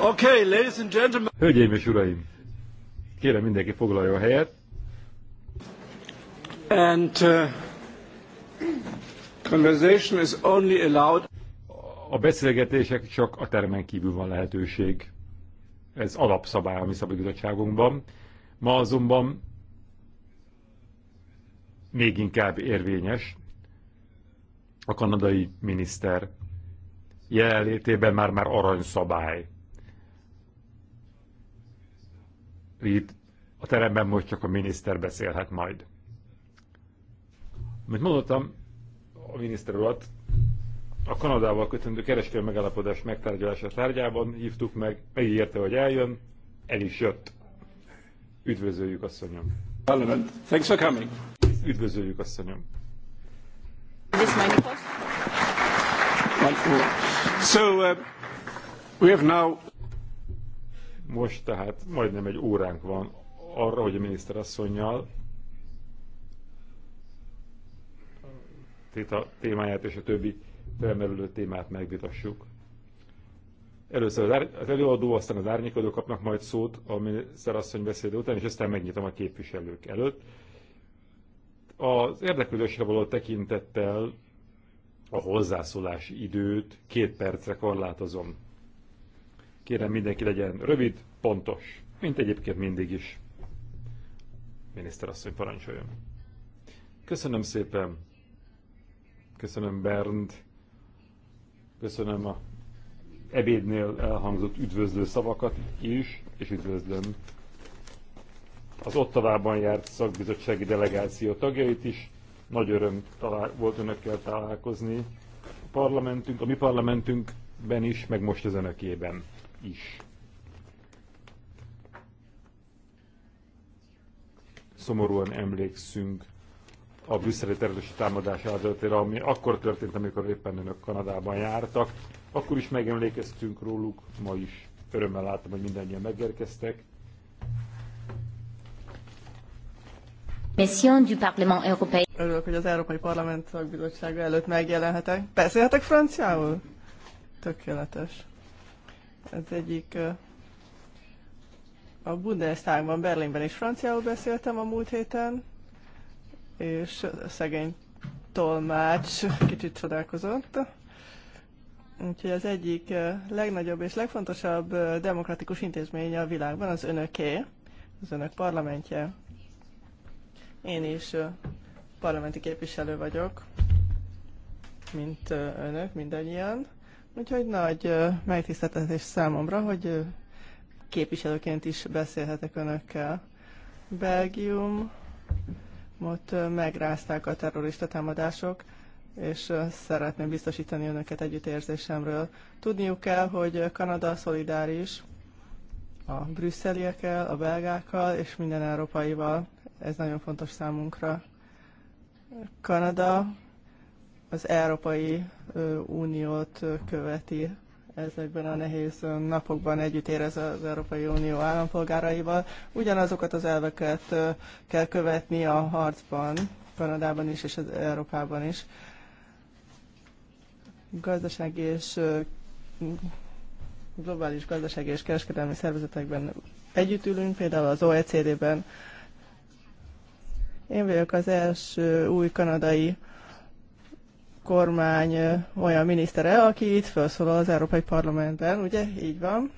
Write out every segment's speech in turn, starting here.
Okay, ladies and gentlemen. Hölgyeim és uraim, kérem mindenki foglalja a helyet. And uh, conversation is only allowed. A beszélgetések csak a termen kívül van lehetőség. Ez alapszabály a mi szabadbizottságunkban. Ma azonban még inkább érvényes a kanadai miniszter jelenlétében már-már aranyszabály Reed, a teremben most csak a miniszter beszélhet majd. Mint mondottam, a miniszter urat a Kanadával kötendő kereskedő megállapodás megtárgyalása tárgyában hívtuk meg, megígérte, hogy eljön, el is jött. Üdvözöljük, asszonyom! Parliament. Thanks for coming. Üdvözöljük, asszonyom! This So, uh, we have now most tehát majdnem egy óránk van arra, hogy a miniszterasszonynal a témáját és a többi felmerülő témát megvitassuk. Először az, az előadó, aztán az árnyékadó kapnak majd szót a miniszterasszony beszéde után, és aztán megnyitom a képviselők előtt. Az érdeklődésre való tekintettel a hozzászólási időt két percre korlátozom Kérem mindenki legyen rövid, pontos, mint egyébként mindig is. Miniszterasszony parancsoljon. Köszönöm szépen. Köszönöm Bernd. Köszönöm a ebédnél elhangzott üdvözlő szavakat is, és üdvözlöm az Ottavában járt szakbizottsági delegáció tagjait is. Nagy öröm talál, volt önökkel találkozni. A parlamentünk, a mi parlamentünkben is, meg most az önökében is. Szomorúan emlékszünk a brüsszeli terrorista támadás áldozatére, ami akkor történt, amikor éppen önök Kanadában jártak. Akkor is megemlékeztünk róluk, ma is örömmel láttam, hogy mindannyian megérkeztek. Mission du Parlement Européen. Örülök, hogy az Európai Parlament szakbizottsága előtt megjelenhetek. Beszélhetek franciául? Tökéletes. Az egyik a Bundestagban, Berlinben is franciául beszéltem a múlt héten, és a szegény tolmács kicsit csodálkozott. Úgyhogy az egyik legnagyobb és legfontosabb demokratikus intézmény a világban az önöké, az önök parlamentje. Én is parlamenti képviselő vagyok, mint önök, mindannyian. Úgyhogy nagy megtiszteltetés számomra, hogy képviselőként is beszélhetek önökkel. Belgium, ott megrázták a terrorista támadások, és szeretném biztosítani önöket együttérzésemről. Tudniuk kell, hogy Kanada szolidáris a brüsszeliekkel, a belgákkal és minden európaival. Ez nagyon fontos számunkra. Kanada az Európai Uniót követi ezekben a nehéz napokban együtt érez az Európai Unió állampolgáraival. Ugyanazokat az elveket kell követni a harcban, Kanadában is és az Európában is. Gazdaság és globális gazdasági és kereskedelmi szervezetekben együtt ülünk, például az OECD-ben. Én vagyok az első új kanadai kormány olyan minisztere, aki itt felszólal az Európai Parlamentben, ugye? Így van.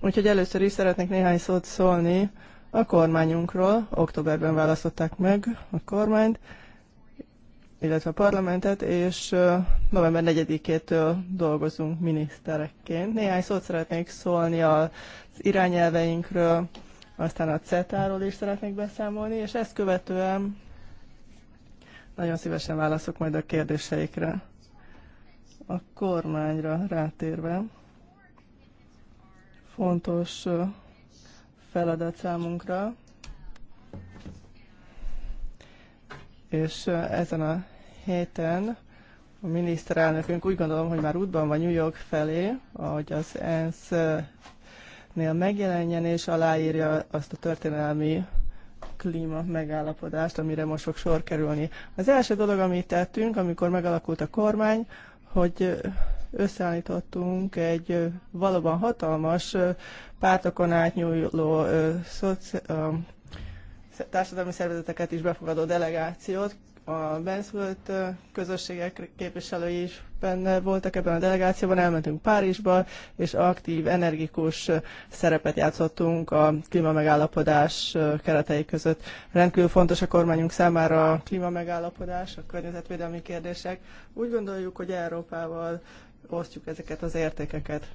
Úgyhogy először is szeretnék néhány szót szólni a kormányunkról. Októberben választották meg a kormányt, illetve a parlamentet, és november 4-től dolgozunk miniszterekként. Néhány szót szeretnék szólni az irányelveinkről, aztán a CETA-ról is szeretnék beszámolni, és ezt követően nagyon szívesen válaszok majd a kérdéseikre. A kormányra rátérve fontos feladat számunkra, és ezen a héten a miniszterelnökünk úgy gondolom, hogy már útban van New York felé, ahogy az ENSZ-nél megjelenjen és aláírja azt a történelmi klíma megállapodást, amire most fog sor kerülni. Az első dolog, amit tettünk, amikor megalakult a kormány, hogy összeállítottunk egy valóban hatalmas pártokon átnyúló szoci- társadalmi szervezeteket is befogadó delegációt a benszült közösségek képviselői is benne voltak ebben a delegációban, elmentünk Párizsba, és aktív, energikus szerepet játszottunk a klímamegállapodás keretei között. Rendkívül fontos a kormányunk számára a klímamegállapodás, a környezetvédelmi kérdések. Úgy gondoljuk, hogy Európával osztjuk ezeket az értékeket.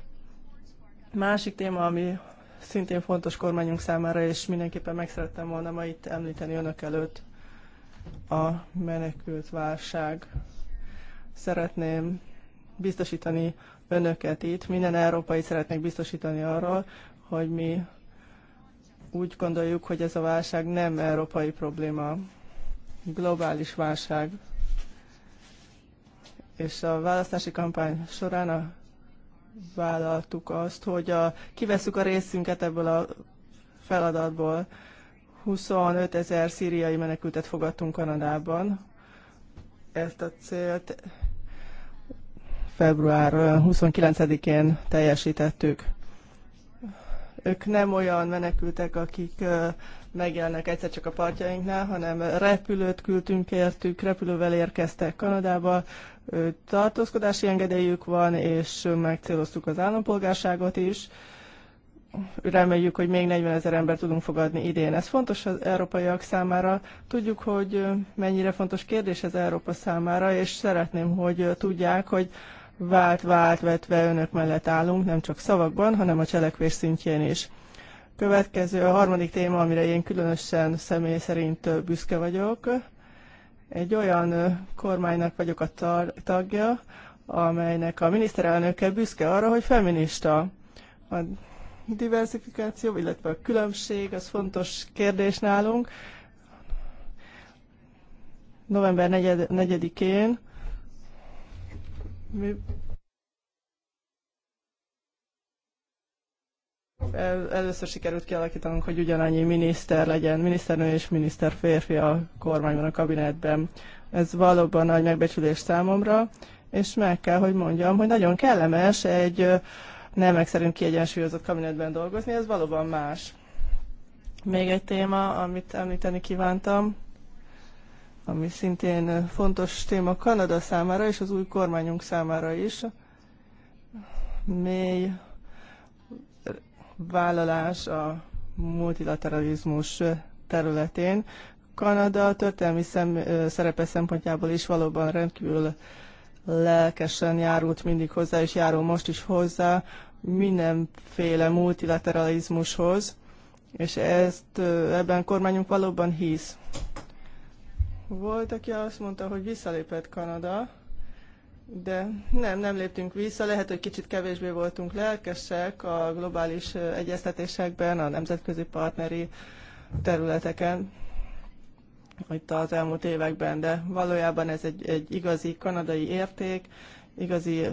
Másik téma, ami szintén fontos kormányunk számára, és mindenképpen meg szerettem volna ma itt említeni önök előtt, a menekült válság. Szeretném biztosítani önöket itt, minden európai szeretnék biztosítani arról, hogy mi úgy gondoljuk, hogy ez a válság nem európai probléma, globális válság. És a választási kampány során a vállaltuk azt, hogy a, kivesszük a részünket ebből a feladatból. 25 ezer szíriai menekültet fogadtunk Kanadában. Ezt a célt február 29-én teljesítettük. Ők nem olyan menekültek, akik megjelennek egyszer csak a partjainknál, hanem repülőt küldtünk értük, repülővel érkeztek Kanadába, tartózkodási engedélyük van, és megcéloztuk az állampolgárságot is reméljük, hogy még 40 ezer ember tudunk fogadni idén. Ez fontos az európaiak számára. Tudjuk, hogy mennyire fontos kérdés ez Európa számára, és szeretném, hogy tudják, hogy vált, vált, vetve önök mellett állunk, nem csak szavakban, hanem a cselekvés szintjén is. Következő, a harmadik téma, amire én különösen személy szerint büszke vagyok. Egy olyan kormánynak vagyok a tagja, amelynek a miniszterelnöke büszke arra, hogy feminista. A diversifikáció, illetve a különbség, az fontos kérdés nálunk. November 4-én mi El, először sikerült kialakítanunk, hogy ugyanannyi miniszter legyen, miniszternő és miniszter férfi a kormányban, a kabinetben. Ez valóban nagy megbecsülés számomra, és meg kell, hogy mondjam, hogy nagyon kellemes egy nemek szerint kiegyensúlyozott kabinetben dolgozni, ez valóban más. Még egy téma, amit említeni kívántam, ami szintén fontos téma Kanada számára és az új kormányunk számára is. Mély vállalás a multilateralizmus területén. Kanada történelmi szem, szerepe szempontjából is valóban rendkívül lelkesen járult mindig hozzá, és járul most is hozzá mindenféle multilateralizmushoz, és ezt ebben a kormányunk valóban hisz. Volt, aki azt mondta, hogy visszalépett Kanada, de nem, nem léptünk vissza. Lehet, hogy kicsit kevésbé voltunk lelkesek a globális egyeztetésekben, a nemzetközi partneri területeken itt az elmúlt években, de valójában ez egy, egy igazi kanadai érték, igazi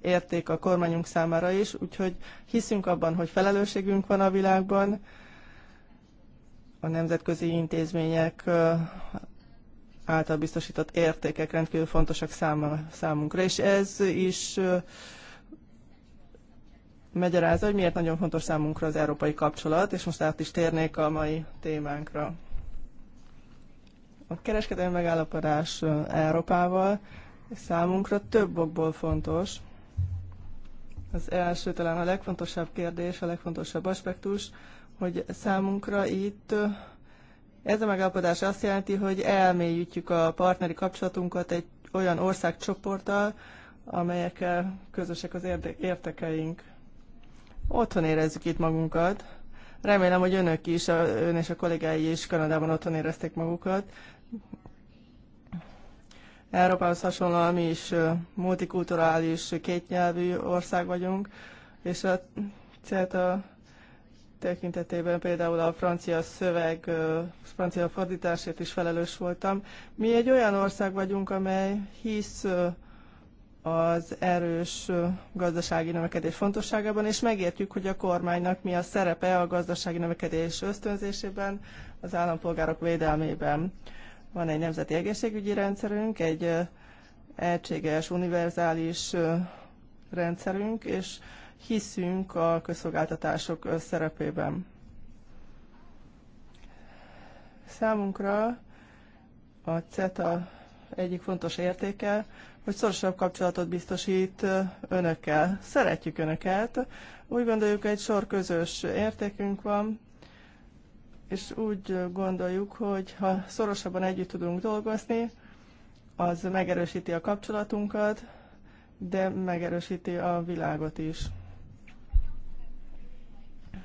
érték a kormányunk számára is, úgyhogy hiszünk abban, hogy felelősségünk van a világban, a nemzetközi intézmények által biztosított értékek rendkívül fontosak száma, számunkra, és ez is megyarázza, hogy miért nagyon fontos számunkra az európai kapcsolat, és most át is térnék a mai témánkra. A kereskedelmi megállapodás Európával számunkra több okból fontos. Az első talán a legfontosabb kérdés, a legfontosabb aspektus, hogy számunkra itt ez a megállapodás azt jelenti, hogy elmélyítjük a partneri kapcsolatunkat egy olyan országcsoporttal, amelyekkel közösek az érdekeink. Otthon érezzük itt magunkat, Remélem, hogy önök is, a, ön és a kollégái is Kanadában otthon érezték magukat. Európához hasonlóan mi is multikulturális, kétnyelvű ország vagyunk, és a CETA tekintetében például a francia szöveg, francia fordításért is felelős voltam. Mi egy olyan ország vagyunk, amely hisz az erős gazdasági növekedés fontosságában, és megértjük, hogy a kormánynak mi a szerepe a gazdasági növekedés ösztönzésében, az állampolgárok védelmében. Van egy nemzeti egészségügyi rendszerünk, egy egységes, univerzális rendszerünk, és hiszünk a közszolgáltatások szerepében. Számunkra a CETA egyik fontos értéke, hogy szorosabb kapcsolatot biztosít önökkel. Szeretjük önöket, úgy gondoljuk, egy sor közös értékünk van, és úgy gondoljuk, hogy ha szorosabban együtt tudunk dolgozni, az megerősíti a kapcsolatunkat, de megerősíti a világot is.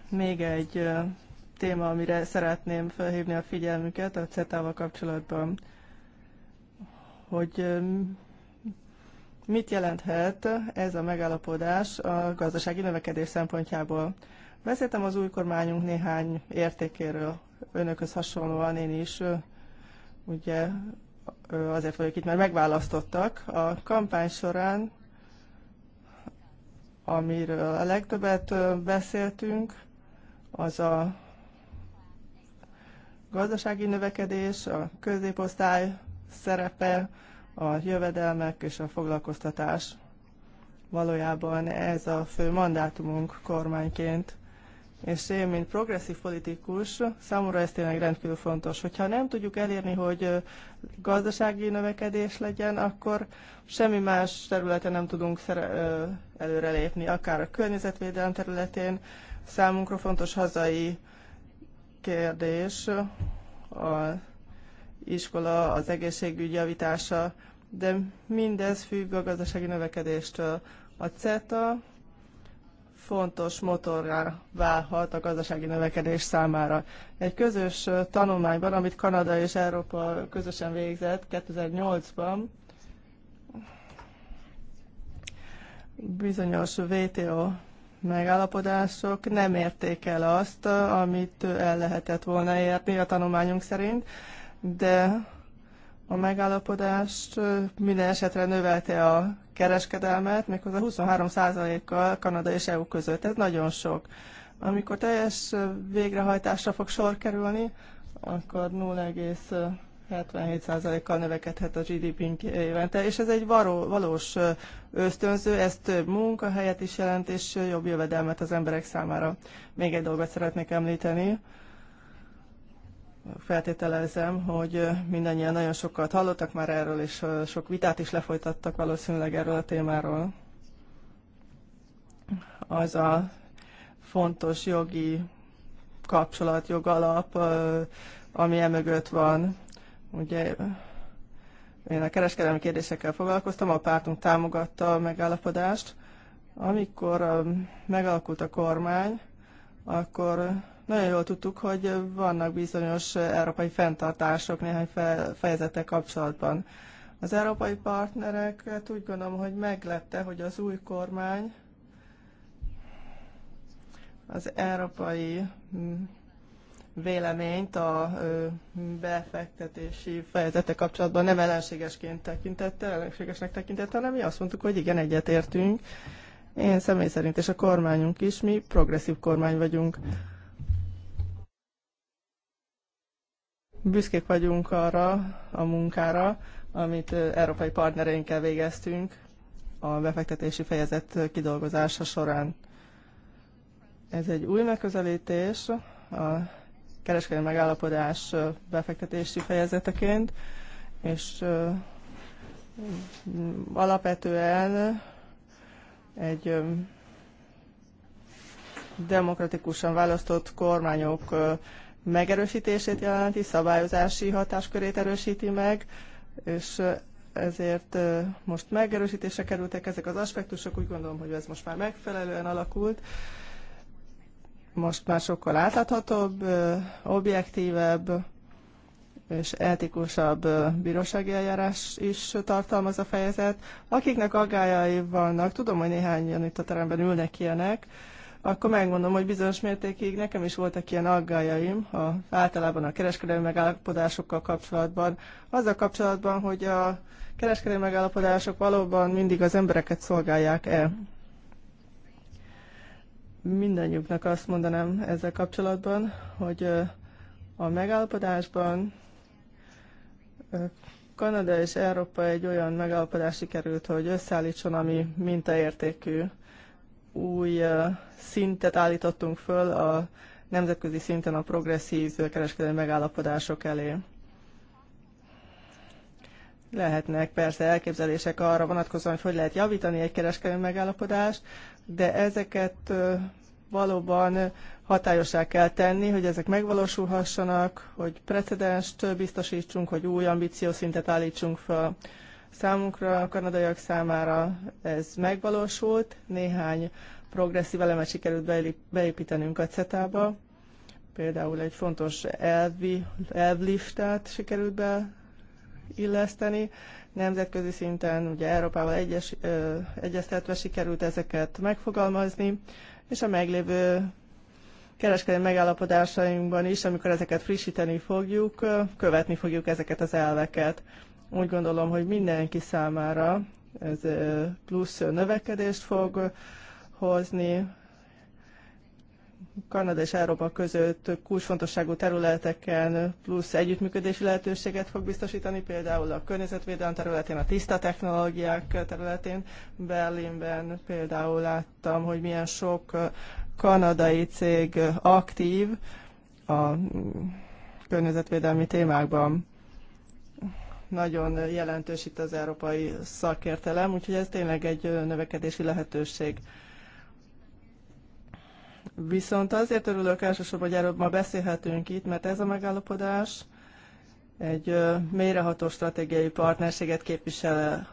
Még egy téma, amire szeretném felhívni a figyelmüket a CETA-val kapcsolatban, hogy Mit jelenthet ez a megállapodás a gazdasági növekedés szempontjából? Beszéltem az új kormányunk néhány értékéről, önökhöz hasonlóan én is, ugye azért vagyok itt, mert megválasztottak. A kampány során, amiről a legtöbbet beszéltünk, az a gazdasági növekedés, a középosztály szerepe, a jövedelmek és a foglalkoztatás. Valójában ez a fő mandátumunk kormányként. És én, mint progresszív politikus, számomra ez tényleg rendkívül fontos. Hogyha nem tudjuk elérni, hogy gazdasági növekedés legyen, akkor semmi más területen nem tudunk előrelépni, akár a környezetvédelem területén. Számunkra fontos hazai kérdés, a iskola, az egészségügy javítása, de mindez függ a gazdasági növekedéstől. A CETA fontos motorrá válhat a gazdasági növekedés számára. Egy közös tanulmányban, amit Kanada és Európa közösen végzett 2008-ban, bizonyos WTO megállapodások nem érték el azt, amit el lehetett volna érni a tanulmányunk szerint, de a megállapodást minden esetre növelte a kereskedelmet, méghozzá 23%-kal Kanada és EU között. Ez nagyon sok. Amikor teljes végrehajtásra fog sor kerülni, akkor 0,77%-kal növekedhet a GDP-nk évente, és ez egy való, valós ösztönző, ez több munkahelyet is jelent, és jobb jövedelmet az emberek számára. Még egy dolgot szeretnék említeni, feltételezem, hogy mindannyian nagyon sokat hallottak már erről, és sok vitát is lefolytattak valószínűleg erről a témáról. Az a fontos jogi kapcsolat, jogalap, ami emögött van. Ugye én a kereskedelmi kérdésekkel foglalkoztam, a pártunk támogatta a megállapodást. Amikor megalakult a kormány, akkor nagyon jól tudtuk, hogy vannak bizonyos európai fenntartások néhány fejezete kapcsolatban. Az európai partnereket hát úgy gondolom, hogy meglepte, hogy az új kormány az európai mm, véleményt a befektetési fejezete kapcsolatban nem ellenségesként tekintette, ellenségesnek tekintette, hanem mi azt mondtuk, hogy igen, egyetértünk. Én személy szerint és a kormányunk is, mi progresszív kormány vagyunk. Büszkék vagyunk arra a munkára, amit európai partnereinkkel végeztünk a befektetési fejezet kidolgozása során. Ez egy új megközelítés a kereskedelmi megállapodás befektetési fejezeteként, és alapvetően egy demokratikusan választott kormányok megerősítését jelenti, szabályozási hatáskörét erősíti meg, és ezért most megerősítésre kerültek ezek az aspektusok, úgy gondolom, hogy ez most már megfelelően alakult. Most már sokkal átláthatóbb, objektívebb és etikusabb bírósági eljárás is tartalmaz a fejezet. Akiknek aggályai vannak, tudom, hogy néhányan itt a teremben ülnek ilyenek, akkor megmondom, hogy bizonyos mértékig nekem is voltak ilyen aggájaim, a, általában a kereskedelmi megállapodásokkal kapcsolatban, azzal kapcsolatban, hogy a kereskedelmi megállapodások valóban mindig az embereket szolgálják el. Mindannyiuknak azt mondanám ezzel kapcsolatban, hogy a megállapodásban Kanada és Európa egy olyan megállapodás sikerült, hogy összeállítson, ami mintaértékű új szintet állítottunk föl a nemzetközi szinten a progresszív kereskedelmi megállapodások elé. Lehetnek persze elképzelések arra vonatkozóan, hogy hogy lehet javítani egy kereskedelmi megállapodást, de ezeket valóban hatályosá kell tenni, hogy ezek megvalósulhassanak, hogy precedenst biztosítsunk, hogy új ambíciószintet állítsunk fel. Számunkra, a kanadaiak számára ez megvalósult, néhány progresszív elemet sikerült beépítenünk a CETA-ba, például egy fontos elvi, elvliftet sikerült be illeszteni. Nemzetközi szinten, ugye Európával egyes, ö, egyeztetve sikerült ezeket megfogalmazni, és a meglévő kereskedelmi megállapodásainkban is, amikor ezeket frissíteni fogjuk, követni fogjuk ezeket az elveket. Úgy gondolom, hogy mindenki számára ez plusz növekedést fog hozni. Kanada és Európa között kulcsfontosságú területeken plusz együttműködési lehetőséget fog biztosítani, például a környezetvédelem területén, a tiszta technológiák területén. Berlinben például láttam, hogy milyen sok kanadai cég aktív a környezetvédelmi témákban nagyon jelentős itt az európai szakértelem, úgyhogy ez tényleg egy növekedési lehetőség. Viszont azért örülök elsősorban, hogy erről ma beszélhetünk itt, mert ez a megállapodás egy mélyreható stratégiai partnerséget képvisel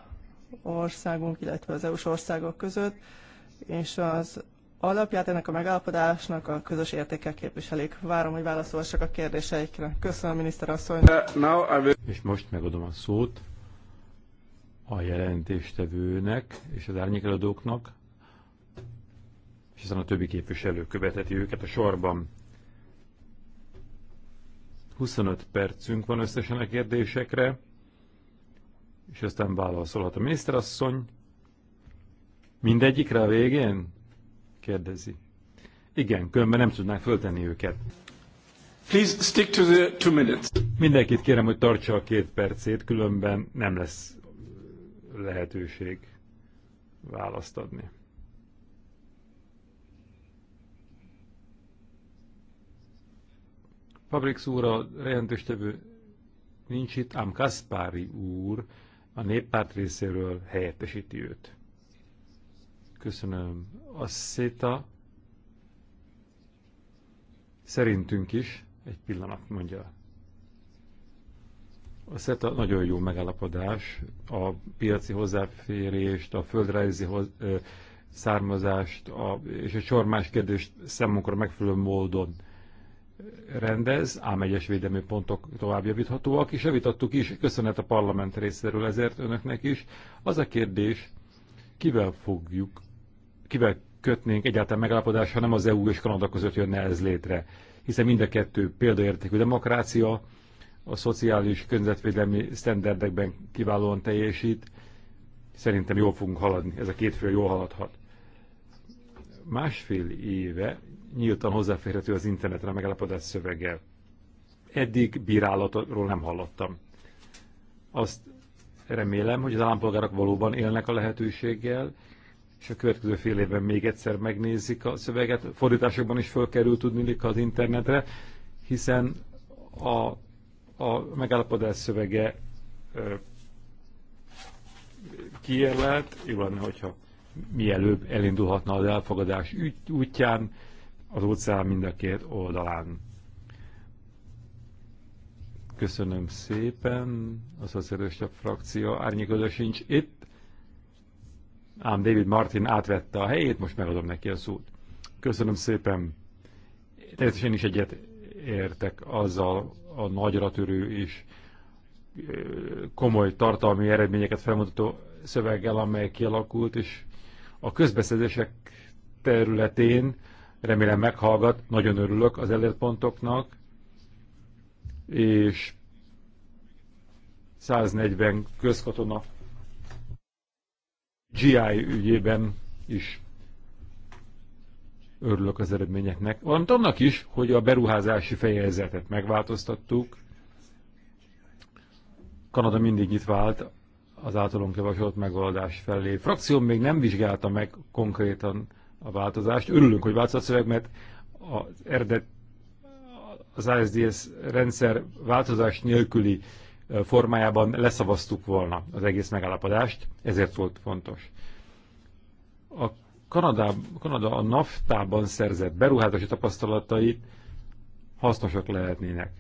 országunk, illetve az EU-s országok között, és az alapját ennek a megállapodásnak a közös értékek képviselik. Várom, hogy válaszolhassak a kérdéseikre. Köszönöm, miniszter asszony. Uh, és most megadom a szót a jelentéstevőnek és az árnyékeladóknak, és aztán a többi képviselő követeti őket a sorban. 25 percünk van összesen a kérdésekre, és aztán válaszolhat a miniszterasszony. Mindegyikre a végén? kérdezi. Igen, különben nem tudnánk föltenni őket. Please stick to the two minutes. Mindenkit kérem, hogy tartsa a két percét, különben nem lesz lehetőség választ adni. Fabrix úr a jelentőstevő nincs itt, ám Kaspári úr a néppárt részéről helyettesíti őt. Köszönöm. A széta szerintünk is egy pillanat mondja. A SETA nagyon jó megállapodás, a piaci hozzáférést, a földrajzi hoz, ö, származást a, és a csormás kérdést számunkra megfelelő módon rendez, ám egyes védelmi pontok tovább javíthatóak, és javítottuk is, köszönet a parlament részéről ezért önöknek is. Az a kérdés, kivel fogjuk kivel kötnénk egyáltalán megállapodás, ha nem az EU és Kanada között jönne ez létre. Hiszen mind a kettő példaértékű demokrácia, a szociális környezetvédelmi sztenderdekben kiválóan teljesít. Szerintem jól fogunk haladni, ez a két fél jól haladhat. Másfél éve nyíltan hozzáférhető az internetre a megállapodás szövege. Eddig bírálatról nem hallottam. Azt remélem, hogy az állampolgárok valóban élnek a lehetőséggel, és a következő fél évben még egyszer megnézik a szöveget. Fordításokban is fölkerül tudni az internetre, hiszen a, a megállapodás szövege ö, kijelent, jó lenne, hogyha mielőbb elindulhatna az elfogadás ügy, útján az óceán mind a két oldalán. Köszönöm szépen, az az erősebb frakció árnyékodó sincs itt, ám David Martin átvette a helyét, most megadom neki a szót. Köszönöm szépen. Természetesen is egyet értek azzal a nagyra törő és komoly tartalmi eredményeket felmutató szöveggel, amely kialakult, és a közbeszedések területén remélem meghallgat, nagyon örülök az elérpontoknak, pontoknak, és 140 közkatona GI ügyében is örülök az eredményeknek. Valamint annak is, hogy a beruházási fejezetet megváltoztattuk. Kanada mindig itt vált az általunk javasolt megoldás felé. Frakció még nem vizsgálta meg konkrétan a változást. Örülünk, hogy változott szöveg, mert az eredet az ASDS rendszer változás nélküli formájában leszavaztuk volna az egész megállapodást, ezért volt fontos. A Kanada, Kanada a naftában szerzett beruházási tapasztalatait hasznosak lehetnének.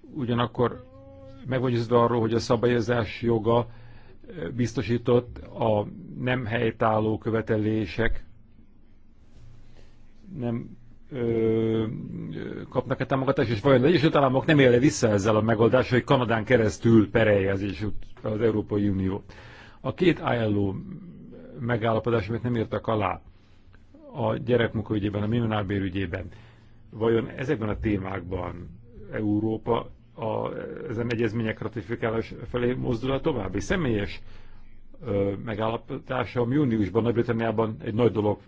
Ugyanakkor meg vagy arról, hogy a szabályozás joga biztosított a nem helytálló követelések nem kapnak-e támogatást, és vajon az Egyesült Államok nem élne vissza ezzel a megoldással, hogy Kanadán keresztül perelje az, Egyesült, az Európai Unió. A két ILO megállapodás, amit nem írtak alá a gyerekmunkaügyében, a minimálbér vajon ezekben a témákban Európa a, ezen egyezmények ratifikálás felé mozdul a további személyes ö, megállapodása, ami júniusban Nagy-Britanniában egy nagy dolog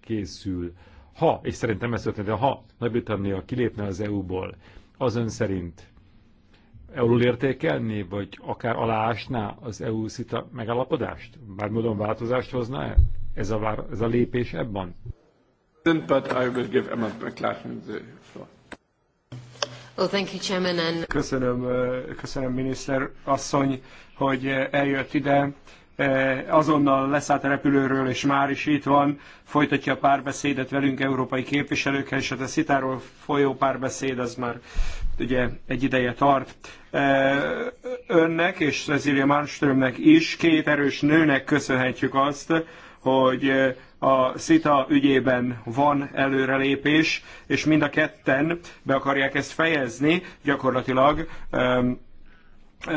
készül ha, és szerintem ez történt, de ha Nagy-Britannia kilépne az EU-ból, az ön szerint EU-ról értékelni, vagy akár aláásná az EU-szita megállapodást? Bármilyen változást hozna -e? ez a, vár, ez a lépés ebben? Well, thank you, Chairman, and... Köszönöm, köszönöm miniszter asszony, hogy eljött ide E, azonnal leszállt a repülőről, és már is itt van, folytatja a párbeszédet velünk, európai képviselőkkel, és hát a szitáról folyó párbeszéd az már ugye egy ideje tart. E, önnek és Cecilia Malmströmnek is, két erős nőnek köszönhetjük azt, hogy a szita ügyében van előrelépés, és mind a ketten be akarják ezt fejezni, gyakorlatilag e,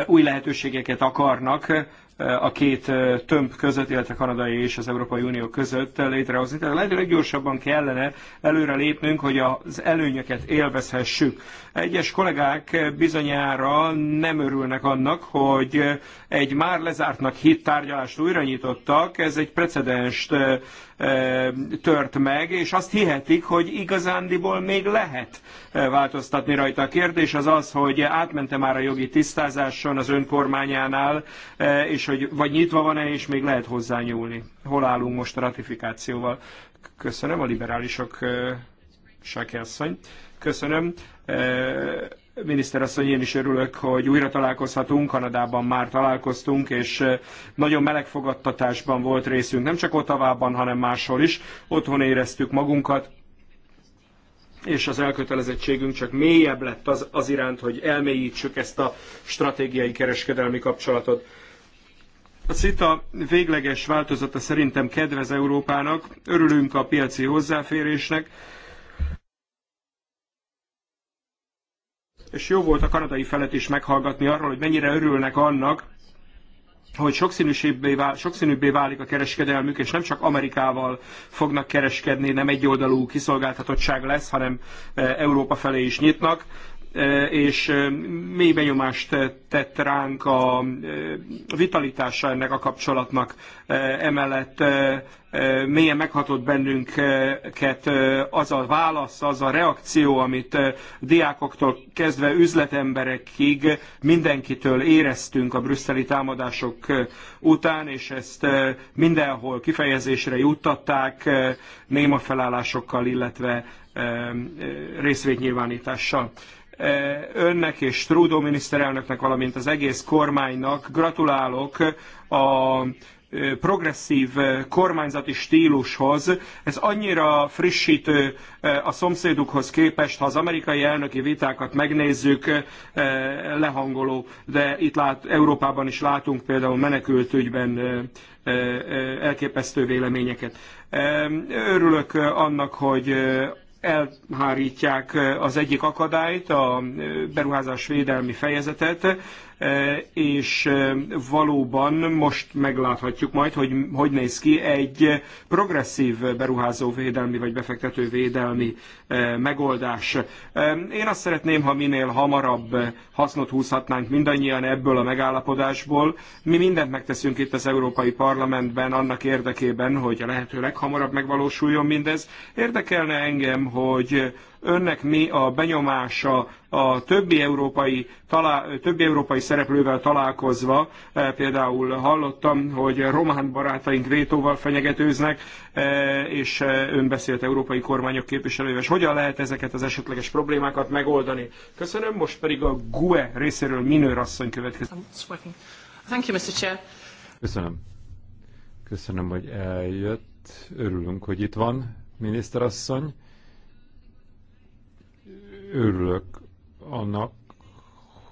új lehetőségeket akarnak a két tömb között, illetve kanadai és az Európai Unió között létrehozni. Tehát lehető leggyorsabban kellene előre lépnünk, hogy az előnyöket élvezhessük. Egyes kollégák bizonyára nem örülnek annak, hogy egy már lezártnak hit tárgyalást újra nyitottak. Ez egy precedenst tört meg, és azt hihetik, hogy igazándiból még lehet változtatni rajta. A kérdés az az, hogy átmente már a jogi tisztázáson az önkormányánál, és hogy vagy nyitva van-e, és még lehet hozzányúlni. Hol állunk most a ratifikációval? Köszönöm a liberálisok, Sáki Köszönöm miniszterasszony, én is örülök, hogy újra találkozhatunk, Kanadában már találkoztunk, és nagyon meleg fogadtatásban volt részünk, nem csak Otavában, hanem máshol is. Otthon éreztük magunkat, és az elkötelezettségünk csak mélyebb lett az, az iránt, hogy elmélyítsük ezt a stratégiai kereskedelmi kapcsolatot. A CITA végleges változata szerintem kedvez Európának, örülünk a piaci hozzáférésnek, és jó volt a kanadai felet is meghallgatni arról, hogy mennyire örülnek annak, hogy sokszínűbbé, válik a kereskedelmük, és nem csak Amerikával fognak kereskedni, nem egyoldalú kiszolgáltatottság lesz, hanem e, Európa felé is nyitnak és mély benyomást tett ránk a vitalitása ennek a kapcsolatnak. Emellett mélyen meghatott bennünket az a válasz, az a reakció, amit diákoktól kezdve üzletemberekig mindenkitől éreztünk a brüsszeli támadások után, és ezt mindenhol kifejezésre juttatták néma felállásokkal, illetve részvétnyilvánítással. Eh, önnek és Trudeau miniszterelnöknek, valamint az egész kormánynak gratulálok a eh, progresszív eh, kormányzati stílushoz. Ez annyira frissítő a szomszédukhoz képest, ha az amerikai elnöki vitákat megnézzük, lehangoló, de itt lát, Európában is látunk például menekültügyben elképesztő véleményeket. Örülök annak, hogy elhárítják az egyik akadályt, a beruházás védelmi fejezetet, Eh, és eh, valóban most megláthatjuk majd, hogy hogy néz ki egy progresszív beruházóvédelmi vagy befektetővédelmi eh, megoldás. Én azt szeretném, ha minél hamarabb hasznot húzhatnánk mindannyian ebből a megállapodásból. Mi mindent megteszünk itt az Európai Parlamentben annak érdekében, hogy a lehető leghamarabb megvalósuljon mindez. Érdekelne engem, hogy önnek mi a benyomása a többi európai, talá, többi európai szereplővel találkozva, e, például hallottam, hogy román barátaink vétóval fenyegetőznek, e, és e, ön beszélt európai kormányok képviselővel, és hogyan lehet ezeket az esetleges problémákat megoldani. Köszönöm, most pedig a GUE részéről minőr asszony következik. Köszönöm. Köszönöm, hogy eljött. Örülünk, hogy itt van, miniszterasszony örülök annak,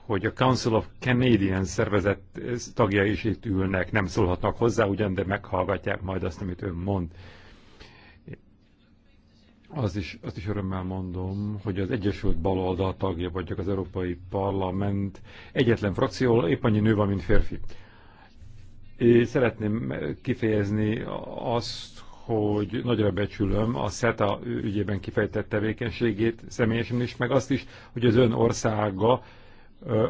hogy a Council of Canadian szervezet tagja is itt ülnek, nem szólhatnak hozzá ugyan, de meghallgatják majd azt, amit ön mond. Az is, azt is örömmel mondom, hogy az Egyesült Baloldal tagja vagyok az Európai Parlament. Egyetlen frakció, épp annyi nő van, mint férfi. És szeretném kifejezni azt, hogy nagyra becsülöm a SETA ügyében kifejtett tevékenységét személyesen is, meg azt is, hogy az ön országa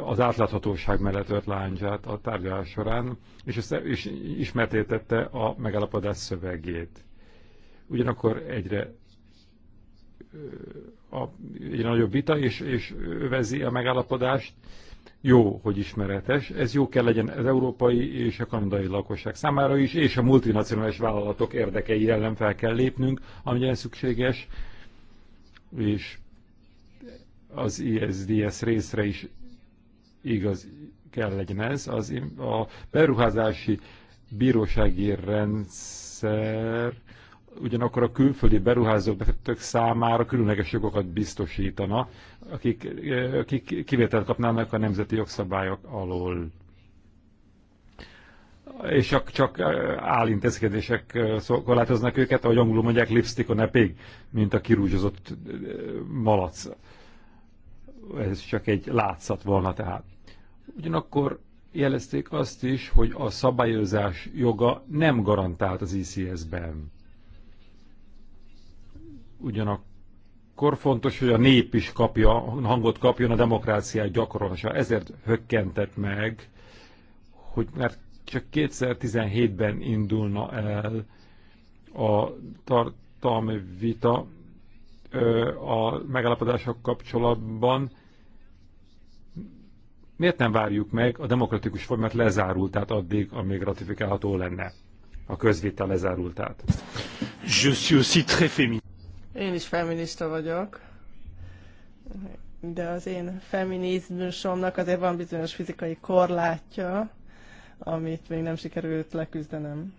az átláthatóság mellett ölt lányzsát a tárgyalás során, és, össze, ismertétette a megállapodás szövegét. Ugyanakkor egyre a, egy nagyobb vita, és, és övezi a megállapodást, jó, hogy ismeretes, ez jó kell legyen az európai és a kanadai lakosság számára is, és a multinacionális vállalatok érdekei ellen fel kell lépnünk, amilyen szükséges, és az ISDS részre is igaz kell legyen ez. Az, a beruházási bírósági rendszer ugyanakkor a külföldi beruházók befektetők számára különleges jogokat biztosítana, akik, eh, akik kivételt kapnának a nemzeti jogszabályok alól. És csak, csak eh, állintézkedések eh, korlátoznak őket, ahogy angolul mondják, lipstick on a pig, mint a kirúzsozott malac. Ez csak egy látszat volna tehát. Ugyanakkor jelezték azt is, hogy a szabályozás joga nem garantált az ICS-ben. Ugyanakkor fontos, hogy a nép is kapja, hangot kapjon a demokráciát gyakorlása. Ezért hökkentett meg, hogy mert csak 2017-ben indulna el a tartalmi vita a megállapodások kapcsolatban, miért nem várjuk meg a demokratikus folyamat lezárultát addig, amíg ratifikálható lenne a közvita lezárultát? Je suis aussi très féminin. Én is feminista vagyok, de az én feminizmusomnak azért van bizonyos fizikai korlátja, amit még nem sikerült leküzdenem.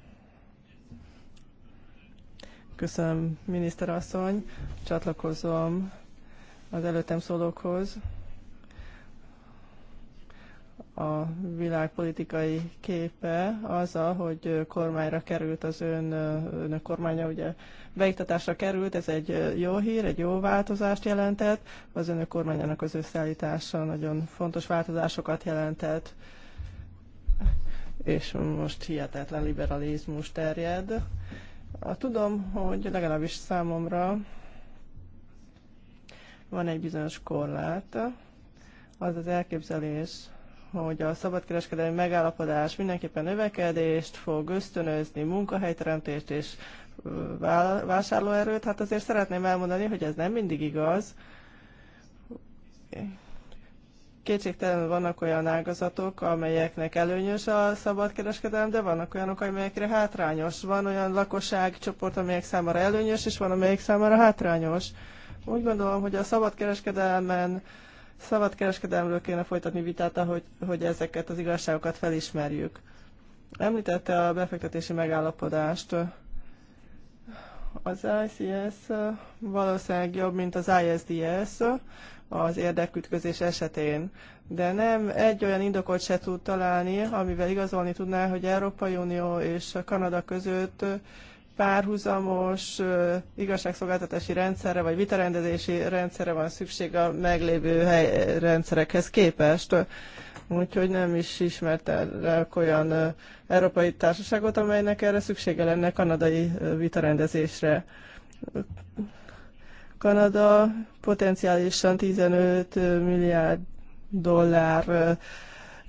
Köszönöm, miniszterasszony. Csatlakozom az előttem szólókhoz a világpolitikai képe az, hogy kormányra került az ön, önök kormánya, ugye beiktatásra került, ez egy jó hír, egy jó változást jelentett, az önök kormányának az összeállítása nagyon fontos változásokat jelentett, és most hihetetlen liberalizmus terjed. Tudom, hogy legalábbis számomra van egy bizonyos korlát, az az elképzelés, hogy a szabadkereskedelmi megállapodás mindenképpen növekedést fog ösztönözni, munkahelyteremtést és vásárlóerőt. Hát azért szeretném elmondani, hogy ez nem mindig igaz. Kétségtelenül vannak olyan ágazatok, amelyeknek előnyös a szabadkereskedelem, de vannak olyanok, amelyekre hátrányos. Van olyan lakosságcsoport, amelyek számára előnyös, és van, amelyek számára hátrányos. Úgy gondolom, hogy a szabadkereskedelmen szabad kereskedelmről kéne folytatni vitát, ahogy, hogy ezeket az igazságokat felismerjük. Említette a befektetési megállapodást. Az ICS valószínűleg jobb, mint az ISDS az érdekütközés esetén, de nem egy olyan indokot se tud találni, amivel igazolni tudná, hogy Európai Unió és Kanada között párhuzamos igazságszolgáltatási rendszerre vagy vitarendezési rendszerre van szükség a meglévő hely, rendszerekhez képest. Úgyhogy nem is ismertelek olyan európai társaságot, amelynek erre szüksége lenne kanadai vitarendezésre. Kanada potenciálisan 15 milliárd dollár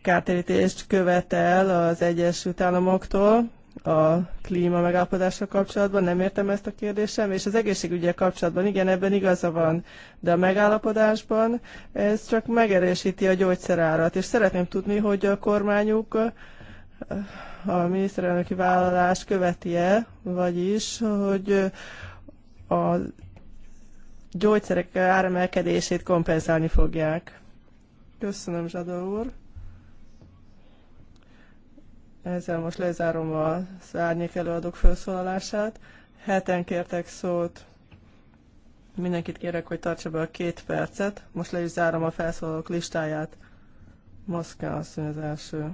kártérítést követel az Egyesült Államoktól, a klíma megállapodásra kapcsolatban, nem értem ezt a kérdésem, és az egészségügyel kapcsolatban igen, ebben igaza van, de a megállapodásban ez csak megerősíti a gyógyszerárat, és szeretném tudni, hogy a kormányuk eh, a miniszterelnöki vállalás követi-e, vagyis, hogy a gyógyszerek áremelkedését kompenzálni fogják. Köszönöm, Zsadó úr. Ezzel most lezárom a szárnyék előadók felszólalását. Heten kértek szót. Mindenkit kérek, hogy tartsa be a két percet. Most le is zárom a felszólalók listáját. Moszkva asszony az első.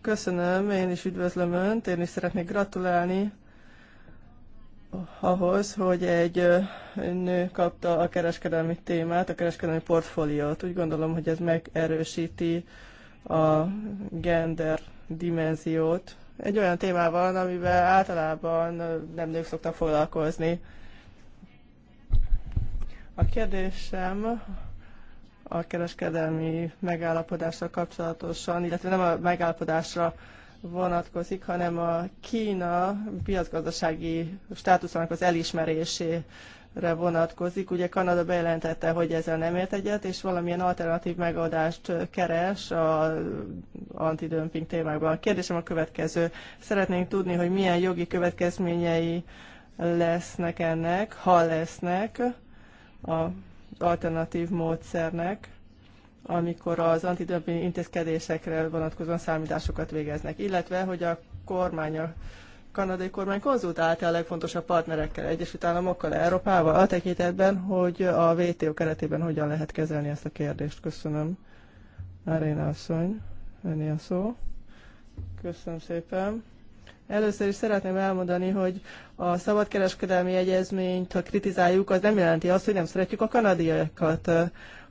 Köszönöm, én is üdvözlöm Önt, én is szeretnék gratulálni ahhoz, hogy egy nő kapta a kereskedelmi témát, a kereskedelmi portfóliót. Úgy gondolom, hogy ez megerősíti a gender dimenziót egy olyan témával, amivel általában nem nők szoktak foglalkozni. A kérdésem a kereskedelmi megállapodásra kapcsolatosan, illetve nem a megállapodásra vonatkozik, hanem a Kína piacgazdasági státuszának az elismerésé re vonatkozik. Ugye Kanada bejelentette, hogy ezzel nem ért egyet, és valamilyen alternatív megoldást keres a antidömping témákban. A kérdésem a következő. Szeretnénk tudni, hogy milyen jogi következményei lesznek ennek, ha lesznek az alternatív módszernek, amikor az antidömping intézkedésekre vonatkozóan számításokat végeznek, illetve hogy a kormánya kanadai kormány konzultálta a legfontosabb partnerekkel, Egyesült Államokkal, Európával, a tekintetben, hogy a WTO keretében hogyan lehet kezelni ezt a kérdést. Köszönöm. Aréna asszony, önni a szó. Köszönöm szépen. Először is szeretném elmondani, hogy a szabadkereskedelmi egyezményt, ha kritizáljuk, az nem jelenti azt, hogy nem szeretjük a kanadiaiakat.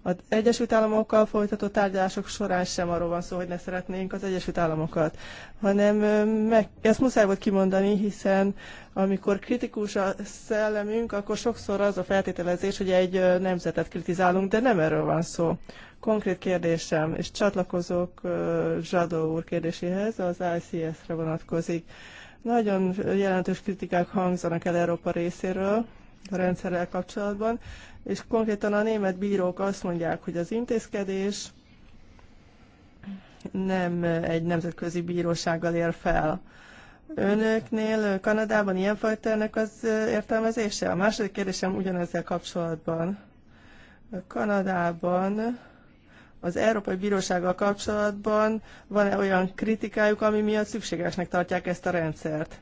Az Egyesült Államokkal folytatott tárgyalások során sem arról van szó, hogy ne szeretnénk az Egyesült Államokat, hanem meg, ezt muszáj volt kimondani, hiszen amikor kritikus a szellemünk, akkor sokszor az a feltételezés, hogy egy nemzetet kritizálunk, de nem erről van szó. Konkrét kérdésem, és csatlakozok Zsadó úr kérdéséhez, az ICS-re vonatkozik. Nagyon jelentős kritikák hangzanak el Európa részéről a rendszerrel kapcsolatban és konkrétan a német bírók azt mondják, hogy az intézkedés nem egy nemzetközi bírósággal ér fel. Önöknél Kanadában ilyenfajta ennek az értelmezése? A második kérdésem ugyanezzel kapcsolatban. Kanadában az Európai Bírósággal kapcsolatban van-e olyan kritikájuk, ami miatt szükségesnek tartják ezt a rendszert?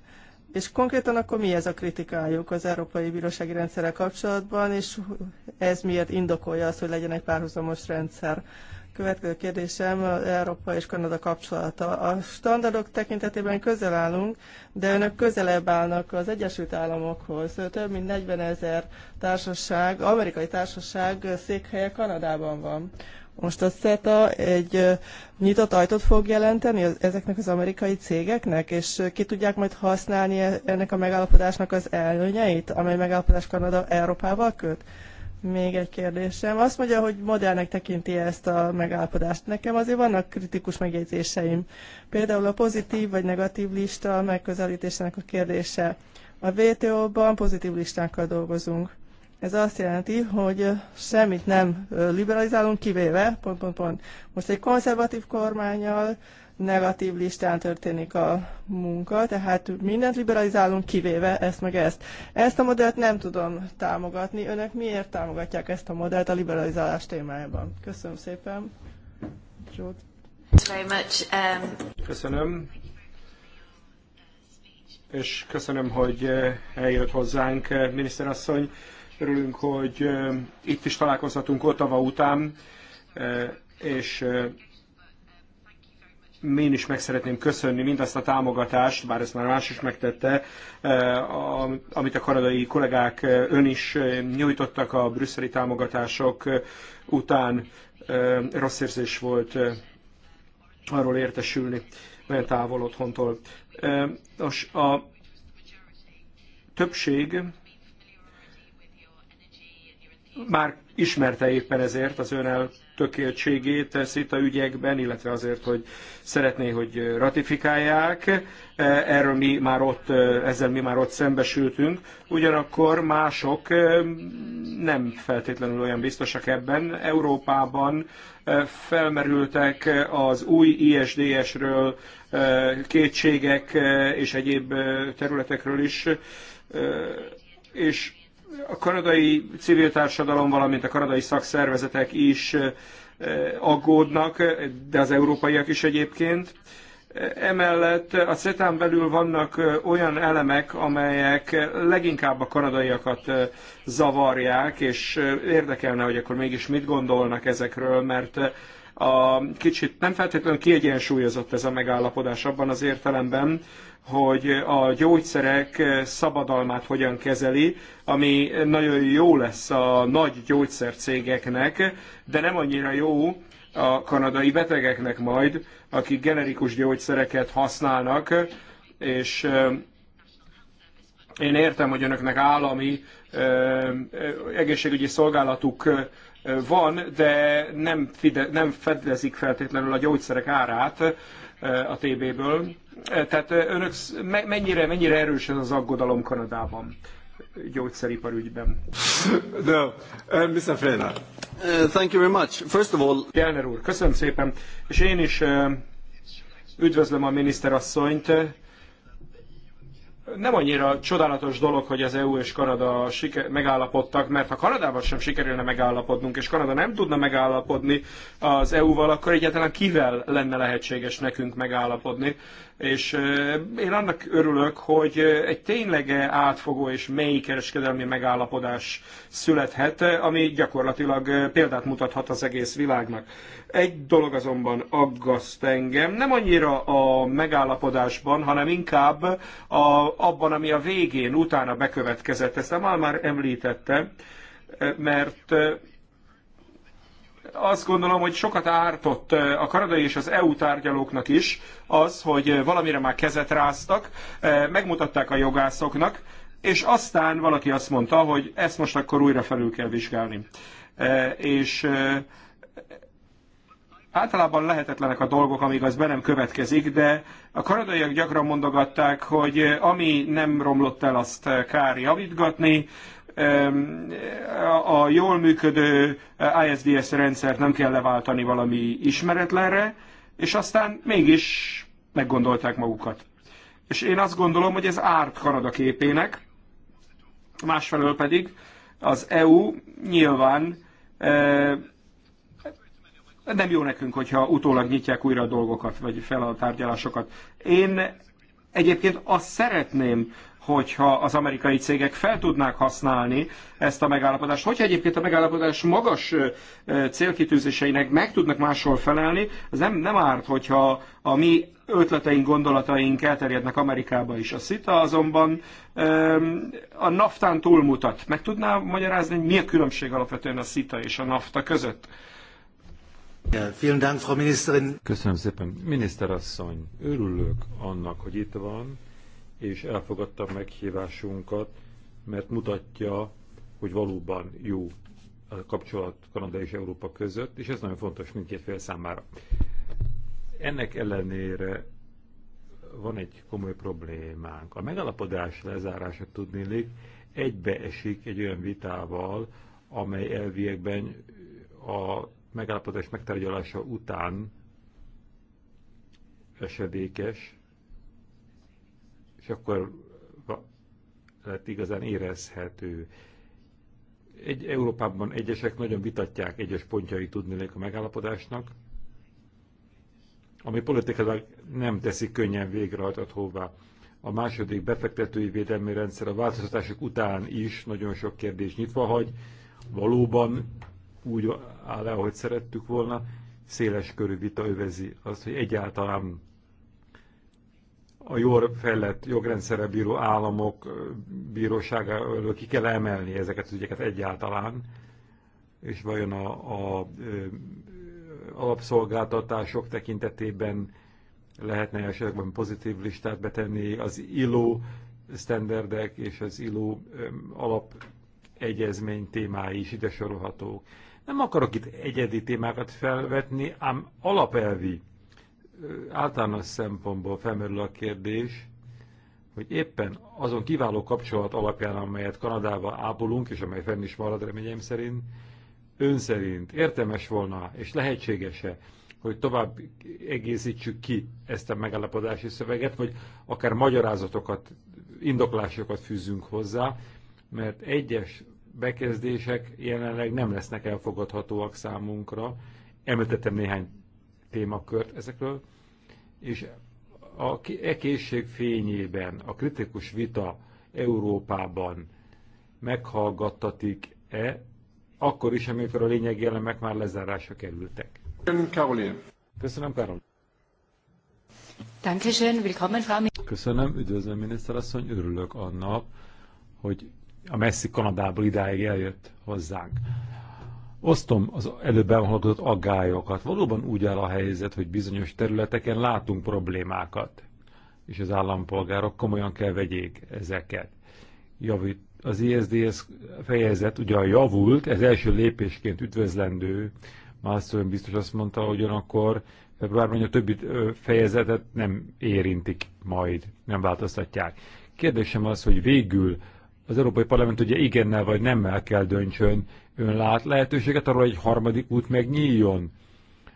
És konkrétan akkor mi ez a kritikájuk az Európai Bírósági Rendszerrel kapcsolatban, és ez miért indokolja azt, hogy legyen egy párhuzamos rendszer? Következő kérdésem az Európa és Kanada kapcsolata. A standardok tekintetében közel állunk, de önök közelebb állnak az Egyesült Államokhoz. Több mint 40 ezer társaság, amerikai társaság székhelye Kanadában van. Most a CETA egy nyitott ajtót fog jelenteni ezeknek az amerikai cégeknek, és ki tudják majd használni e- ennek a megállapodásnak az előnyeit, amely megállapodás Kanada Európával köt? Még egy kérdésem. Azt mondja, hogy modellnek tekinti ezt a megállapodást. Nekem azért vannak kritikus megjegyzéseim. Például a pozitív vagy negatív lista megközelítésének a kérdése. A WTO-ban pozitív listákkal dolgozunk. Ez azt jelenti, hogy semmit nem liberalizálunk, kivéve, pont, pont, pont. Most egy konzervatív kormányjal negatív listán történik a munka, tehát mindent liberalizálunk, kivéve ezt meg ezt. Ezt a modellt nem tudom támogatni. Önök miért támogatják ezt a modellt a liberalizálás témájában? Köszönöm szépen. Um, köszönöm. És köszönöm, hogy eh, eljött hozzánk, eh, miniszterasszony. Örülünk, hogy itt is találkozhatunk Otava után, és én is meg szeretném köszönni mindazt a támogatást, bár ezt már más is megtette, amit a kanadai kollégák ön is nyújtottak a brüsszeli támogatások után. Rossz érzés volt arról értesülni, olyan távol otthontól. Nos, a többség már ismerte éppen ezért az ön eltökéltségét e szita ügyekben, illetve azért, hogy szeretné, hogy ratifikálják. E, erről mi már ott, e, ezzel mi már ott szembesültünk. Ugyanakkor mások nem feltétlenül olyan biztosak ebben. Európában felmerültek az új ISDS-ről kétségek és egyéb területekről is, és a kanadai civil társadalom, valamint a kanadai szakszervezetek is eh, aggódnak, de az európaiak is egyébként. Emellett a CETÁN belül vannak eh, olyan elemek, amelyek leginkább a kanadaiakat eh, zavarják, és érdekelne, hogy akkor mégis mit gondolnak ezekről, mert a kicsit nem feltétlenül kiegyensúlyozott ez a megállapodás abban az értelemben, hogy a gyógyszerek szabadalmát hogyan kezeli, ami nagyon jó lesz a nagy gyógyszercégeknek, de nem annyira jó a kanadai betegeknek majd, akik generikus gyógyszereket használnak, és én értem, hogy önöknek állami egészségügyi szolgálatuk van, de nem, fide, nem fedezik feltétlenül a gyógyszerek árát eh, a TB-ből. Eh, tehát eh, önök mennyire, mennyire erős ez az aggodalom Kanadában gyógyszeripar ügyben? No, Mr. Uh, thank you very much. First of all... Jelner úr, köszönöm szépen, és én is uh, üdvözlöm a miniszterasszonyt nem annyira csodálatos dolog, hogy az EU és Kanada siker- megállapodtak, mert ha Kanadával sem sikerülne megállapodnunk, és Kanada nem tudna megállapodni az EU-val, akkor egyáltalán kivel lenne lehetséges nekünk megállapodni. És én annak örülök, hogy egy tényleg átfogó és mély kereskedelmi megállapodás születhet, ami gyakorlatilag példát mutathat az egész világnak. Egy dolog azonban aggaszt engem, nem annyira a megállapodásban, hanem inkább a, abban, ami a végén, utána bekövetkezett. Ezt már említette, mert azt gondolom, hogy sokat ártott a kanadai és az EU tárgyalóknak is az, hogy valamire már kezet ráztak, megmutatták a jogászoknak, és aztán valaki azt mondta, hogy ezt most akkor újra felül kell vizsgálni. És általában lehetetlenek a dolgok, amíg az be nem következik, de a kanadaiak gyakran mondogatták, hogy ami nem romlott el, azt kár javítgatni, a jól működő ISDS rendszert nem kell leváltani valami ismeretlenre, és aztán mégis meggondolták magukat. És én azt gondolom, hogy ez árt Kanada képének, másfelől pedig az EU nyilván eh, nem jó nekünk, hogyha utólag nyitják újra a dolgokat, vagy fel a tárgyalásokat. Én egyébként azt szeretném, hogyha az amerikai cégek fel tudnák használni ezt a megállapodást. Hogyha egyébként a megállapodás magas célkitűzéseinek meg tudnak máshol felelni, az nem, nem árt, hogyha a mi ötleteink, gondolataink elterjednek Amerikába is. A CITA azonban a naftán túlmutat. Meg tudná magyarázni, hogy mi a különbség alapvetően a CITA és a nafta között? Köszönöm szépen. Miniszterasszony, örülök annak, hogy itt van és elfogadta meghívásunkat, mert mutatja, hogy valóban jó a kapcsolat Kanada és Európa között, és ez nagyon fontos mindkét fél számára. Ennek ellenére van egy komoly problémánk. A megalapodás lezárása tudnélik egybeesik egy olyan vitával, amely elviekben a megállapodás megtárgyalása után esedékes, akkor lett igazán érezhető. Egy, Európában egyesek nagyon vitatják egyes pontjai tudni a megállapodásnak, ami politikailag nem teszi könnyen végrehajthatóvá. A második befektetői védelmi rendszer a változtatások után is nagyon sok kérdés nyitva hagy, valóban úgy áll el, ahogy szerettük volna, széles körű vita övezi azt, hogy egyáltalán a jól fejlett jogrendszerre bíró államok bírósága elől ki kell emelni ezeket az ügyeket egyáltalán, és vajon a, a, a alapszolgáltatások tekintetében lehetne esetleg pozitív listát betenni az ILO standardek és az ILO alapegyezmény témái is ide sorolhatók. Nem akarok itt egyedi témákat felvetni, ám alapelvi általános szempontból felmerül a kérdés, hogy éppen azon kiváló kapcsolat alapján, amelyet Kanadával ápolunk, és amely fenn is marad reményeim szerint, ön szerint értemes volna, és lehetséges-e, hogy tovább egészítsük ki ezt a megállapodási szöveget, vagy akár magyarázatokat, indoklásokat fűzzünk hozzá, mert egyes bekezdések jelenleg nem lesznek elfogadhatóak számunkra. Említettem néhány témakört ezekről, és a e készség fényében a kritikus vita Európában meghallgattatik-e, akkor is, amikor a lényegi elemek már lezárásra kerültek. Köszönöm, Károly. Köszönöm, Karolin. Köszönöm, üdvözlöm, miniszterasszony, örülök annak, hogy a messzi Kanadából idáig eljött hozzánk. Osztom az előbb elhangzott aggályokat. Valóban úgy áll a helyzet, hogy bizonyos területeken látunk problémákat, és az állampolgárok komolyan kell vegyék ezeket. Javít, az ISDS fejezet ugyan javult, ez első lépésként üdvözlendő, Malmström biztos azt mondta, hogy ugyanakkor februárban a többi fejezetet nem érintik majd, nem változtatják. Kérdésem az, hogy végül az Európai Parlament ugye igennel vagy nemmel kell döntsön Ön lát lehetőséget arra, hogy egy harmadik út megnyíljon?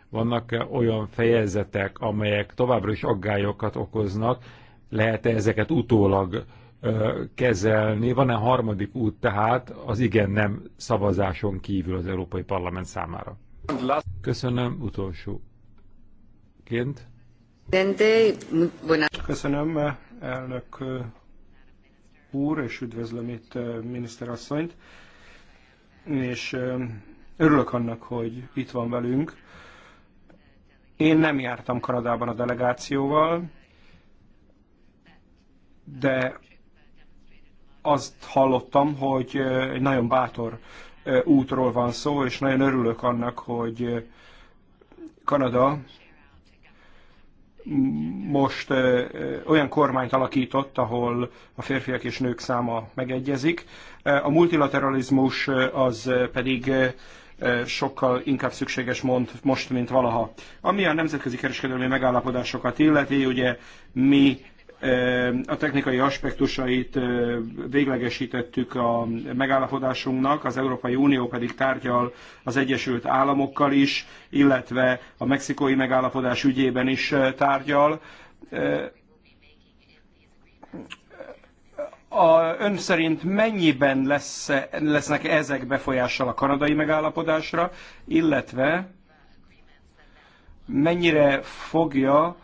Vannak -e olyan fejezetek, amelyek továbbra is aggályokat okoznak, lehet-e ezeket utólag ö, kezelni? Van-e harmadik út tehát az igen-nem szavazáson kívül az Európai Parlament számára? Köszönöm, utolsó ként. Köszönöm, elnök úr, és üdvözlöm itt miniszterasszonyt és örülök annak, hogy itt van velünk. Én nem jártam Kanadában a delegációval, de azt hallottam, hogy egy nagyon bátor útról van szó, és nagyon örülök annak, hogy Kanada most eh, olyan kormányt alakított, ahol a férfiak és nők száma megegyezik. Eh, a multilateralizmus eh, az pedig sokkal inkább szükséges mond most, mint valaha. Ami a nemzetközi kereskedelmi megállapodásokat illeti, ugye mi a technikai aspektusait véglegesítettük a megállapodásunknak, az Európai Unió pedig tárgyal az Egyesült Államokkal is, illetve a mexikói megállapodás ügyében is tárgyal. A, ön szerint mennyiben lesz, lesznek ezek befolyással a kanadai megállapodásra, illetve mennyire fogja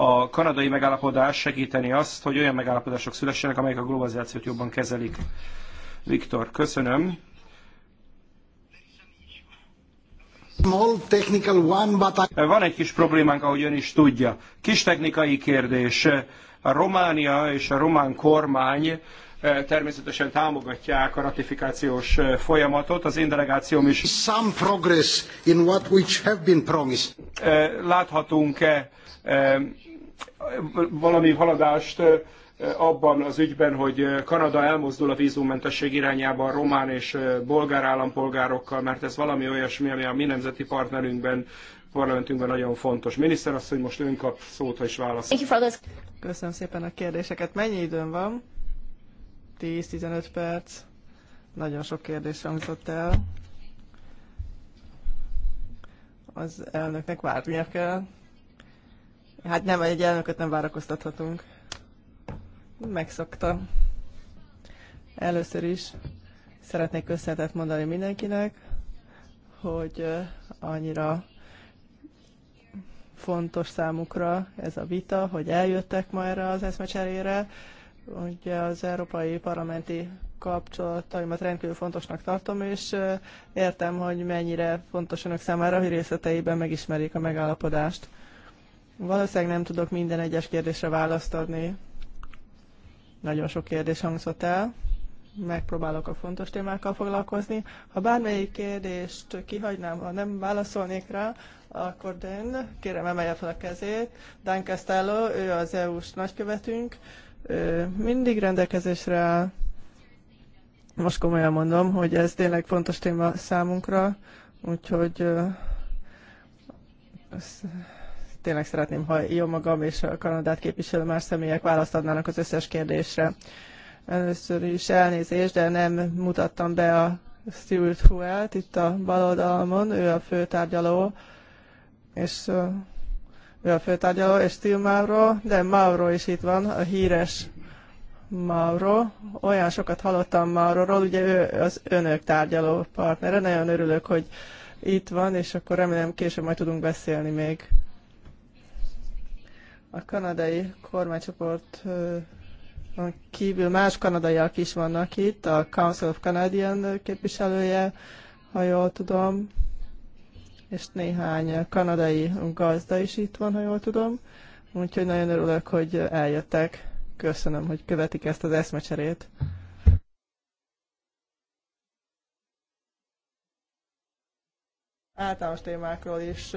a kanadai megállapodás segíteni azt, hogy olyan megállapodások szülessenek, amelyek a globalizációt jobban kezelik. Viktor, köszönöm. Van egy kis problémánk, ahogy ön is tudja. Kis technikai kérdés. A Románia és a román kormány eh, természetesen támogatják a ratifikációs eh, folyamatot. Az én delegációm is Some progress in what which have been promised. Eh, láthatunk -e valami haladást abban az ügyben, hogy Kanada elmozdul a vízummentesség irányába a román és bolgár állampolgárokkal, mert ez valami olyasmi, ami a mi nemzeti partnerünkben parlamentünkben nagyon fontos. Miniszter azt, hogy most ön kap szót, ha is válasz. Köszönöm szépen a kérdéseket. Mennyi időm van? 10-15 perc. Nagyon sok kérdés hangzott el. Az elnöknek várnia kell. Hát nem, egy elnököt nem várakoztathatunk. Megszokta. Először is szeretnék köszönetet mondani mindenkinek, hogy annyira fontos számukra ez a vita, hogy eljöttek ma erre az eszmecserére. Ugye az európai parlamenti kapcsolataimat rendkívül fontosnak tartom, és értem, hogy mennyire fontos önök számára, hogy részleteiben megismerjék a megállapodást. Valószínűleg nem tudok minden egyes kérdésre választ adni. Nagyon sok kérdés hangzott el. Megpróbálok a fontos témákkal foglalkozni. Ha bármelyik kérdést kihagynám, ha nem válaszolnék rá, akkor Dan, kérem emelje fel a kezét. Dan Castello, ő az EU-s nagykövetünk. Ő mindig rendelkezésre áll. Most komolyan mondom, hogy ez tényleg fontos téma számunkra, úgyhogy tényleg szeretném, ha jó magam és a Kanadát képviselő más személyek választ adnának az összes kérdésre. Először is elnézést, de nem mutattam be a Stuart Huelt itt a bal oldalon, ő a főtárgyaló, és ő a főtárgyaló, és Steve Mauro, de Mauro is itt van, a híres Mauro. Olyan sokat hallottam Mauroról, ugye ő az önök tárgyaló partnere, nagyon örülök, hogy itt van, és akkor remélem később majd tudunk beszélni még a kanadai kormánycsoport kívül más kanadaiak is vannak itt, a Council of Canadian képviselője, ha jól tudom, és néhány kanadai gazda is itt van, ha jól tudom. Úgyhogy nagyon örülök, hogy eljöttek. Köszönöm, hogy követik ezt az eszmecserét. általános témákról is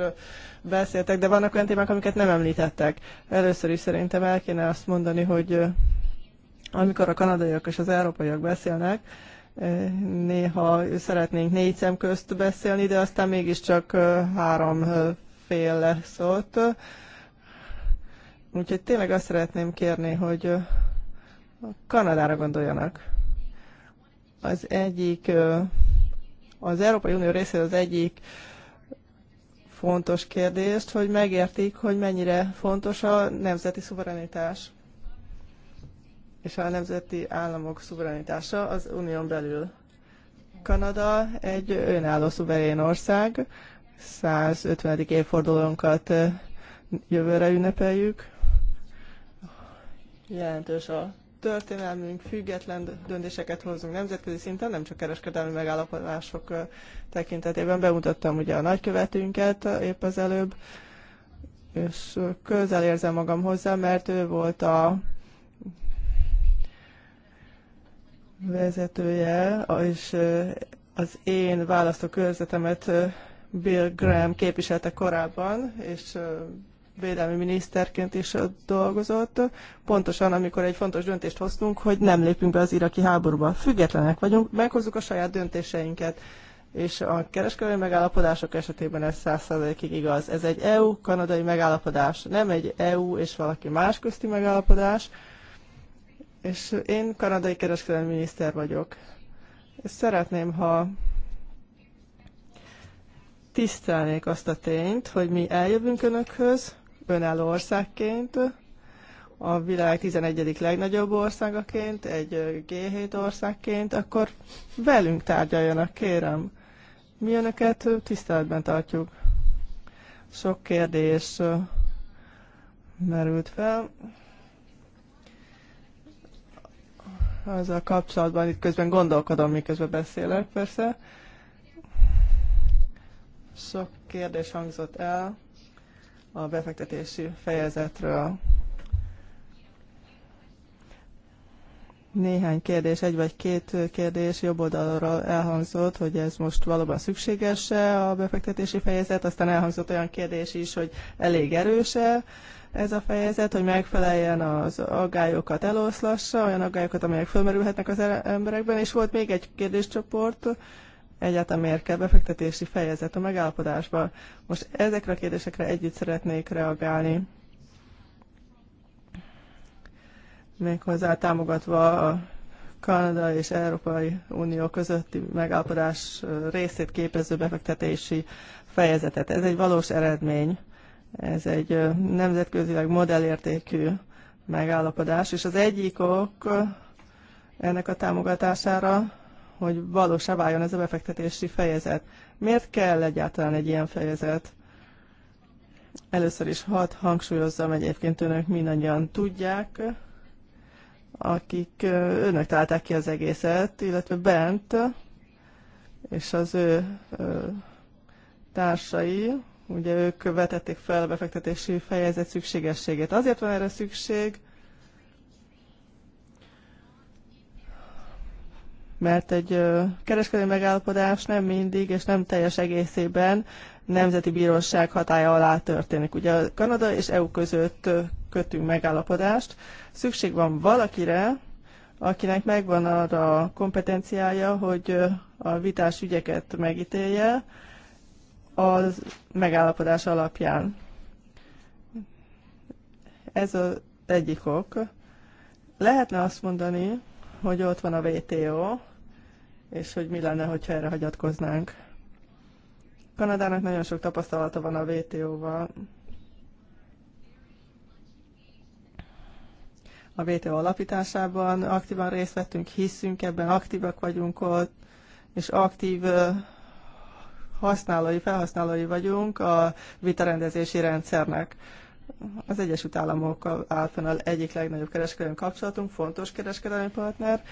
beszéltek, de vannak olyan témák, amiket nem említettek. Először is szerintem el kéne azt mondani, hogy amikor a kanadaiak és az európaiak beszélnek, néha szeretnénk négy szem közt beszélni, de aztán mégiscsak három fél lesz ott. Úgyhogy tényleg azt szeretném kérni, hogy Kanadára gondoljanak. Az egyik, az Európai Unió részéről az egyik fontos kérdést, hogy megértik, hogy mennyire fontos a nemzeti szuverenitás és a nemzeti államok szuverenitása az unión belül. Kanada egy önálló szuverén ország, 150. évfordulónkat jövőre ünnepeljük. Jelentős a történelmünk, független döntéseket hozunk nemzetközi szinten, nem csak kereskedelmi megállapodások tekintetében. Bemutattam ugye a nagykövetünket épp az előbb, és közel érzem magam hozzá, mert ő volt a vezetője, és az én választókörzetemet Bill Graham képviselte korábban, és védelmi miniszterként is dolgozott, pontosan amikor egy fontos döntést hoztunk, hogy nem lépünk be az iraki háborúba. Függetlenek vagyunk, meghozzuk a saját döntéseinket. És a kereskedelmi megállapodások esetében ez 100%-ig igaz. Ez egy EU-kanadai megállapodás, nem egy EU és valaki más közti megállapodás. És én kanadai kereskedelmi miniszter vagyok. És szeretném, ha tisztelnék azt a tényt, hogy mi eljövünk önökhöz, önálló országként, a világ 11. legnagyobb országaként, egy G7 országként, akkor velünk tárgyaljanak, kérem. Mi önöket tiszteletben tartjuk. Sok kérdés merült fel. Az a kapcsolatban itt közben gondolkodom, miközben beszélek, persze. Sok kérdés hangzott el a befektetési fejezetről. Néhány kérdés, egy vagy két kérdés jobb oldalról elhangzott, hogy ez most valóban szükséges-e a befektetési fejezet, aztán elhangzott olyan kérdés is, hogy elég erőse ez a fejezet, hogy megfeleljen az aggályokat eloszlassa, olyan aggályokat, amelyek fölmerülhetnek az emberekben, és volt még egy kérdéscsoport, egyáltalán miért kell befektetési fejezet a megállapodásba. Most ezekre a kérdésekre együtt szeretnék reagálni. Méghozzá támogatva a Kanada és Európai Unió közötti megállapodás részét képező befektetési fejezetet. Ez egy valós eredmény, ez egy nemzetközileg modellértékű megállapodás, és az egyik ok ennek a támogatására hogy valósá váljon ez a befektetési fejezet. Miért kell egyáltalán egy ilyen fejezet? Először is hat hangsúlyozzam, egyébként önök mindannyian tudják, akik önök találták ki az egészet, illetve bent, és az ő társai, ugye ők vetették fel a befektetési fejezet szükségességét. Azért van erre szükség, mert egy kereskedelmi megállapodás nem mindig és nem teljes egészében nemzeti bíróság hatája alá történik. Ugye Kanada és EU között kötünk megállapodást, szükség van valakire, akinek megvan arra a kompetenciája, hogy a vitás ügyeket megítélje az megállapodás alapján. Ez az egyik ok. Lehetne azt mondani, hogy ott van a WTO, és hogy mi lenne, hogyha erre hagyatkoznánk. Kanadának nagyon sok tapasztalata van a WTO-val. A WTO alapításában aktívan részt vettünk, hiszünk ebben, aktívak vagyunk ott, és aktív használói, felhasználói vagyunk a vitarendezési rendszernek. Az Egyesült Államokkal áll egyik legnagyobb kereskedelmi kapcsolatunk, fontos kereskedelmi partner,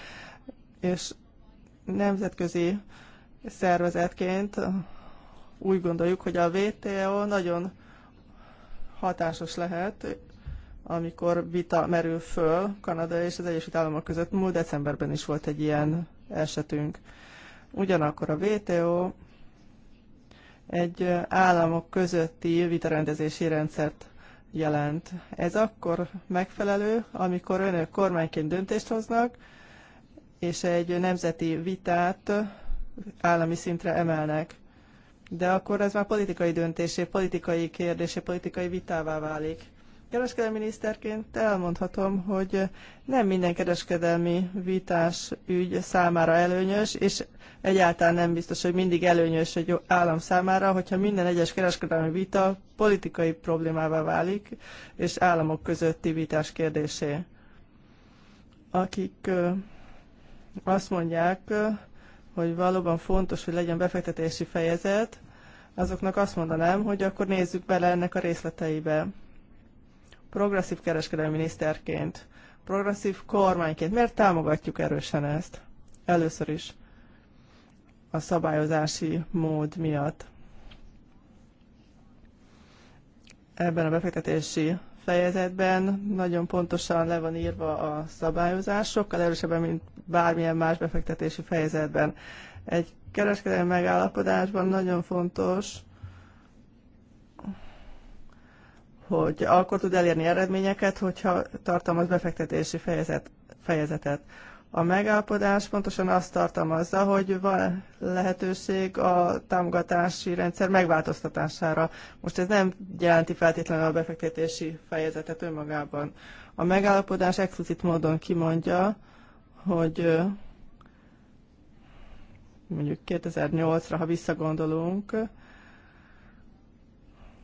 és nemzetközi szervezetként úgy gondoljuk, hogy a WTO nagyon hatásos lehet, amikor vita merül föl Kanada és az Egyesült Államok között. Múlt decemberben is volt egy ilyen esetünk. Ugyanakkor a WTO egy államok közötti vitarendezési rendszert jelent. Ez akkor megfelelő, amikor önök kormányként döntést hoznak, és egy nemzeti vitát állami szintre emelnek. De akkor ez már politikai döntésé, politikai kérdésé, politikai vitává válik. Kereskedelmi miniszterként elmondhatom, hogy nem minden kereskedelmi vitás ügy számára előnyös, és egyáltalán nem biztos, hogy mindig előnyös egy állam számára, hogyha minden egyes kereskedelmi vita politikai problémává válik, és államok közötti vitás kérdésé. Akik azt mondják, hogy valóban fontos, hogy legyen befektetési fejezet, azoknak azt mondanám, hogy akkor nézzük bele ennek a részleteibe. Progresszív kereskedelmi miniszterként, progresszív kormányként, miért támogatjuk erősen ezt? Először is a szabályozási mód miatt. Ebben a befektetési fejezetben nagyon pontosan le van írva a szabályozás, sokkal erősebben, mint bármilyen más befektetési fejezetben. Egy kereskedelmi megállapodásban nagyon fontos, hogy akkor tud elérni eredményeket, hogyha tartalmaz befektetési fejezet, fejezetet. A megállapodás pontosan azt tartalmazza, hogy van lehetőség a támogatási rendszer megváltoztatására. Most ez nem jelenti feltétlenül a befektetési fejezetet önmagában. A megállapodás explicit módon kimondja, hogy mondjuk 2008-ra, ha visszagondolunk,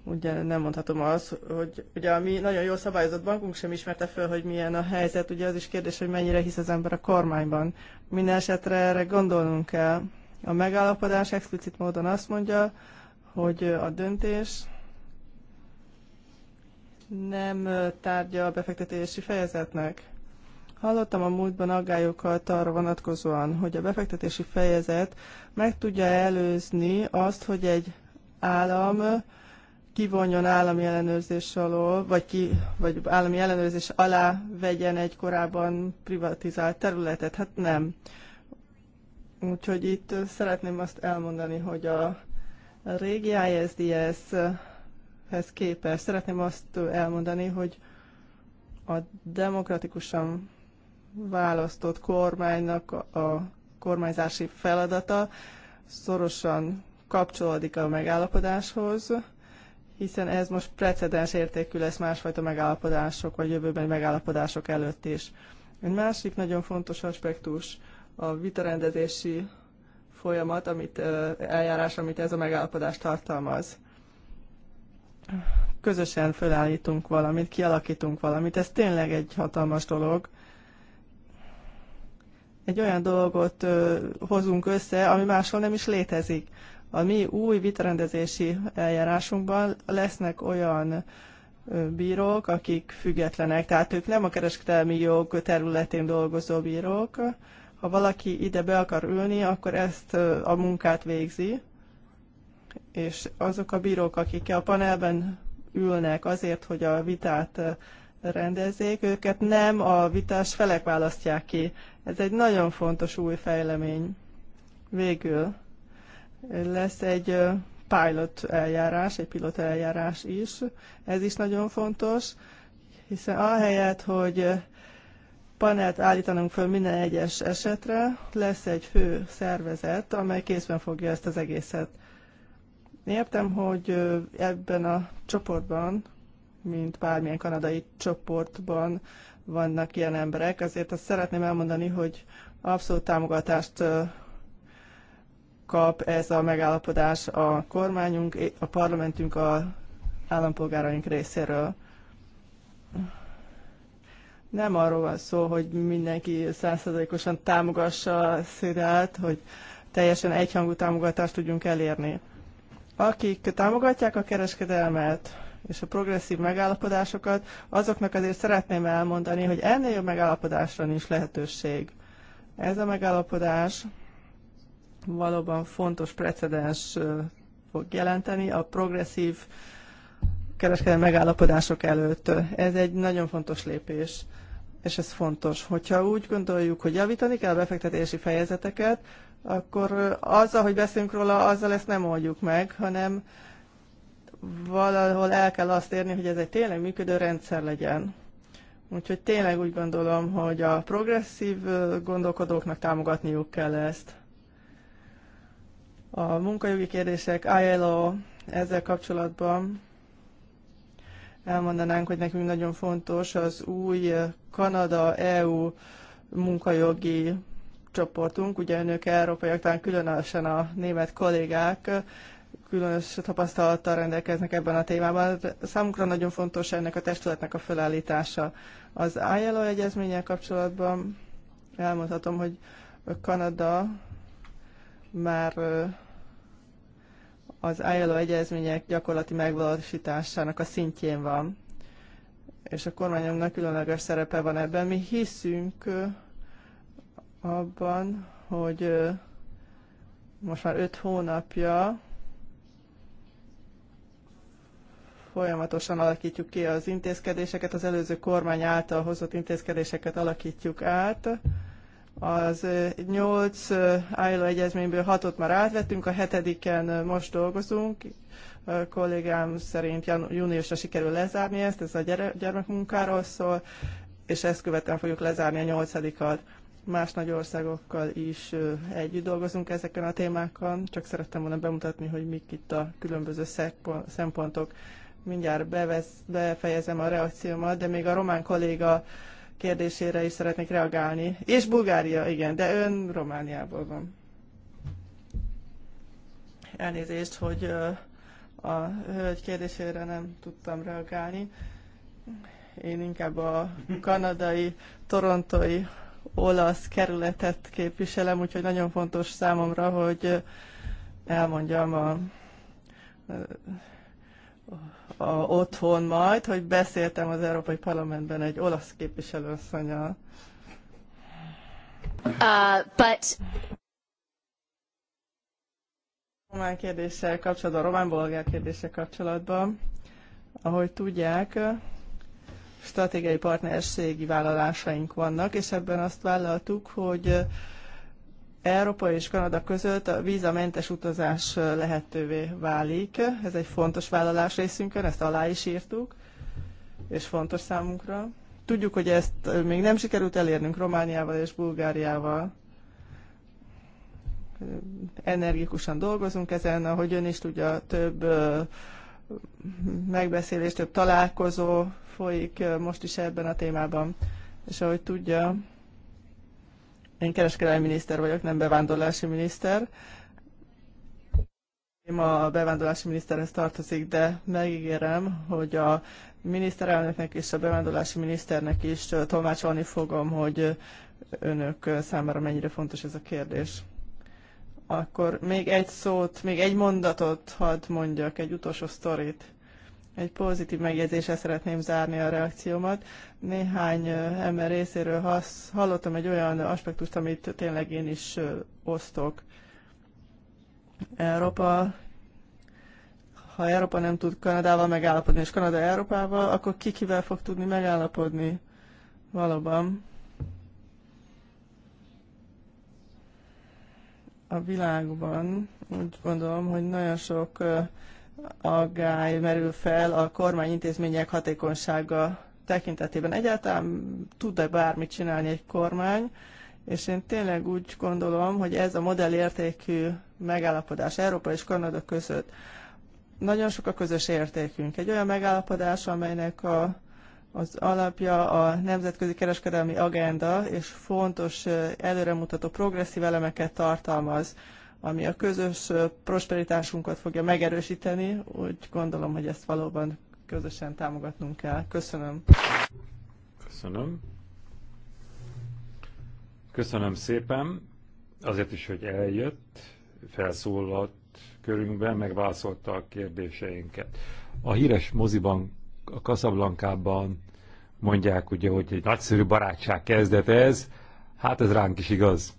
ugye nem mondhatom az, hogy ugye a mi nagyon jól szabályozott bankunk sem ismerte föl, hogy milyen a helyzet, ugye az is kérdés, hogy mennyire hisz az ember a kormányban. Minden esetre erre gondolnunk kell. A megállapodás explicit módon azt mondja, hogy a döntés nem tárgya a befektetési fejezetnek. Hallottam a múltban aggályokat arra vonatkozóan, hogy a befektetési fejezet meg tudja előzni azt, hogy egy állam kivonjon állami ellenőrzés alól, vagy, ki, vagy állami ellenőrzés alá vegyen egy korábban privatizált területet. Hát nem. Úgyhogy itt szeretném azt elmondani, hogy a régi ISDS-hez képest szeretném azt elmondani, hogy a demokratikusan választott kormánynak a kormányzási feladata szorosan kapcsolódik a megállapodáshoz, hiszen ez most precedens értékű lesz másfajta megállapodások, vagy jövőben megállapodások előtt is. Egy másik nagyon fontos aspektus a vitarendezési folyamat, amit, eljárás, amit ez a megállapodás tartalmaz. Közösen felállítunk valamit, kialakítunk valamit. Ez tényleg egy hatalmas dolog. Egy olyan dolgot hozunk össze, ami máshol nem is létezik. A mi új vitarendezési eljárásunkban lesznek olyan bírók, akik függetlenek, tehát ők nem a kereskedelmi jog területén dolgozó bírók. Ha valaki ide be akar ülni, akkor ezt a munkát végzi, és azok a bírók, akik a panelben ülnek azért, hogy a vitát rendezzék, őket nem a vitás felek választják ki. Ez egy nagyon fontos új fejlemény. Végül lesz egy pilot eljárás, egy pilot eljárás is. Ez is nagyon fontos, hiszen ahelyett, hogy panelt állítanunk föl minden egyes esetre, lesz egy fő szervezet, amely készben fogja ezt az egészet. Értem, hogy ebben a csoportban, mint bármilyen kanadai csoportban vannak ilyen emberek, azért azt szeretném elmondani, hogy abszolút támogatást kap ez a megállapodás a kormányunk, a parlamentünk, a állampolgáraink részéről. Nem arról van szó, hogy mindenki százszerzalékosan támogassa szidát, hogy teljesen egyhangú támogatást tudjunk elérni. Akik támogatják a kereskedelmet és a progresszív megállapodásokat, azoknak azért szeretném elmondani, hogy ennél jobb megállapodásra nincs lehetőség. Ez a megállapodás valóban fontos precedens fog jelenteni a progresszív kereskedelmi megállapodások előtt. Ez egy nagyon fontos lépés, és ez fontos. Hogyha úgy gondoljuk, hogy javítani kell a befektetési fejezeteket, akkor azzal, hogy beszélünk róla, azzal ezt nem oldjuk meg, hanem valahol el kell azt érni, hogy ez egy tényleg működő rendszer legyen. Úgyhogy tényleg úgy gondolom, hogy a progresszív gondolkodóknak támogatniuk kell ezt a munkajogi kérdések, ILO, ezzel kapcsolatban elmondanánk, hogy nekünk nagyon fontos az új Kanada-EU munkajogi csoportunk, ugye önök európaiak, talán különösen a német kollégák különös tapasztalattal rendelkeznek ebben a témában. Számukra nagyon fontos ennek a testületnek a felállítása. Az ILO egyezménnyel kapcsolatban elmondhatom, hogy Kanada már az ILO egyezmények gyakorlati megvalósításának a szintjén van. És a kormányomnak különleges szerepe van ebben. Mi hiszünk abban, hogy most már öt hónapja folyamatosan alakítjuk ki az intézkedéseket, az előző kormány által hozott intézkedéseket alakítjuk át, az nyolc ILO egyezményből hatot már átvettünk, a hetediken most dolgozunk. A kollégám szerint júniusra sikerül lezárni ezt, ez a gyermekmunkáról szól, és ezt követően fogjuk lezárni a nyolcadikat. Más nagy országokkal is együtt dolgozunk ezeken a témákon, csak szerettem volna bemutatni, hogy mik itt a különböző szempontok mindjárt bevesz, befejezem a reakciómat, de még a román kolléga kérdésére is szeretnék reagálni. És Bulgária, igen, de ön Romániából van. Elnézést, hogy a hölgy kérdésére nem tudtam reagálni. Én inkább a kanadai, torontói olasz kerületet képviselem, úgyhogy nagyon fontos számomra, hogy elmondjam a a, otthon majd, hogy beszéltem az Európai Parlamentben egy olasz képviselőasszonyjal. Uh, but... Román kérdéssel kapcsolatban, román-bolgár kérdéssel kapcsolatban, ahogy tudják, stratégiai partnerségi vállalásaink vannak, és ebben azt vállaltuk, hogy Európa és Kanada között a vízamentes utazás lehetővé válik. Ez egy fontos vállalás részünkön, ezt alá is írtuk, és fontos számunkra. Tudjuk, hogy ezt még nem sikerült elérnünk Romániával és Bulgáriával. Energikusan dolgozunk ezen, ahogy ön is tudja, több megbeszélés, több találkozó folyik most is ebben a témában. És ahogy tudja, én kereskedelmi miniszter vagyok, nem bevándorlási miniszter. Én a bevándorlási miniszterhez tartozik, de megígérem, hogy a miniszterelnöknek és a bevándorlási miniszternek is tolmácsolni fogom, hogy önök számára mennyire fontos ez a kérdés. Akkor még egy szót, még egy mondatot hadd mondjak, egy utolsó sztorit. Egy pozitív megjegyzésre szeretném zárni a reakciómat. Néhány ember részéről hasz, hallottam egy olyan aspektust, amit tényleg én is osztok. Európa ha Európa nem tud Kanadával megállapodni, és Kanada Európával, akkor ki kivel fog tudni megállapodni? Valóban. A világban úgy gondolom, hogy nagyon sok aggály merül fel a kormány intézmények hatékonysága tekintetében. Egyáltalán tud-e bármit csinálni egy kormány, és én tényleg úgy gondolom, hogy ez a modellértékű megállapodás Európa és Kanada között nagyon sok a közös értékünk. Egy olyan megállapodás, amelynek a, az alapja a nemzetközi kereskedelmi agenda, és fontos előremutató progresszív elemeket tartalmaz ami a közös prosperitásunkat fogja megerősíteni. Úgy gondolom, hogy ezt valóban közösen támogatnunk kell. Köszönöm. Köszönöm. Köszönöm szépen azért is, hogy eljött, felszólalt körünkben, megválaszolta a kérdéseinket. A híres moziban, a Kaszablankában mondják ugye, hogy egy nagyszerű barátság kezdet ez, hát ez ránk is igaz.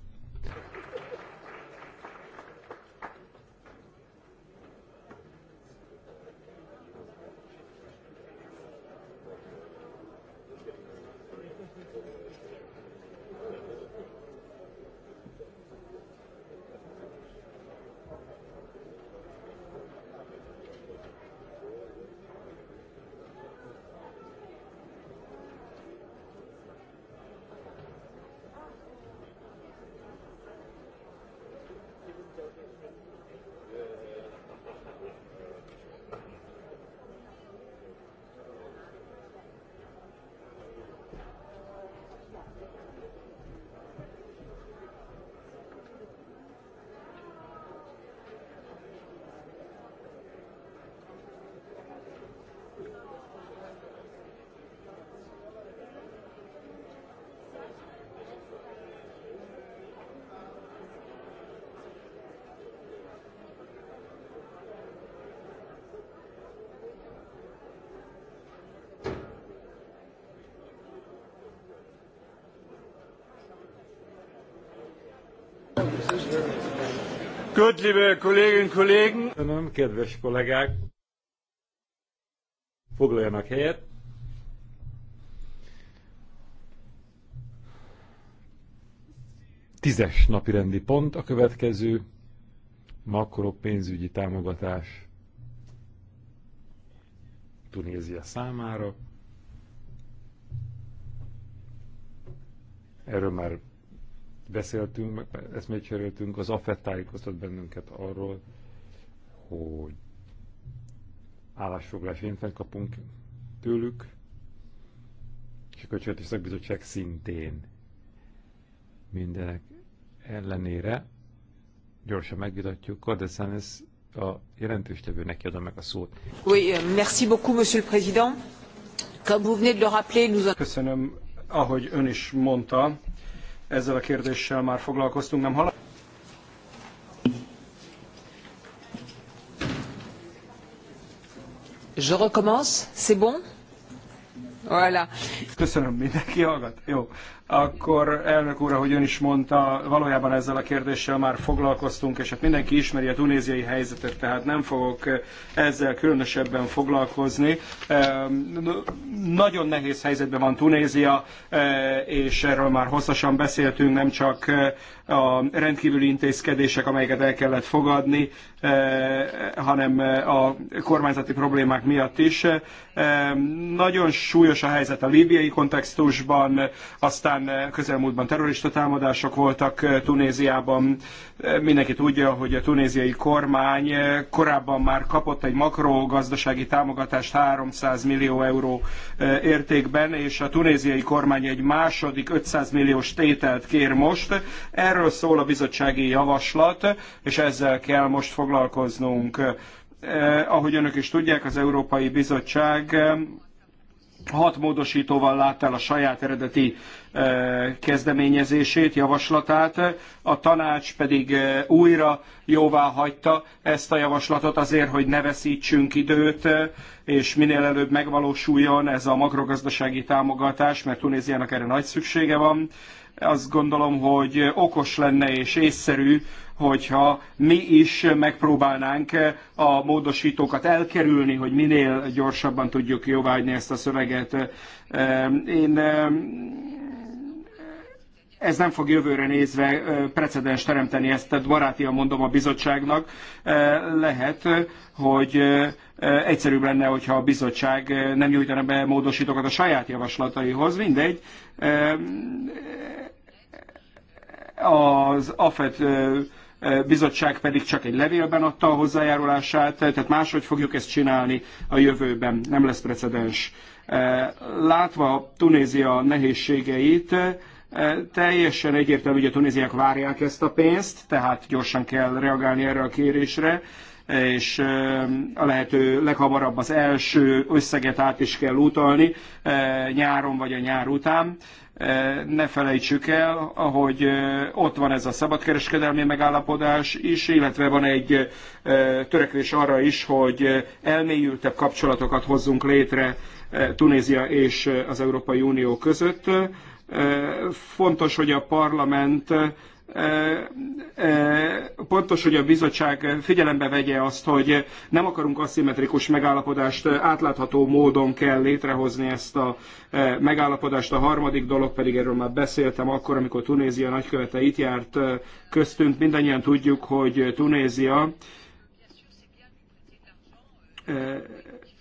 Gut, liebe Kolleginnen Kollegen. Köszönöm, kedves kollégák. Foglaljanak helyet. Tízes napi rendi pont a következő. Makro pénzügyi támogatás Tunézia számára. Erről már beszéltünk, ezt még cseréltünk, az affett tájékoztat bennünket arról, hogy állásfoglalás infent kapunk tőlük, és a Költségvetési Szakbizottság szintén mindenek ellenére gyorsan megvitatjuk. ez a jelentőstevő neki adom meg a szót. Oui, euh, merci beaucoup, monsieur le président. Comme vous venez de le rappeler, nous... Köszönöm, ahogy ön is mondta, ezzel a kérdéssel már foglalkoztunk, nem halad? Je recommence, c'est bon? Voilà. Köszönöm, mindenki hallgat. Jó. Akkor elnök úr, ahogy ön is mondta, valójában ezzel a kérdéssel már foglalkoztunk, és hát mindenki ismeri a tunéziai helyzetet, tehát nem fogok eh, ezzel különösebben foglalkozni. Nagyon nehéz helyzetben van Tunézia, eh, és erről már hosszasan beszéltünk, nem csak eh, a rendkívüli intézkedések, amelyeket el kellett fogadni, hanem a kormányzati problémák miatt is. Nagyon súlyos súlyos a helyzet a líbiai kontextusban, aztán közelmúltban terrorista támadások voltak eh, Tunéziában. Eh, mindenki tudja, hogy a tunéziai kormány eh, korábban már kapott egy makrogazdasági támogatást 300 millió euró értékben, és a tunéziai kormány egy második 500 milliós tételt kér most. Erről szól a bizottsági javaslat, és ezzel kell most foglalkoznunk. Eh, ahogy önök is tudják, az Európai Bizottság hat módosítóval láttál a saját eredeti e, kezdeményezését, javaslatát, a tanács pedig e, újra jóvá hagyta ezt a javaslatot azért, hogy ne veszítsünk időt, e, és minél előbb megvalósuljon ez a makrogazdasági támogatás, mert Tunéziának erre nagy szüksége van azt gondolom, hogy okos lenne és észszerű, hogyha mi is megpróbálnánk a módosítókat elkerülni, hogy minél gyorsabban tudjuk jóváhagyni ezt a szöveget. Én ez nem fog jövőre nézve precedens teremteni ezt, tehát barátian mondom a bizottságnak. Lehet, hogy egyszerűbb lenne, hogyha a bizottság nem nyújtana be módosítókat a saját javaslataihoz, mindegy az AFET bizottság pedig csak egy levélben adta a hozzájárulását, tehát máshogy fogjuk ezt csinálni a jövőben, nem lesz precedens. Látva Tunézia nehézségeit, teljesen egyértelmű, hogy a tunéziak várják ezt a pénzt, tehát gyorsan kell reagálni erre a kérésre, és a lehető leghamarabb az első összeget át is kell utalni nyáron vagy a nyár után. E, ne felejtsük el, ahogy e, ott van ez a szabadkereskedelmi megállapodás is, illetve van egy e, törekvés arra is, hogy elmélyültebb kapcsolatokat hozzunk létre Tunézia és az Európai Unió között. Fontos, hogy a parlament pontos, hogy a bizottság figyelembe vegye azt, hogy nem akarunk aszimmetrikus megállapodást, átlátható módon kell létrehozni ezt a megállapodást. A harmadik dolog pedig erről már beszéltem akkor, amikor Tunézia nagykövete itt járt köztünk. Mindannyian tudjuk, hogy Tunézia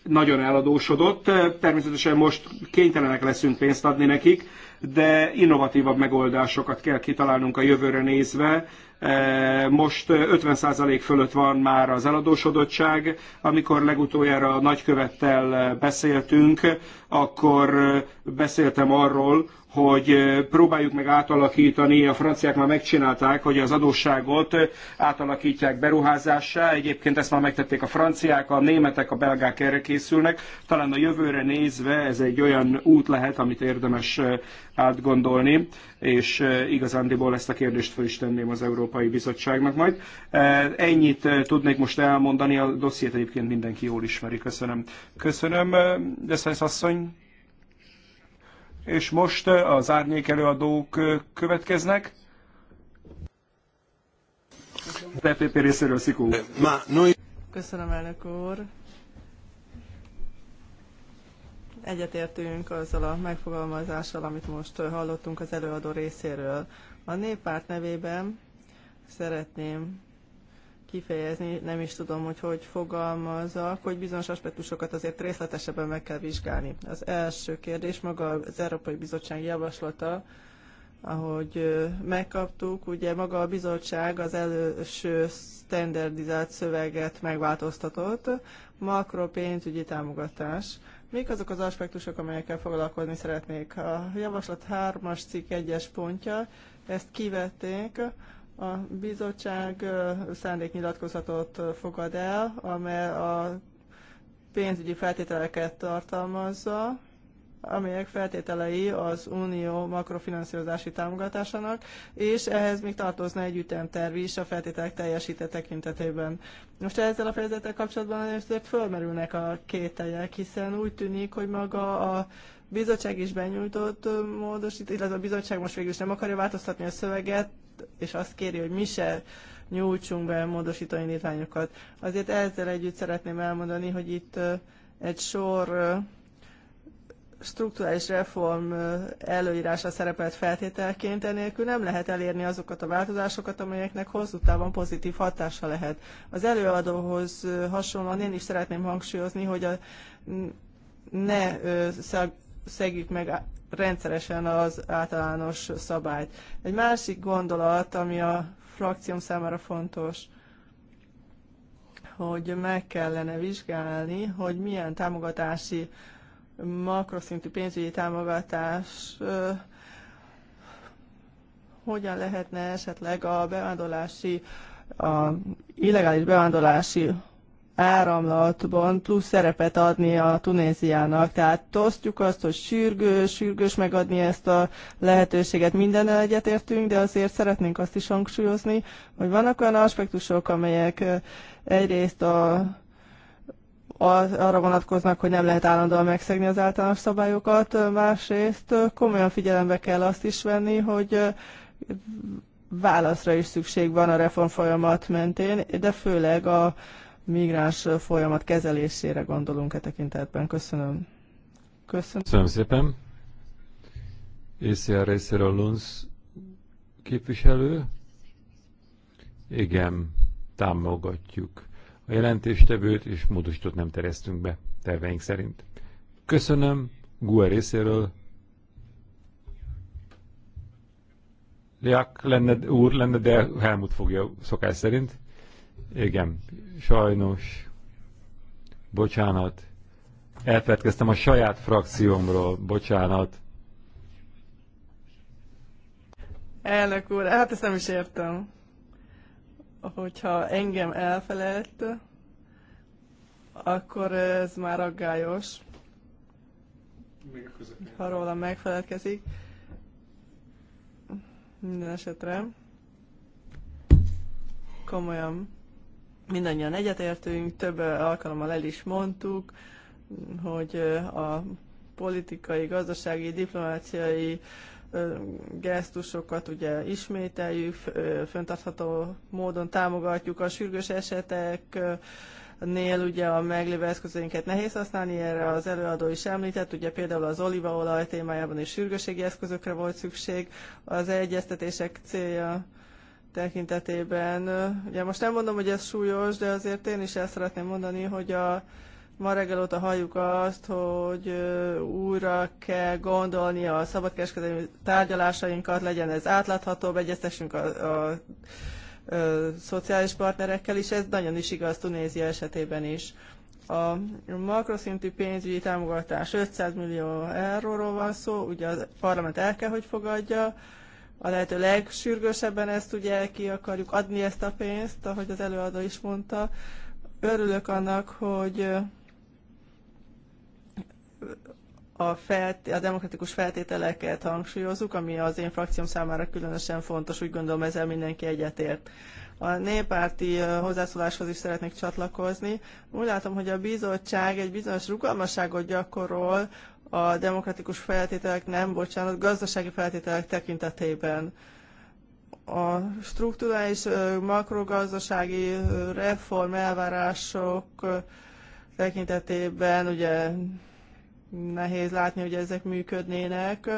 nagyon eladósodott. Természetesen most kénytelenek leszünk pénzt adni nekik, de innovatívabb megoldásokat kell kitalálnunk a jövőre nézve, E, most 50% fölött van már az eladósodottság. Amikor legutoljára a nagykövettel beszéltünk, akkor beszéltem arról, hogy próbáljuk meg átalakítani, a franciák már megcsinálták, hogy az adósságot átalakítják beruházássá. Egyébként ezt már megtették a franciák, a németek, a belgák erre készülnek. Talán a jövőre nézve ez egy olyan út lehet, amit érdemes átgondolni és igazándiból ezt a kérdést föl is tenném az Európai Bizottságnak majd. Ennyit tudnék most elmondani, a dossziét egyébként mindenki jól ismeri. Köszönöm. Köszönöm, Deszesz asszony. És most az árnyék előadók következnek. E Köszönöm, elnök úr. Egyetértünk azzal a megfogalmazással, amit most hallottunk az előadó részéről. A néppárt nevében szeretném kifejezni, nem is tudom, hogy hogy fogalmazzak, hogy bizonyos aspektusokat azért részletesebben meg kell vizsgálni. Az első kérdés maga az Európai Bizottság javaslata, ahogy megkaptuk, ugye maga a bizottság az első standardizált szöveget megváltoztatott, makropénzügyi támogatás. Mik azok az aspektusok, amelyekkel foglalkozni szeretnék? A javaslat 3-as cikk 1-es pontja, ezt kivették, a bizottság szándéknyilatkozatot fogad el, amely a pénzügyi feltételeket tartalmazza, amelyek feltételei az unió makrofinanszírozási támogatásának, és ehhez még tartozna egy ütemterv is a feltételek teljesített tekintetében. Most ezzel a fejezettel kapcsolatban azért fölmerülnek a kételjek, hiszen úgy tűnik, hogy maga a bizottság is benyújtott módosít, illetve a bizottság most végül is nem akarja változtatni a szöveget, és azt kéri, hogy mi se nyújtsunk be módosító indítványokat. Azért ezzel együtt szeretném elmondani, hogy itt egy sor strukturális reform előírása szerepelt feltételként, enélkül nem lehet elérni azokat a változásokat, amelyeknek hosszú távon pozitív hatása lehet. Az előadóhoz hasonlóan én is szeretném hangsúlyozni, hogy a, ne szegjük meg rendszeresen az általános szabályt. Egy másik gondolat, ami a frakcióm számára fontos, hogy meg kellene vizsgálni, hogy milyen támogatási makroszintű pénzügyi támogatás hogyan lehetne esetleg a bevándorlási, a illegális bevándorlási áramlatban plusz szerepet adni a Tunéziának. Tehát tosztjuk azt, hogy sürgős, sürgős megadni ezt a lehetőséget. Minden egyetértünk, de azért szeretnénk azt is hangsúlyozni, hogy vannak olyan aspektusok, amelyek egyrészt a arra vonatkoznak, hogy nem lehet állandóan megszegni az általános szabályokat. Másrészt komolyan figyelembe kell azt is venni, hogy válaszra is szükség van a reform folyamat mentén, de főleg a migráns folyamat kezelésére gondolunk e tekintetben. Köszönöm. Köszönöm, Köszönöm szépen. ECR részéről Lunz képviselő. Igen, támogatjuk a jelentéstevőt, és módosítót nem tereztünk be terveink szerint. Köszönöm GUE részéről. Leak lenne, úr lenne, de Helmut fogja szokás szerint. Igen, sajnos. Bocsánat. Elfelelkeztem a saját frakciómról. Bocsánat. Elnök úr, hát ezt nem is értem hogyha engem elfelejt, akkor ez már aggályos. Még a Ha róla megfelelkezik. Minden esetre. Komolyan. Mindannyian egyetértünk, több alkalommal el is mondtuk, hogy a politikai, gazdasági, diplomáciai gesztusokat ugye ismételjük, föntartható módon támogatjuk a sürgős esetek, nél ugye a meglévő eszközeinket nehéz használni, erre az előadó is említett, ugye például az olívaolaj témájában is sürgőségi eszközökre volt szükség, az egyeztetések célja tekintetében. Ugye most nem mondom, hogy ez súlyos, de azért én is el szeretném mondani, hogy a Ma reggel óta halljuk azt, hogy újra kell gondolni a szabadkereskedelmi tárgyalásainkat, legyen ez átláthatóbb, egyeztessünk a, a, a szociális partnerekkel is, ez nagyon is igaz Tunézia esetében is. A makroszintű pénzügyi támogatás 500 millió euróról van szó, ugye a parlament el kell, hogy fogadja, a lehető legsürgősebben ezt ugye ki akarjuk adni ezt a pénzt, ahogy az előadó is mondta. Örülök annak, hogy a, felt, a demokratikus feltételeket hangsúlyozzuk, ami az én frakcióm számára különösen fontos, úgy gondolom ezzel mindenki egyetért. A néppárti hozzászóláshoz is szeretnék csatlakozni. Úgy látom, hogy a bizottság egy bizonyos rugalmasságot gyakorol a demokratikus feltételek, nem bocsánat, gazdasági feltételek tekintetében. A struktúrális makrogazdasági reform elvárások tekintetében ugye nehéz látni, hogy ezek működnének.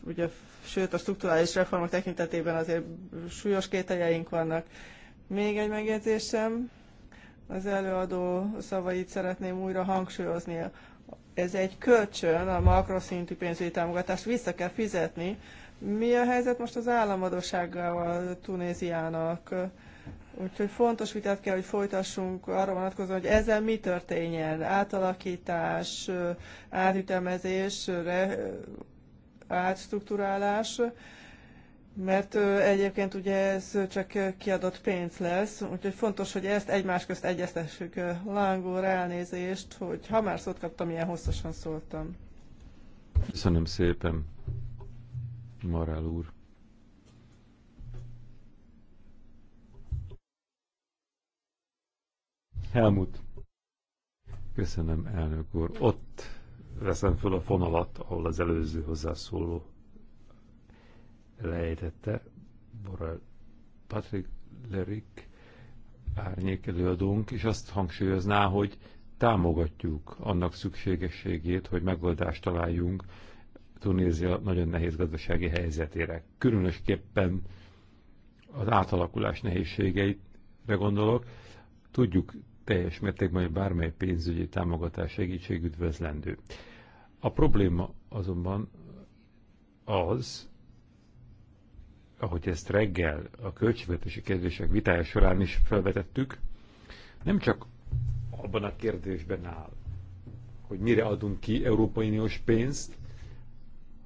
Ugye, sőt, a strukturális reformok tekintetében azért súlyos kételjeink vannak. Még egy megjegyzésem, az előadó szavait szeretném újra hangsúlyozni. Ez egy kölcsön, a makroszintű pénzügyi támogatást vissza kell fizetni. Mi a helyzet most az államadósággal Tunéziának? Úgyhogy fontos vitát kell, hogy folytassunk arra vonatkozóan, hogy ezzel mi történjen. Átalakítás, átütemezés, átstruktúrálás, mert egyébként ugye ez csak kiadott pénz lesz, úgyhogy fontos, hogy ezt egymás közt egyeztessük. Lángóra elnézést, hogy ha már szót kaptam, ilyen hosszasan szóltam. Köszönöm szépen, Marál úr. Helmut. Köszönöm, elnök úr. Ott veszem föl a fonalat, ahol az előző hozzászóló lejtette. Borrell Patrick Lerik árnyék előadónk, és azt hangsúlyozná, hogy támogatjuk annak szükségességét, hogy megoldást találjunk Tunézia nagyon nehéz gazdasági helyzetére. Különösképpen az átalakulás nehézségeit gondolok. Tudjuk, teljes mértékben, hogy bármely pénzügyi támogatás segítség üdvözlendő. A probléma azonban az, ahogy ezt reggel a költségvetési kérdések vitája során is felvetettük, nem csak abban a kérdésben áll, hogy mire adunk ki Európai Uniós pénzt,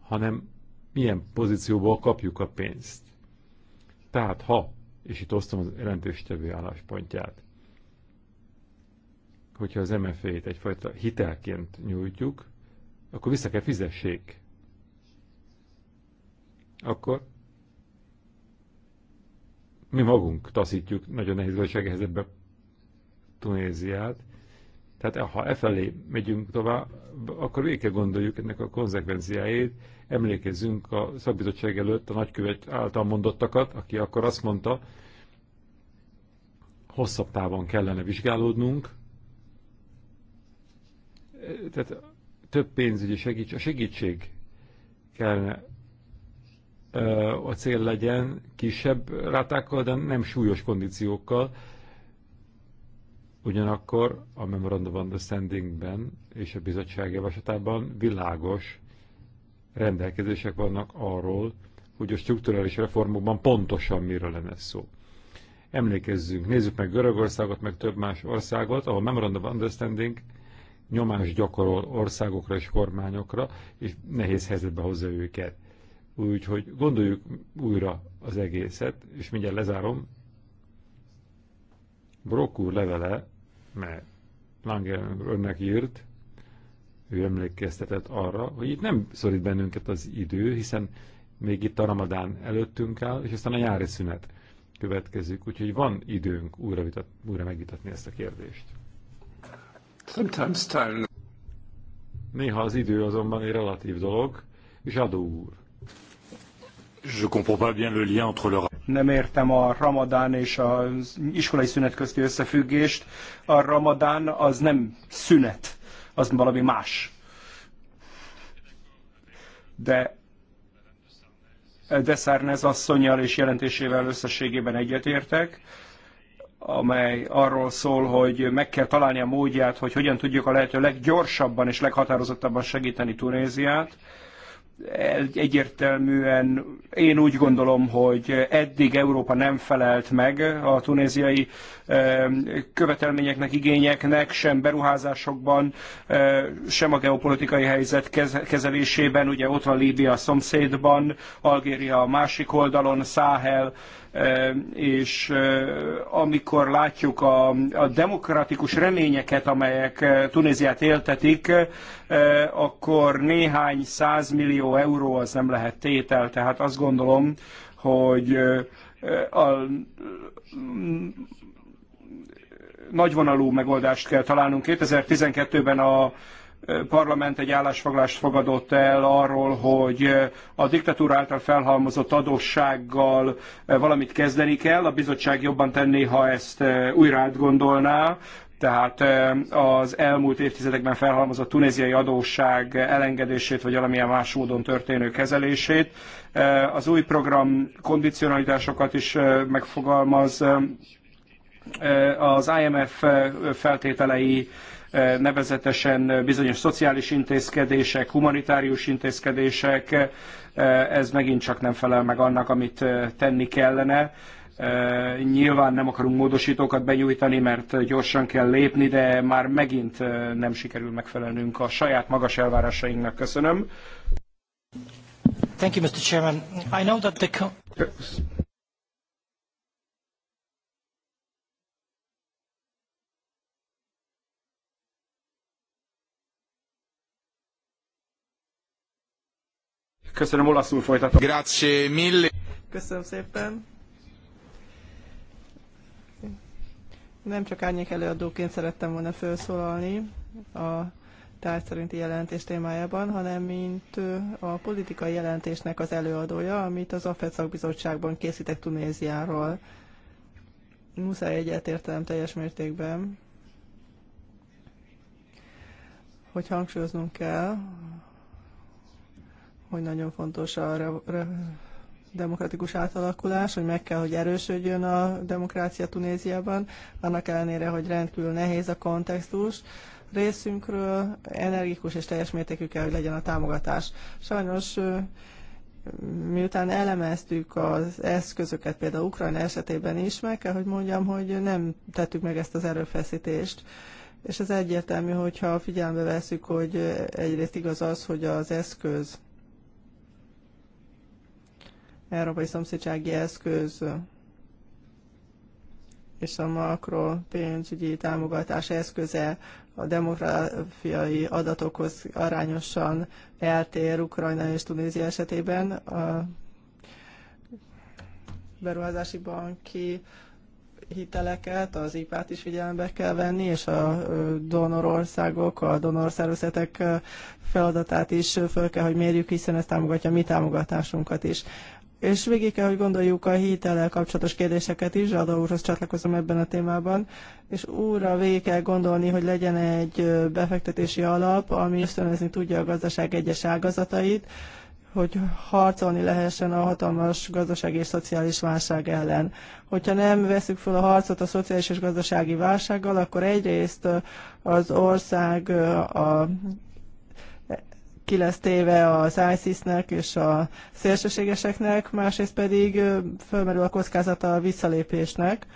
hanem milyen pozícióból kapjuk a pénzt. Tehát ha, és itt osztom az jelentéstevő álláspontját, hogyha az MFA-t egyfajta hitelként nyújtjuk, akkor vissza kell fizessék. Akkor mi magunk taszítjuk nagyon nehéz gazdasági helyzetbe Tunéziát. Tehát ha e felé megyünk tovább, akkor végig kell gondoljuk ennek a konzekvenciáit. Emlékezzünk a szakbizottság előtt a nagykövet által mondottakat, aki akkor azt mondta, hosszabb távon kellene vizsgálódnunk, tehát több pénzügyi segítség, a segítség kellene a cél legyen kisebb rátákkal, de nem súlyos kondíciókkal. Ugyanakkor a Memorandum Understandingben és a bizottság javaslatában világos rendelkezések vannak arról, hogy a strukturális reformokban pontosan miről lenne szó. Emlékezzünk, nézzük meg Görögországot, meg több más országot, ahol Memorandum Understanding nyomás gyakorol országokra és kormányokra, és nehéz helyzetbe hozza őket. Úgyhogy gondoljuk újra az egészet, és mindjárt lezárom. Brock úr levele, mert Langer önnek írt, ő emlékeztetett arra, hogy itt nem szorít bennünket az idő, hiszen még itt a ramadán előttünk áll, és aztán a nyári szünet következik, úgyhogy van időnk újra, vitat, újra megvitatni ezt a kérdést. Sometimes time. Néha az idő azonban egy relatív dolog, és adó úr. Je comprends pas bien le lien entre le... Nem értem a ramadán és az iskolai szünet közti összefüggést. A ramadán az nem szünet, az valami más. De de Sarnez asszonyjal és jelentésével összességében egyetértek amely arról szól, hogy meg kell találni a módját, hogy hogyan tudjuk a lehető leggyorsabban és leghatározottabban segíteni Tunéziát. Egyértelműen én úgy gondolom, hogy eddig Európa nem felelt meg a tunéziai eh, követelményeknek, igényeknek, sem beruházásokban, eh, sem a geopolitikai helyzet kezelésében. Ugye ott van Líbia a szomszédban, Algéria a másik oldalon, Száhel és amikor látjuk a, a demokratikus reményeket, amelyek Tunéziát éltetik, akkor néhány százmillió euró az nem lehet tétel, tehát azt gondolom, hogy a nagyvonalú megoldást kell találnunk. 2012-ben a parlament egy állásfoglást fogadott el arról, hogy eh, a diktatúra által felhalmozott adóssággal eh, valamit kezdeni kell. A bizottság jobban tenné, ha ezt eh, újra átgondolná. Tehát az elmúlt évtizedekben felhalmozott tunéziai adósság elengedését, vagy valamilyen más módon történő kezelését. Az új program kondicionalitásokat is megfogalmaz. Az IMF feltételei nevezetesen bizonyos szociális intézkedések, humanitárius intézkedések, ez megint csak nem felel meg annak, amit tenni kellene. Nyilván nem akarunk módosítókat benyújtani, mert gyorsan kell lépni, de már megint nem sikerül megfelelnünk a saját magas elvárásainknak. Köszönöm. Thank you, Mr. Chairman. I know that the... Köszönöm, olaszul folytatom. Grazie mille. Köszönöm szépen. Nem csak árnyék előadóként szerettem volna felszólalni a tárgy szerinti jelentés témájában, hanem mint a politikai jelentésnek az előadója, amit az AFED szakbizottságban készítek Tunéziáról. Muszáj egyetértenem teljes mértékben, hogy hangsúlyoznunk kell, hogy nagyon fontos a demokratikus átalakulás, hogy meg kell, hogy erősödjön a demokrácia Tunéziában, annak ellenére, hogy rendkívül nehéz a kontextus részünkről, energikus és teljes mértékű kell, hogy legyen a támogatás. Sajnos miután elemeztük az eszközöket, például Ukrajna esetében is, meg kell, hogy mondjam, hogy nem tettük meg ezt az erőfeszítést. És ez egyértelmű, hogyha figyelembe veszük, hogy egyrészt igaz az, hogy az eszköz európai szomszédsági eszköz és a makro pénzügyi támogatás eszköze a demográfiai adatokhoz arányosan eltér Ukrajna és Tunézia esetében. A beruházási banki hiteleket, az IPÁT is figyelembe kell venni, és a donorországok, a donorszervezetek feladatát is föl kell, hogy mérjük, hiszen ez támogatja mi támogatásunkat is és végig kell, hogy gondoljuk a hitellel kapcsolatos kérdéseket is, Zsada úrhoz csatlakozom ebben a témában, és újra végig kell gondolni, hogy legyen egy befektetési alap, ami ösztönözni tudja a gazdaság egyes ágazatait, hogy harcolni lehessen a hatalmas gazdasági és szociális válság ellen. Hogyha nem veszük fel a harcot a szociális és gazdasági válsággal, akkor egyrészt az ország a ki lesz téve az ISIS-nek és a szélsőségeseknek, másrészt pedig fölmerül a kockázata a visszalépésnek,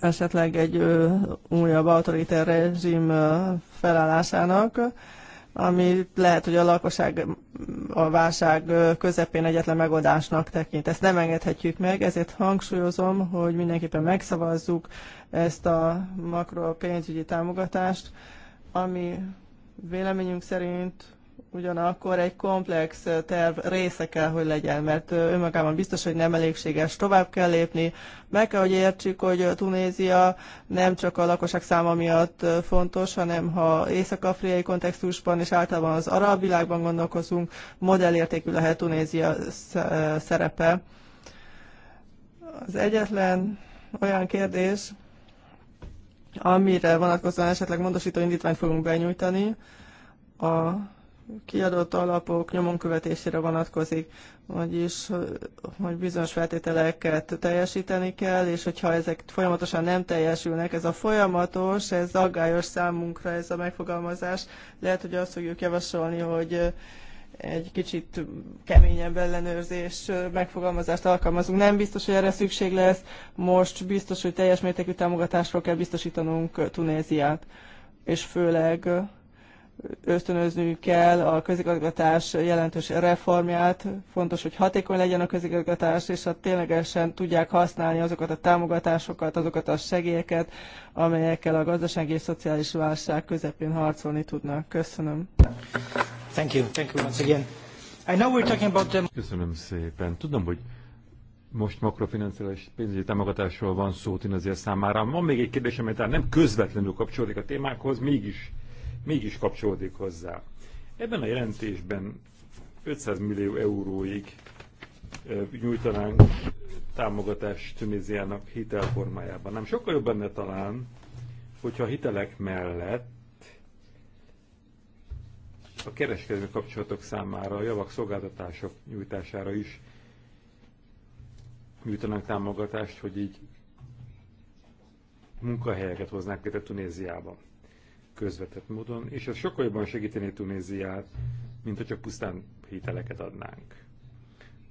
esetleg egy újabb autoritár rezsim felállásának, ami lehet, hogy a lakosság a válság közepén egyetlen megoldásnak tekint. Ezt nem engedhetjük meg, ezért hangsúlyozom, hogy mindenképpen megszavazzuk ezt a makro pénzügyi támogatást, ami Véleményünk szerint ugyanakkor egy komplex terv része kell, hogy legyen, mert önmagában biztos, hogy nem elégséges, tovább kell lépni. Meg kell, hogy értsük, hogy Tunézia nem csak a lakosság száma miatt fontos, hanem ha észak-afrikai kontextusban és általában az arab világban gondolkozunk, modellértékű lehet Tunézia szerepe. Az egyetlen olyan kérdés, amire vonatkozóan esetleg módosító indítványt fogunk benyújtani, a kiadott alapok nyomon követésére vonatkozik, vagyis hogy bizonyos feltételeket teljesíteni kell, és hogyha ezek folyamatosan nem teljesülnek, ez a folyamatos, ez aggályos számunkra ez a megfogalmazás. Lehet, hogy azt fogjuk javasolni, hogy egy kicsit keményebb ellenőrzés megfogalmazást alkalmazunk. Nem biztos, hogy erre szükség lesz. Most biztos, hogy teljes mértékű támogatásról kell biztosítanunk Tunéziát. És főleg ösztönözni kell a közigazgatás jelentős reformját. Fontos, hogy hatékony legyen a közigazgatás, és a hát ténylegesen tudják használni azokat a támogatásokat, azokat a segélyeket, amelyekkel a gazdasági és szociális válság közepén harcolni tudnak. Köszönöm. Thank you. Thank you once again. I know we're talking about the... Köszönöm szépen. Tudom, hogy most makrofinanciális pénzügyi támogatásról van szó Tinazia számára. Van még egy kérdésem, amely nem közvetlenül kapcsolódik a témákhoz, mégis, mégis kapcsolódik hozzá. Ebben a jelentésben 500 millió euróig nyújtanánk támogatást Tunéziának hitelformájában. Nem sokkal jobb benne talán, hogyha a hitelek mellett a kereskedelmi kapcsolatok számára, a javak szolgáltatások nyújtására is nyújtanak támogatást, hogy így munkahelyeket hoznák létre Tunéziába közvetett módon, és ez sokkal jobban segíteni Tunéziát, mint ha csak pusztán hiteleket adnánk.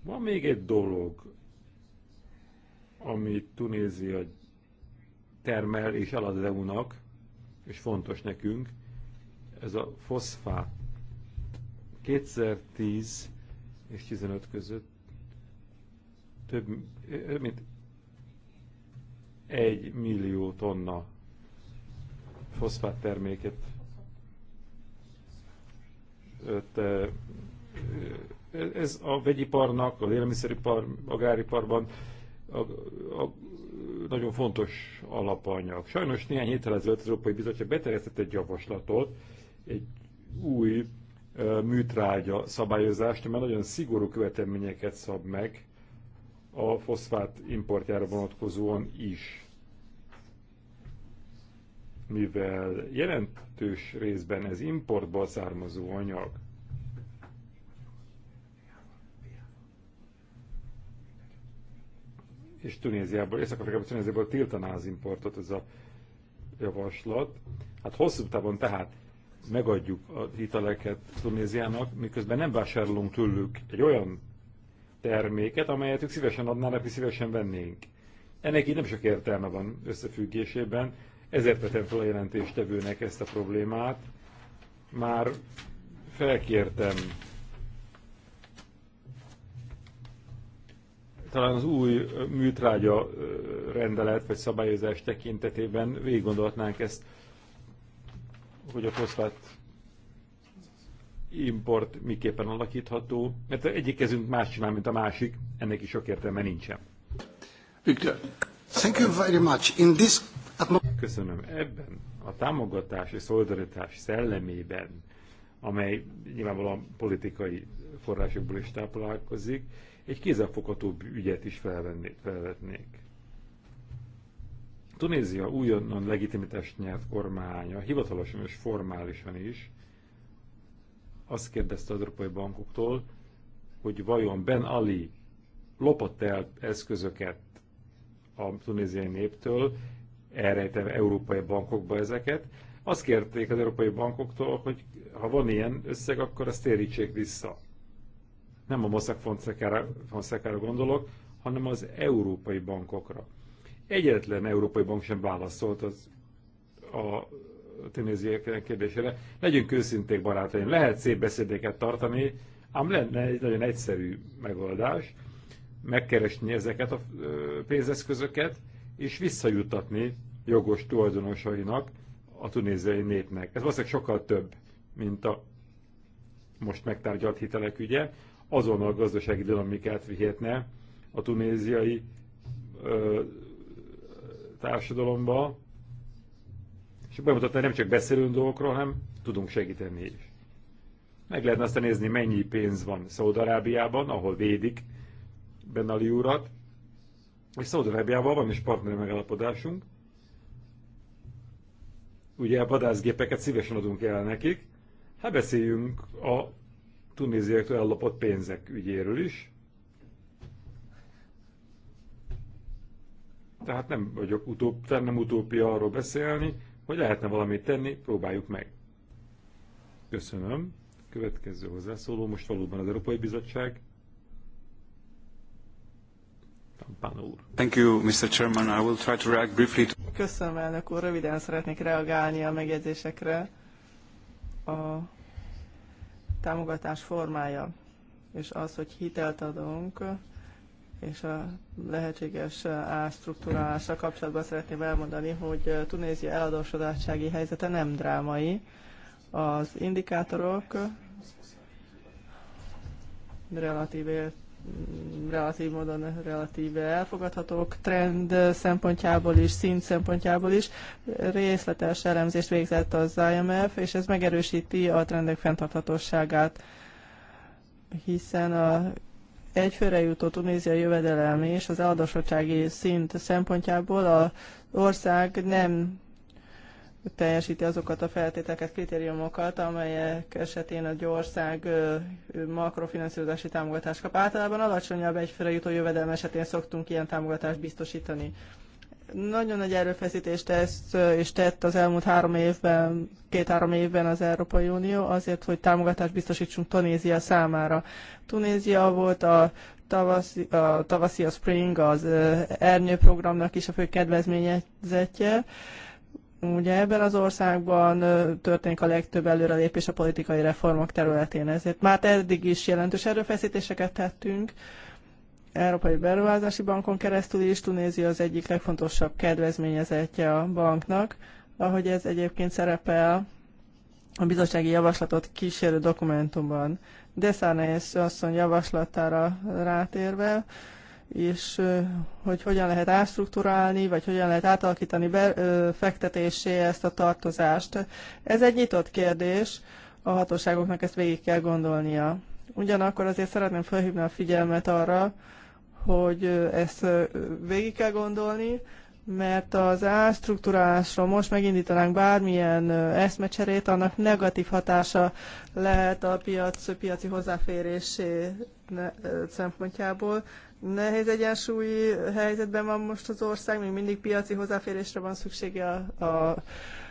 Van még egy dolog, ami Tunézia termel és alad az EU-nak, és fontos nekünk, ez a foszfát 2010 és 15 között több mint egy millió tonna foszfát terméket öt, ez a vegyiparnak, az élelmiszeripar, agráriparban a, a, nagyon fontos alapanyag. Sajnos néhány héttel ezelőtt az Európai Bizottság beterjesztett egy javaslatot, egy új műtrágya szabályozást, mert nagyon szigorú követelményeket szab meg a foszfát importjára vonatkozóan is. Mivel jelentős részben ez importból származó anyag, és Tunéziából, és akkor Tunéziából tiltaná az importot ez a javaslat. Hát hosszú távon tehát megadjuk a hiteleket Tunéziának, miközben nem vásárolunk tőlük egy olyan terméket, amelyet ők szívesen adnának, és szívesen vennénk. Ennek így nem sok értelme van összefüggésében, ezért vetem fel a jelentéstevőnek ezt a problémát. Már felkértem talán az új műtrágya rendelet vagy szabályozás tekintetében végig gondolhatnánk ezt hogy a foszfát import miképpen alakítható, mert egyik kezünk más csinál, mint a másik, ennek is sok értelme nincsen. Viktor, thank you very much. In this... Köszönöm. Ebben a támogatás és szolidaritás szellemében, amely nyilvánvalóan politikai forrásokból is táplálkozik, egy kézzelfogható ügyet is felvennék, felvetnék. Tunézia újonnan legitimitást nyert kormánya, hivatalosan és formálisan is, azt kérdezte az európai bankoktól, hogy vajon Ben Ali lopott el eszközöket a tunéziai néptől, elrejtem európai bankokba ezeket. Azt kérték az európai bankoktól, hogy ha van ilyen összeg, akkor azt térítsék vissza. Nem a Mossack Fonseca-ra gondolok, hanem az európai bankokra Egyetlen európai bank sem válaszolt az, a tunéziek kérdésére. Legyünk őszinték, barátaim, lehet szép beszédéket tartani, ám lenne egy nagyon egyszerű megoldás, megkeresni ezeket a pénzeszközöket, és visszajutatni jogos tulajdonosainak, a tunéziai népnek. Ez valószínűleg sokkal több, mint a most megtárgyalt hitelek ügye. Azonnal gazdasági dinamikát vihetne a tunéziai ö, társadalomba, és bemutatni, hogy nem csak beszélünk dolgokról, hanem tudunk segíteni is. Meg lehetne aztán nézni, mennyi pénz van Szaudarábiában, ahol védik Ben Ali urat, és Szaudarábiában van is partner megállapodásunk. Ugye a vadászgépeket szívesen adunk el nekik, hát beszéljünk a tunéziaktól ellopott pénzek ügyéről is, Tehát nem vagyok utóp, nem utópia arról beszélni, hogy lehetne valamit tenni, próbáljuk meg. Köszönöm. Következő hozzászóló most valóban az Európai Bizottság. Thank you, Mr. Chairman. I will try to react briefly to... Köszönöm, elnök úr. Röviden szeretnék reagálni a megjegyzésekre. A támogatás formája és az, hogy hitelt adunk, és a lehetséges ástruktúrálással kapcsolatban szeretném elmondani, hogy Tunézia eladósodottsági helyzete nem drámai. Az indikátorok relatív, relatív módon relatíve elfogadhatók, trend szempontjából is, szint szempontjából is. Részletes elemzést végzett az IMF, és ez megerősíti a trendek fenntarthatóságát, hiszen a egyfőre jutó Tunézia jövedelem és az eladósottsági szint szempontjából az ország nem teljesíti azokat a feltételeket, kritériumokat, amelyek esetén a ország makrofinanszírozási támogatást kap. Általában alacsonyabb egyfőre jutó jövedelem esetén szoktunk ilyen támogatást biztosítani. Nagyon nagy erőfeszítést tesz és tett az elmúlt három évben, két-három évben az Európai Unió azért, hogy támogatást biztosítsunk Tunézia számára. Tunézia volt a tavaszi, a tavaszi a Spring, az ernyő programnak is a fő kedvezményezetje. Ugye ebben az országban történik a legtöbb előrelépés a politikai reformok területén, ezért már eddig is jelentős erőfeszítéseket tettünk, Európai Beruházási Bankon keresztül is Tunézia az egyik legfontosabb kedvezményezetje a banknak, ahogy ez egyébként szerepel a bizottsági javaslatot kísérő dokumentumban. Deszárnés asszony javaslatára rátérve, és hogy hogyan lehet ástruktúrálni, vagy hogyan lehet átalakítani be, fektetésé ezt a tartozást. Ez egy nyitott kérdés, a hatóságoknak ezt végig kell gondolnia. Ugyanakkor azért szeretném felhívni a figyelmet arra, hogy ezt végig kell gondolni, mert az ástruktúrálásról most megindítanánk bármilyen eszmecserét, annak negatív hatása lehet a piac, piaci hozzáférésé szempontjából. Nehéz egyensúlyi helyzetben van most az ország, még mindig piaci hozzáférésre van szüksége a, a,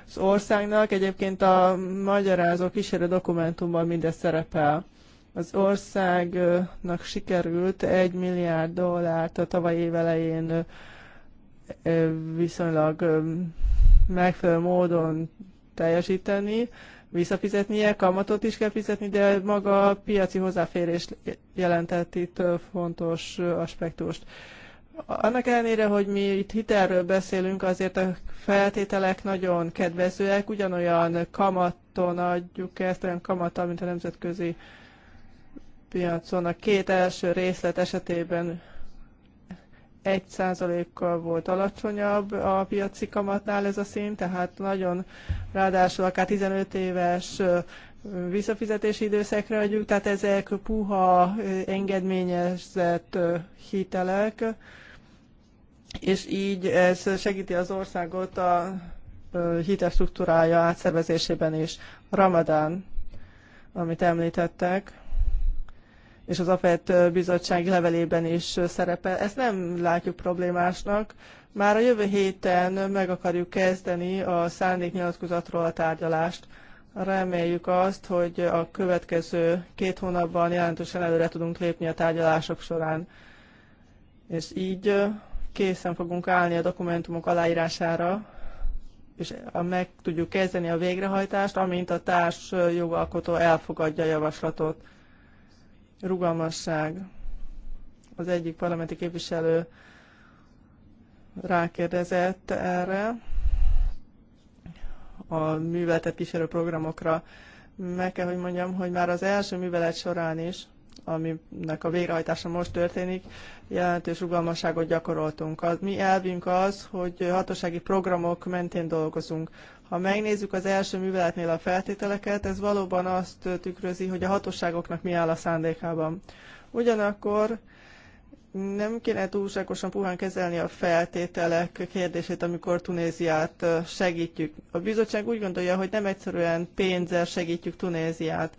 az országnak. Egyébként a magyarázó kísérő dokumentumban mindez szerepel az országnak sikerült egy milliárd dollárt a tavaly év elején viszonylag megfelelő módon teljesíteni, visszafizetnie, kamatot is kell fizetni, de maga a piaci hozzáférés jelentett itt fontos aspektust. Annak ellenére, hogy mi itt hitelről beszélünk, azért a feltételek nagyon kedvezőek, ugyanolyan kamaton adjuk ezt, olyan kamattal, mint a nemzetközi uh, piacon. A két első részlet esetében 1%-kal volt alacsonyabb a piaci kamatnál ez a szint, tehát nagyon ráadásul akár 15 éves visszafizetési időszakra adjuk, tehát ezek puha engedményezett hitelek, és így ez segíti az országot a hitelstruktúrája átszervezésében is. Ramadán, amit említettek, és az APET bizottság levelében is szerepel. Ezt nem látjuk problémásnak. Már a jövő héten meg akarjuk kezdeni a szándéknyilatkozatról a tárgyalást. Reméljük azt, hogy a következő két hónapban jelentősen előre tudunk lépni a tárgyalások során. És így készen fogunk állni a dokumentumok aláírására, és meg tudjuk kezdeni a végrehajtást, amint a társ jogalkotó elfogadja a javaslatot rugalmasság. Az egyik parlamenti képviselő rákérdezett erre a műveletet kísérő programokra. Meg kell, hogy mondjam, hogy már az első művelet során is, aminek a végrehajtása most történik, jelentős rugalmasságot gyakoroltunk. Az, mi elvünk az, hogy hatósági programok mentén dolgozunk. Ha megnézzük az első műveletnél a feltételeket, ez valóban azt tükrözi, hogy a hatóságoknak mi áll a szándékában. Ugyanakkor nem kéne túlságosan puhán kezelni a feltételek kérdését, amikor Tunéziát segítjük. A bizottság úgy gondolja, hogy nem egyszerűen pénzzel segítjük Tunéziát.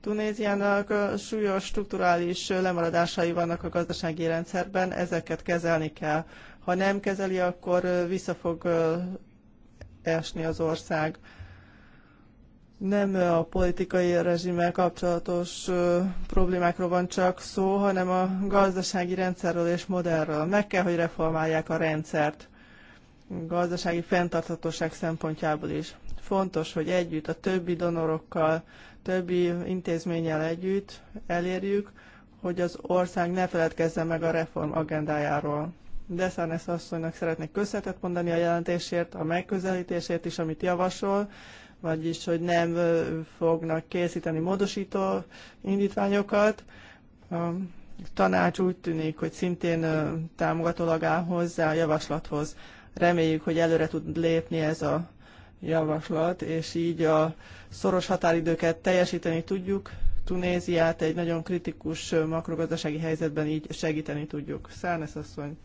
Tunéziának súlyos strukturális lemaradásai vannak a gazdasági rendszerben, ezeket kezelni kell. Ha nem kezeli, akkor vissza fog esni az ország. Nem a politikai rezsimmel kapcsolatos problémákról van csak szó, hanem a gazdasági rendszerről és modellről. Meg kell, hogy reformálják a rendszert gazdasági fenntarthatóság szempontjából is. Fontos, hogy együtt a többi donorokkal, többi intézménnyel együtt elérjük, hogy az ország ne feledkezzen meg a reform agendájáról. Deszárnesz asszonynak szeretnék köszönetet mondani a jelentésért, a megközelítésért is, amit javasol, vagyis, hogy nem fognak készíteni módosító indítványokat. A tanács úgy tűnik, hogy szintén támogatólag áll hozzá a javaslathoz. Reméljük, hogy előre tud lépni ez a javaslat, és így a szoros határidőket teljesíteni tudjuk, Tunéziát egy nagyon kritikus makrogazdasági helyzetben így segíteni tudjuk. Szárnes asszony.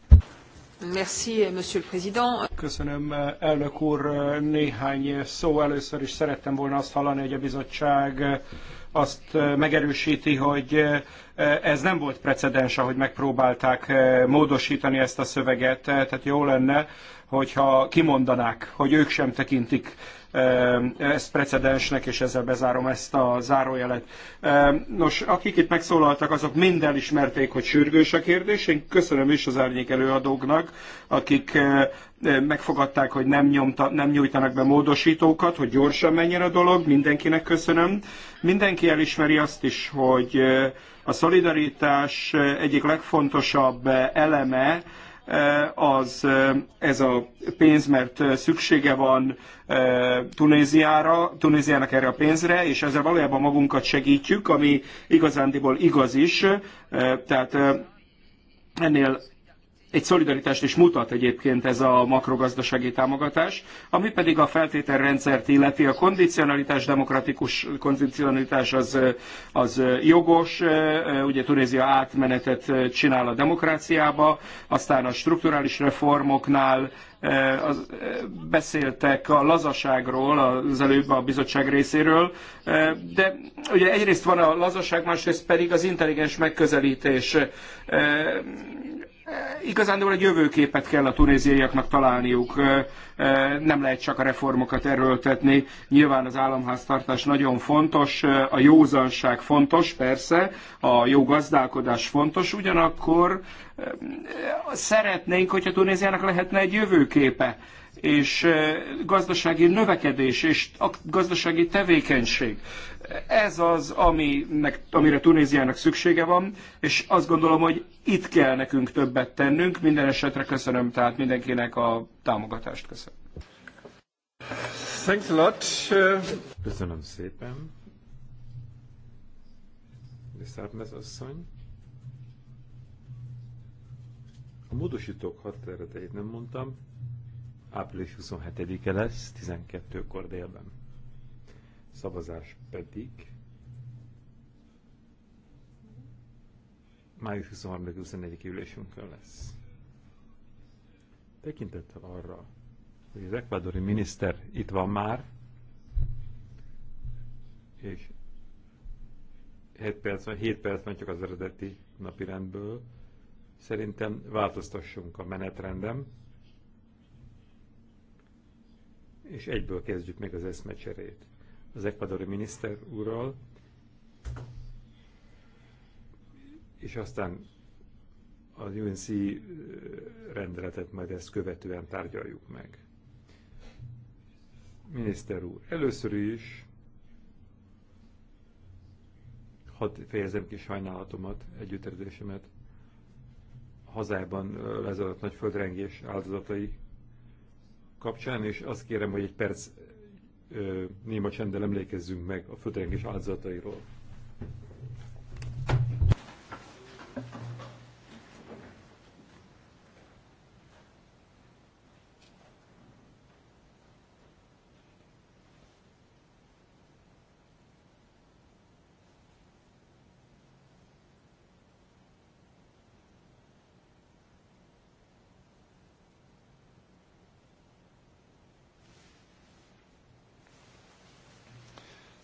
Merci, Monsieur le Président. Köszönöm, elnök úr. Néhány szó először is szerettem volna azt hallani, hogy a bizottság azt megerősíti, hogy ez nem volt precedens, ahogy megpróbálták módosítani ezt a szöveget, tehát jó lenne, hogyha kimondanák, hogy ők sem tekintik ezt precedensnek, és ezzel bezárom ezt a zárójelet. Nos, akik itt megszólaltak, azok mind elismerték, hogy sürgős a kérdés. Én köszönöm is az árnyék előadóknak, akik megfogadták, hogy nem, nyomta, nem nyújtanak be módosítókat, hogy gyorsan menjen a dolog, mindenkinek köszönöm. Mindenki elismeri azt is, hogy a szolidaritás egyik legfontosabb eleme, Eh, az, eh, ez a pénz, mert eh, szüksége van Tunéziára, Tunéziának erre a pénzre, és ezzel valójában magunkat segítjük, ami igazándiból igaz is, tehát ennél egy szolidaritást is mutat egyébként ez a makrogazdasági támogatás, ami pedig a feltételrendszert illeti. A kondicionalitás, demokratikus kondicionalitás az, az jogos, ugye Tunézia átmenetet csinál a demokráciába, aztán a strukturális reformoknál az, beszéltek a lazaságról az előbb a bizottság részéről, de ugye egyrészt van a lazaság, másrészt pedig az intelligens megközelítés E, igazándiból egy jövőképet kell a tunéziaiaknak találniuk, e, e, nem lehet csak a reformokat erőltetni. Nyilván az államháztartás nagyon fontos, a józanság fontos, persze, a jó gazdálkodás fontos, ugyanakkor szeretnénk, hogyha Tunéziának lehetne egy jövőképe, és gazdasági növekedés, és gazdasági tevékenység. Ez az, aminek, amire Tunéziának szüksége van, és azt gondolom, hogy itt kell nekünk többet tennünk. Minden esetre köszönöm tehát mindenkinek a támogatást. Köszönöm. Thanks a lot. Köszönöm szépen. Viszármez asszony. A módosítók határa, nem mondtam. Április 27-e lesz, 12-kor délben szavazás pedig május 23-24. ülésünkön lesz. Tekintettel arra, hogy az ekvádori miniszter itt van már, és 7 perc van, 7 perc van csak az eredeti napirendből, szerintem változtassunk a menetrendem, és egyből kezdjük meg az eszmecserét az ekvadori miniszter úrral, és aztán az UNC rendeletet majd ezt követően tárgyaljuk meg. Miniszter úr, először is hadd fejezem ki sajnálatomat, együttérzésemet hazában lezadott nagy földrengés áldozatai kapcsán, és azt kérem, hogy egy perc néma csenddel emlékezzünk meg a földrengés áldozatairól.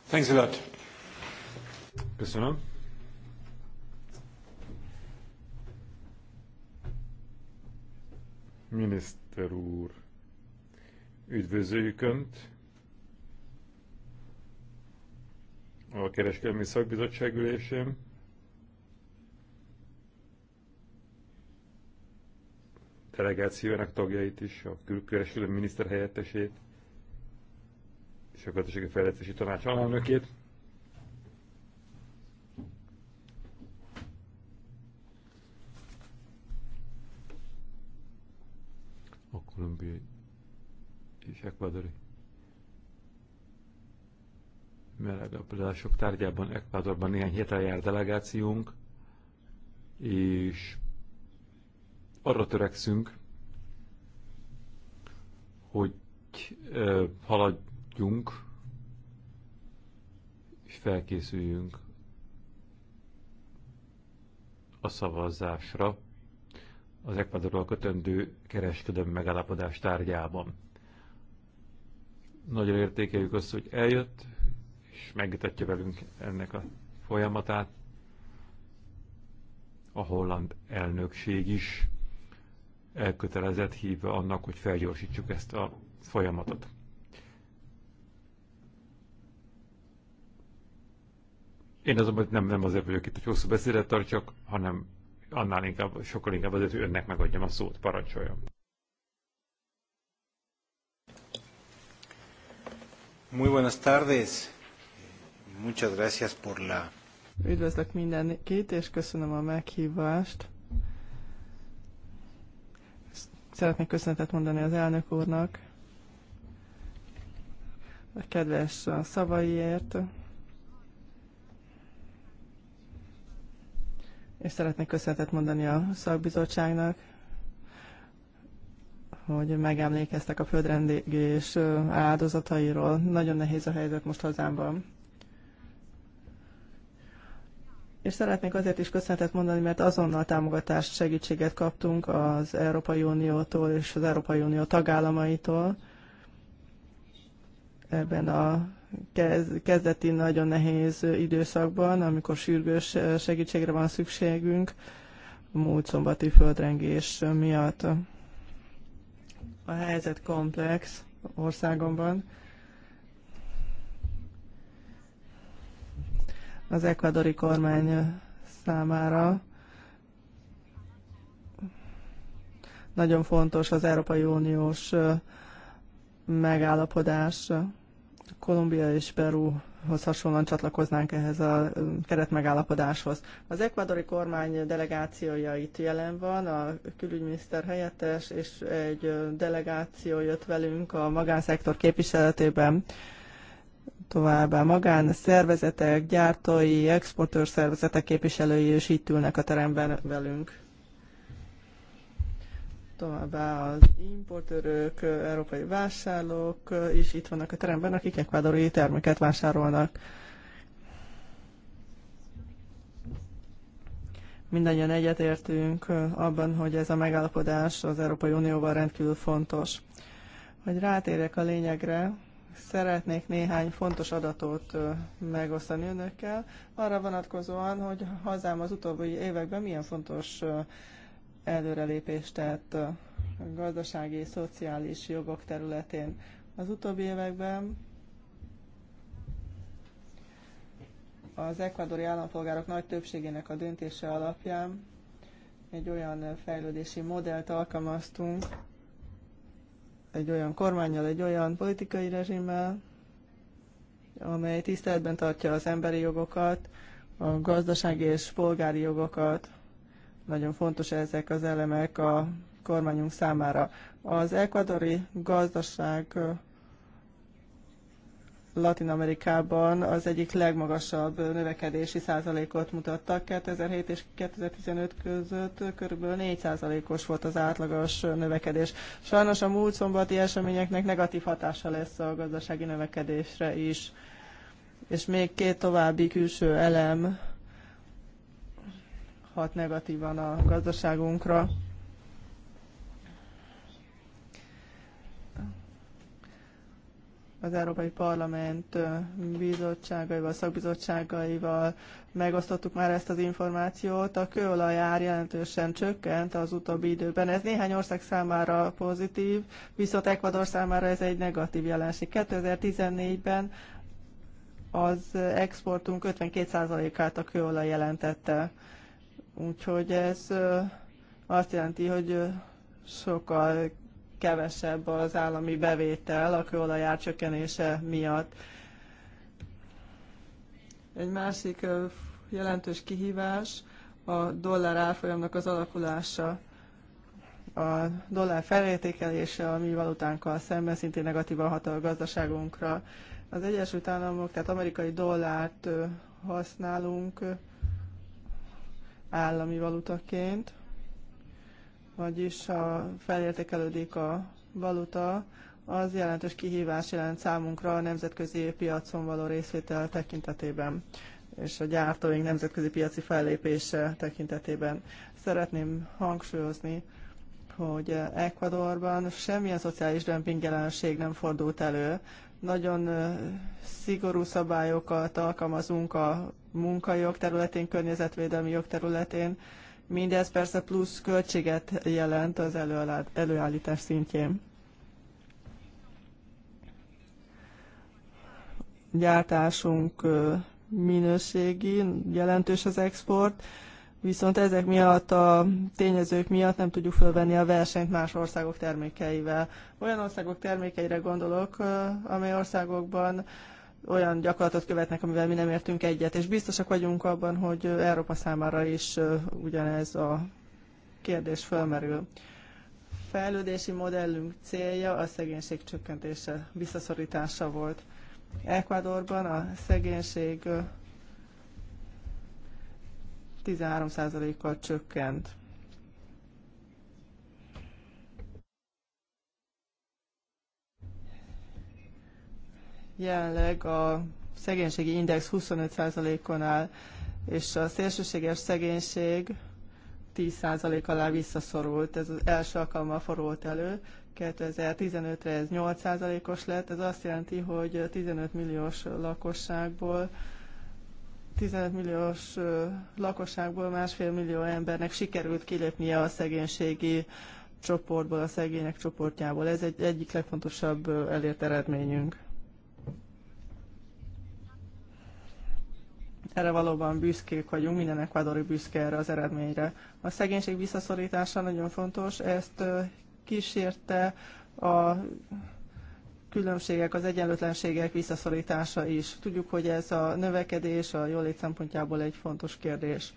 Thanks a lot. Köszönöm. Miniszter úr, üdvözöljük Önt a Kereskedelmi Szakbizottság ülésén. Delegációnak tagjait is, a külkereskedelmi miniszter helyettesét a Gazdasági Fejlesztési Tanács alelnökét. A kolumbiai és ekvadori megállapodások tárgyában Ekvádorban néhány héten jár delegációnk, és arra törekszünk, hogy eh, halad, tudjunk, és felkészüljünk a szavazásra az Ecuadorral kötöndő kereskedelmi megállapodás tárgyában. Nagyon értékeljük azt, hogy eljött, és megmutatja velünk ennek a folyamatát. A holland elnökség is elkötelezett hívva annak, hogy felgyorsítsuk ezt a folyamatot. Én azonban nem, nem azért vagyok itt, hogy hosszú beszédet tartsak, hanem annál inkább, sokkal inkább azért, hogy önnek megadjam a szót, parancsoljon. Muy buenas tardes. Muchas gracias por la... Üdvözlök mindenkit, és köszönöm a meghívást. Szeretnék köszönetet mondani az elnök úrnak, a kedves szavaiért, és szeretnék köszönetet mondani a szakbizottságnak, hogy megemlékeztek a földrengés áldozatairól. Nagyon nehéz a helyzet most hazámban. És szeretnék azért is köszönetet mondani, mert azonnal támogatást, segítséget kaptunk az Európai Uniótól és az Európai Unió tagállamaitól ebben a kezdeti nagyon nehéz időszakban, amikor sürgős segítségre van szükségünk, múlt szombati földrengés miatt. A helyzet komplex országomban. Az ekvadori kormány számára nagyon fontos az Európai Uniós megállapodás Kolumbia és Peru hasonlóan csatlakoznánk ehhez a keretmegállapodáshoz. Az ekvadori kormány delegációja itt jelen van, a külügyminiszter helyettes és egy delegáció jött velünk a magánszektor képviseletében. Továbbá magán szervezetek, gyártói, exportőr szervezetek képviselői is itt ülnek a teremben velünk. Továbbá az importőrök, európai vásárlók is itt vannak a teremben, akik ekvádori terméket vásárolnak. Mindannyian egyetértünk abban, hogy ez a megállapodás az Európai Unióval rendkívül fontos. Hogy rátérjek a lényegre, szeretnék néhány fontos adatot megosztani önökkel, arra vonatkozóan, hogy hazám az utóbbi években milyen fontos előrelépést tett a gazdasági és szociális jogok területén. Az utóbbi években az ekvadori állampolgárok nagy többségének a döntése alapján egy olyan fejlődési modellt alkalmaztunk, egy olyan kormányjal, egy olyan politikai rezsimmel, amely tiszteletben tartja az emberi jogokat, a gazdasági és polgári jogokat, nagyon fontos ezek az elemek a kormányunk számára. Az ekvadori gazdaság Latin Amerikában az egyik legmagasabb növekedési százalékot mutattak. 2007 és 2015 között körülbelül 4 százalékos volt az átlagos növekedés. Sajnos a múlt szombati eseményeknek negatív hatása lesz a gazdasági növekedésre is. És még két további külső elem hat negatívan a gazdaságunkra. az Európai Parlament bizottságaival, szakbizottságaival megosztottuk már ezt az információt. A kőolaj ár jelentősen csökkent az utóbbi időben. Ez néhány ország számára pozitív, viszont Ecuador számára ez egy negatív jelenség. 2014-ben az exportunk 52%-át a kőolaj jelentette. Úgyhogy ez azt jelenti, hogy sokkal kevesebb az állami bevétel a kőolajár csökkenése miatt. Egy másik jelentős kihívás a dollár árfolyamnak az alakulása. A dollár felértékelése a mi valutánkkal szemben szintén negatívan hat a gazdaságunkra. Az Egyesült Államok, tehát amerikai dollárt használunk állami valutaként, vagyis a felértékelődik a valuta, az jelentős kihívás jelent számunkra a nemzetközi piacon való részvétel tekintetében és a gyártóink nemzetközi piaci fellépése tekintetében. Szeretném hangsúlyozni, hogy Ecuadorban semmilyen szociális dömping jelenség nem fordult elő. Nagyon szigorú szabályokat alkalmazunk a munkajog területén, környezetvédelmi jog területén. Mindez persze plusz költséget jelent az előállítás szintjén. Gyártásunk minőségi, jelentős az export, viszont ezek miatt a tényezők miatt nem tudjuk fölvenni a versenyt más országok termékeivel. Olyan országok termékeire gondolok, amely országokban olyan gyakorlatot követnek, amivel mi nem értünk egyet, és biztosak vagyunk abban, hogy Európa számára is ugyanez a kérdés felmerül. Fejlődési modellünk célja a szegénység csökkentése, visszaszorítása volt. Ecuadorban a szegénység 13%-kal csökkent. jelenleg a szegénységi index 25%-on áll, és a szélsőséges szegénység 10% alá visszaszorult. Ez az első alkalommal forult elő. 2015-re ez 8%-os lett. Ez azt jelenti, hogy 15 milliós lakosságból 15 milliós lakosságból másfél millió embernek sikerült kilépnie a szegénységi csoportból, a szegények csoportjából. Ez egy egyik legfontosabb elért eredményünk. Erre valóban büszkék vagyunk, minden ekvadori büszke erre az eredményre. A szegénység visszaszorítása nagyon fontos, ezt kísérte a különbségek, az egyenlőtlenségek visszaszorítása is. Tudjuk, hogy ez a növekedés a jólét szempontjából egy fontos kérdés.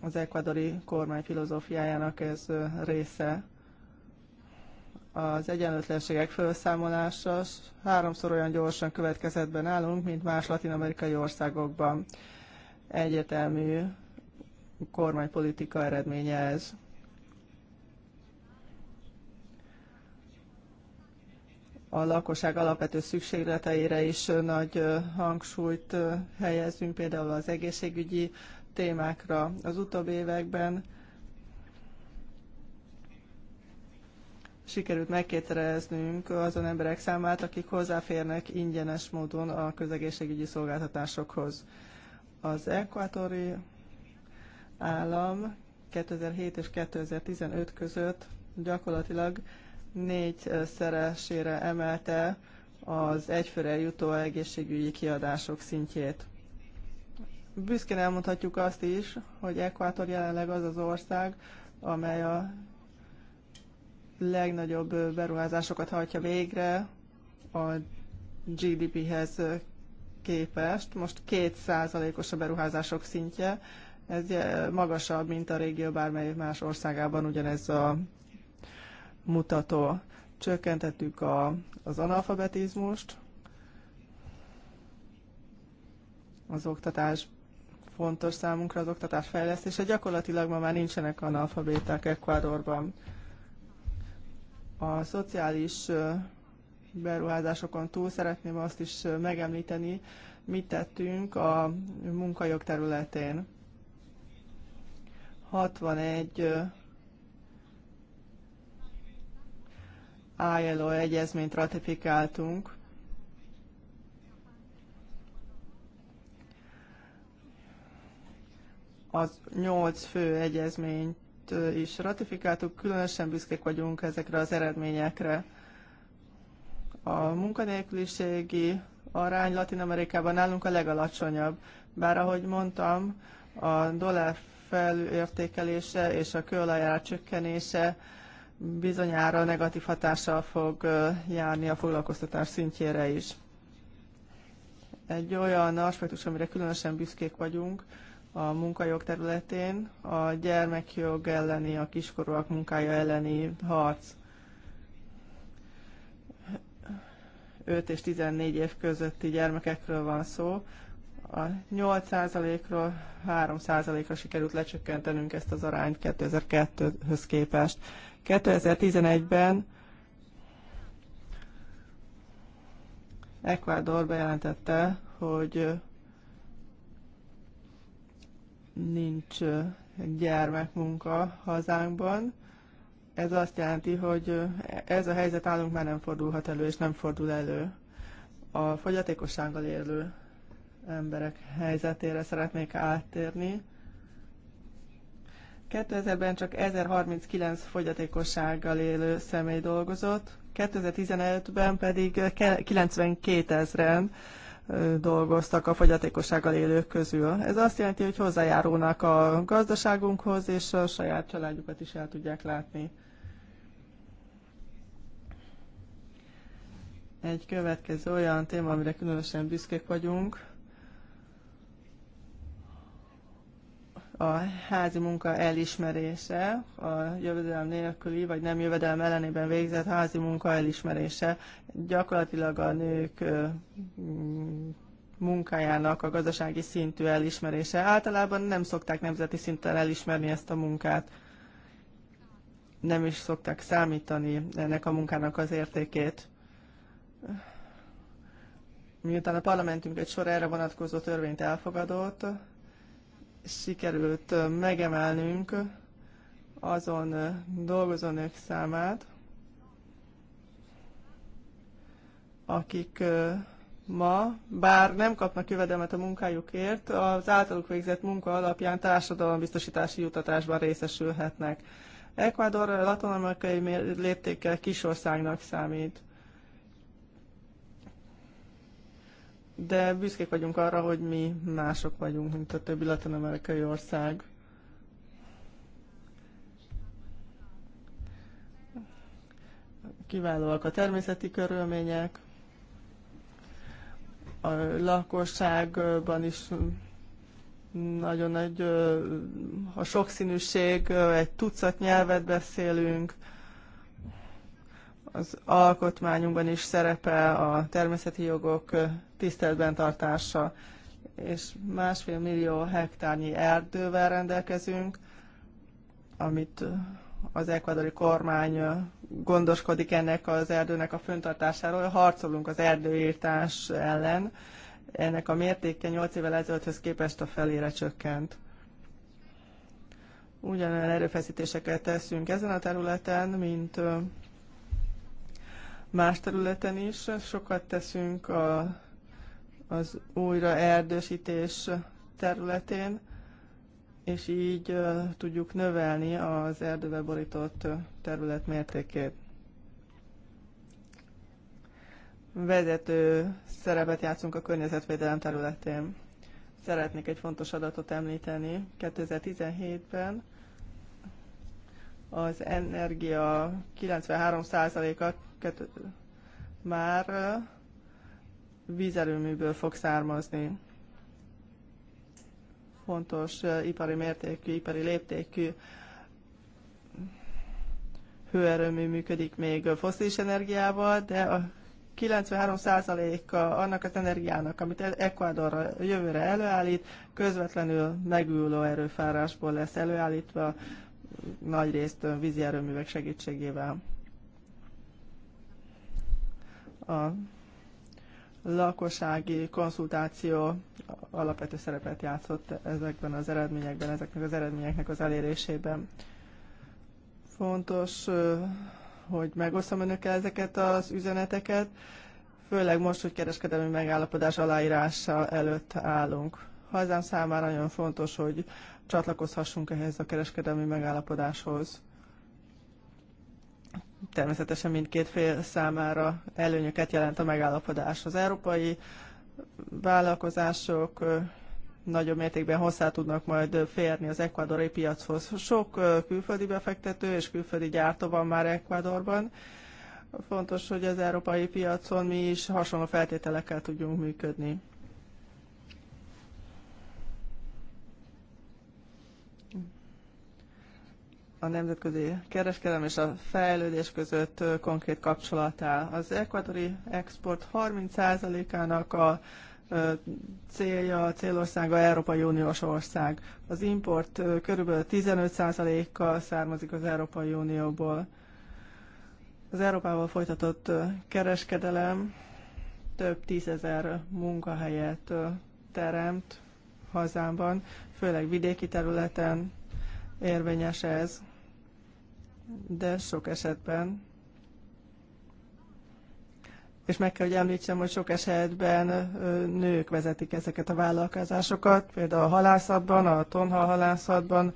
Az ekvadori kormány filozófiájának ez része az egyenlőtlenségek felszámolása háromszor olyan gyorsan következetben állunk, mint más latin-amerikai országokban. Egyetemű kormánypolitika eredménye ez. a lakosság alapvető szükségleteire is nagy hangsúlyt helyezünk, például az egészségügyi témákra. Az utóbbi években sikerült megkétszereznünk azon emberek számát, akik hozzáférnek ingyenes módon a közegészségügyi szolgáltatásokhoz. Az ekvátori állam 2007 és 2015 között gyakorlatilag négyszeresére emelte az egyfőre jutó egészségügyi kiadások szintjét. Büszkén elmondhatjuk azt is, hogy Ekvátor jelenleg az az ország, amely a legnagyobb beruházásokat hajtja végre a GDP-hez képest. Most két százalékos a beruházások szintje, ez magasabb, mint a régió bármely más országában ugyanez a mutató. Csökkentettük a, az analfabetizmust, az oktatás fontos számunkra, az oktatás fejlesztése. Gyakorlatilag ma már nincsenek analfabéták Ecuadorban. A szociális beruházásokon túl szeretném azt is megemlíteni, mit tettünk a munkajog területén. 61 ILO egyezményt ratifikáltunk. Az nyolc fő egyezményt is ratifikáltuk, különösen büszkék vagyunk ezekre az eredményekre. A munkanélküliségi arány Latin Amerikában nálunk a legalacsonyabb. Bár ahogy mondtam, a dollár felértékelése és a kőolajára csökkenése bizonyára negatív hatással fog járni a foglalkoztatás szintjére is. Egy olyan aspektus, amire különösen büszkék vagyunk, a munkajog területén, a gyermekjog elleni, a kiskorúak munkája elleni harc. 5 és 14 év közötti gyermekekről van szó. A 8%-ról 3%-ra sikerült lecsökkentenünk ezt az arányt 2002-höz képest. 2011-ben Ecuador bejelentette, hogy nincs gyermekmunka hazánkban. Ez azt jelenti, hogy ez a helyzet állunk már nem fordulhat elő, és nem fordul elő. A fogyatékossággal élő emberek helyzetére szeretnék áttérni. 2000-ben csak 1039 fogyatékossággal élő személy dolgozott, 2015-ben pedig 92 ezeren dolgoztak a fogyatékossággal élők közül. Ez azt jelenti, hogy hozzájárulnak a gazdaságunkhoz, és a saját családjukat is el tudják látni. Egy következő olyan téma, amire különösen büszkék vagyunk, a házi munka elismerése, a jövedelem nélküli vagy nem jövedelem ellenében végzett házi munka elismerése gyakorlatilag a nők munkájának a gazdasági szintű elismerése. Általában nem szokták nemzeti szinten elismerni ezt a munkát, nem is szokták számítani ennek a munkának az értékét. Miután a parlamentünk egy sor erre vonatkozó törvényt elfogadott, sikerült megemelnünk azon dolgozónők számát, akik ma, bár nem kapnak jövedelmet a munkájukért, az általuk végzett munka alapján társadalombiztosítási jutatásban részesülhetnek. Ecuador latonamerikai léptékkel kis kisországnak számít. de büszkék vagyunk arra, hogy mi mások vagyunk, mint a többi latin-amerikai ország. Kiválóak a természeti körülmények, a lakosságban is nagyon nagy a sokszínűség, egy tucat nyelvet beszélünk, az alkotmányunkban is szerepel a természeti jogok tiszteletben tartása, és másfél millió hektárnyi erdővel rendelkezünk, amit az ekvadori kormány gondoskodik ennek az erdőnek a föntartásáról. Harcolunk az erdőírtás ellen. Ennek a mértéke 8 évvel ezelőtthöz képest a felére csökkent. Ugyanolyan erőfeszítéseket teszünk ezen a területen, mint más területen is. Sokat teszünk a, az újraerdősítés területén, és így uh, tudjuk növelni az erdőbe borított terület mértékét. Vezető szerepet játszunk a környezetvédelem területén. Szeretnék egy fontos adatot említeni. 2017-ben az energia 93%-at már vízerőműből fog származni. Fontos ipari mértékű, ipari léptékű hőerőmű működik még foszilis energiával, de a 93%-a annak az energiának, amit Ecuador jövőre előállít, közvetlenül megújuló erőfárásból lesz előállítva, nagy részt vízi erőművek segítségével a lakossági konzultáció alapvető szerepet játszott ezekben az eredményekben, ezeknek az eredményeknek az elérésében. Fontos, hogy megosztom önökkel ezeket az üzeneteket, főleg most, hogy kereskedelmi megállapodás aláírása előtt állunk. Hazám számára nagyon fontos, hogy csatlakozhassunk ehhez a kereskedelmi megállapodáshoz természetesen mindkét fél számára előnyöket jelent a megállapodás. Az európai vállalkozások nagyobb mértékben hozzá tudnak majd férni az ekvadori piachoz. Sok külföldi befektető és külföldi gyártó van már Ekvadorban. Fontos, hogy az európai piacon mi is hasonló feltételekkel tudjunk működni. a nemzetközi kereskedelem és a fejlődés között konkrét áll. Az ekvadori export 30%-ának a célja, a célországa Európai Uniós ország. Az import körülbelül 15%-kal származik az Európai Unióból. Az Európával folytatott kereskedelem több tízezer munkahelyet teremt hazámban, főleg vidéki területen érvényes ez de sok esetben és meg kell, hogy említsem, hogy sok esetben nők vezetik ezeket a vállalkozásokat, például a halászatban, a halászatban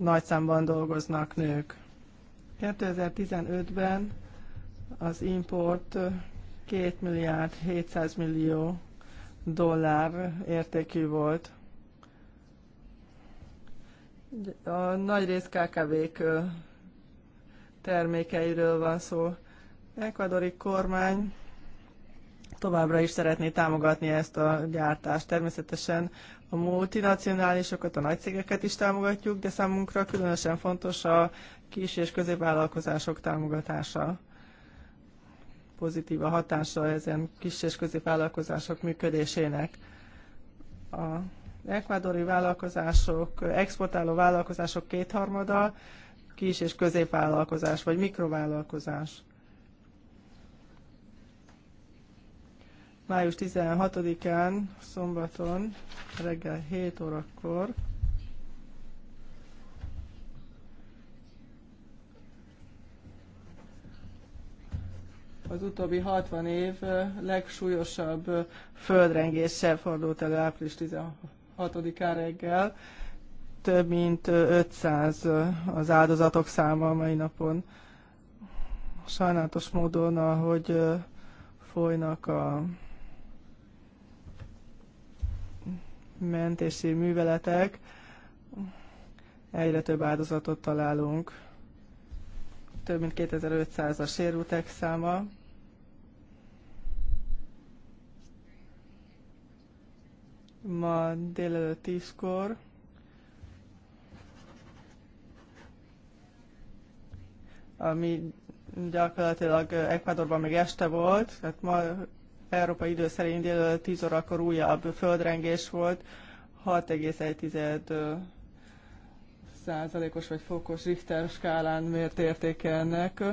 nagy számban dolgoznak nők. 2015-ben az import 2 milliárd 700 millió dollár értékű volt. A nagy rész KKV-k termékeiről van szó. Ekvadori kormány továbbra is szeretné támogatni ezt a gyártást. Természetesen a multinacionálisokat, a nagy cégeket is támogatjuk, de számunkra különösen fontos a kis és középvállalkozások támogatása. Pozitív a hatása ezen kis és középvállalkozások működésének. A Ekvádori vállalkozások, exportáló vállalkozások kétharmada kis- és középvállalkozás, vagy mikrovállalkozás. Május 16-án, szombaton, reggel 7 órakor az utóbbi 60 év eh, legsúlyosabb eh, földrengése fordult elő április 6-án reggel. Több mint 500 az áldozatok száma a mai napon. Sajnálatos módon, ahogy folynak a mentési műveletek, egyre több áldozatot találunk. Több mint 2500 a sérültek száma, ma délelőtt tízkor. ami gyakorlatilag Ekvádorban még este volt, tehát ma Európa idő szerint délelőtt 10 órakor újabb földrengés volt, 6,1 százalékos vagy fokos Richter skálán mért értéke ennek,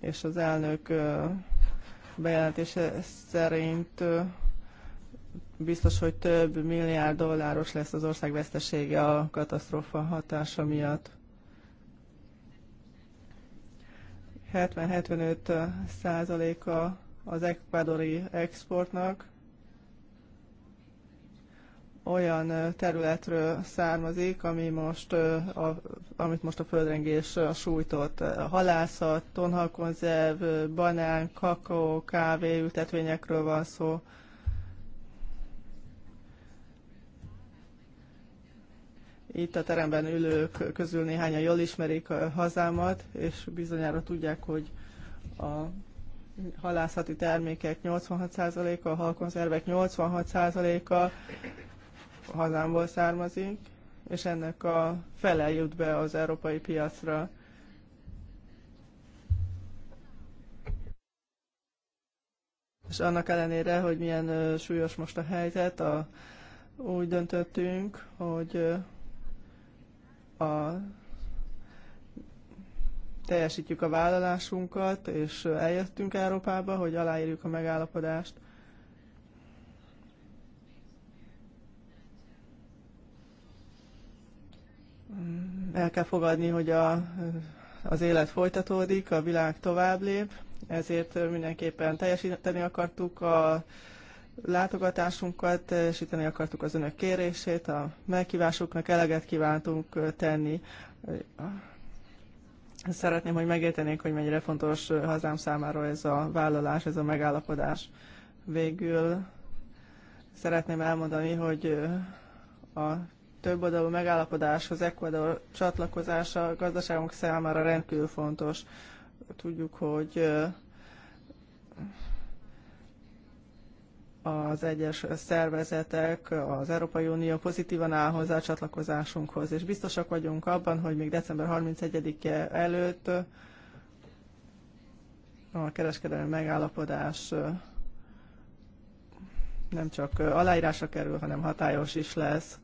és az elnök bejelentése szerint biztos, hogy több milliárd dolláros lesz az ország vesztesége a katasztrófa hatása miatt. 70-75 százaléka az ekvádori exportnak olyan területről származik, ami most, a, amit most a földrengés sújtott. Halászat, tonhalkonzerv, banán, kakaó, kávé ültetvényekről van szó. Itt a teremben ülők közül néhányan jól ismerik a hazámat, és bizonyára tudják, hogy a halászati termékek 86%-a, a halkonzervek 86%-a a hazámból származik, és ennek a fele jut be az európai piacra. És annak ellenére, hogy milyen súlyos most a helyzet, a, úgy döntöttünk, hogy a, teljesítjük a vállalásunkat, és eljöttünk Európába, hogy aláírjuk a megállapodást. El kell fogadni, hogy a, az élet folytatódik, a világ tovább lép, ezért mindenképpen teljesíteni akartuk a látogatásunkat, síteni akartuk az önök kérését, a megkívásoknak eleget kívántunk tenni. Szeretném, hogy megértenék, hogy mennyire fontos hazám számára ez a vállalás, ez a megállapodás. Végül szeretném elmondani, hogy a több oldalú megállapodáshoz Ecuador csatlakozása a gazdaságunk számára rendkívül fontos. Tudjuk, hogy az egyes szervezetek, az Európai Unió pozitívan áll hozzá a csatlakozásunkhoz, és biztosak vagyunk abban, hogy még december 31-e előtt a kereskedelmi megállapodás nem csak aláírásra kerül, hanem hatályos is lesz.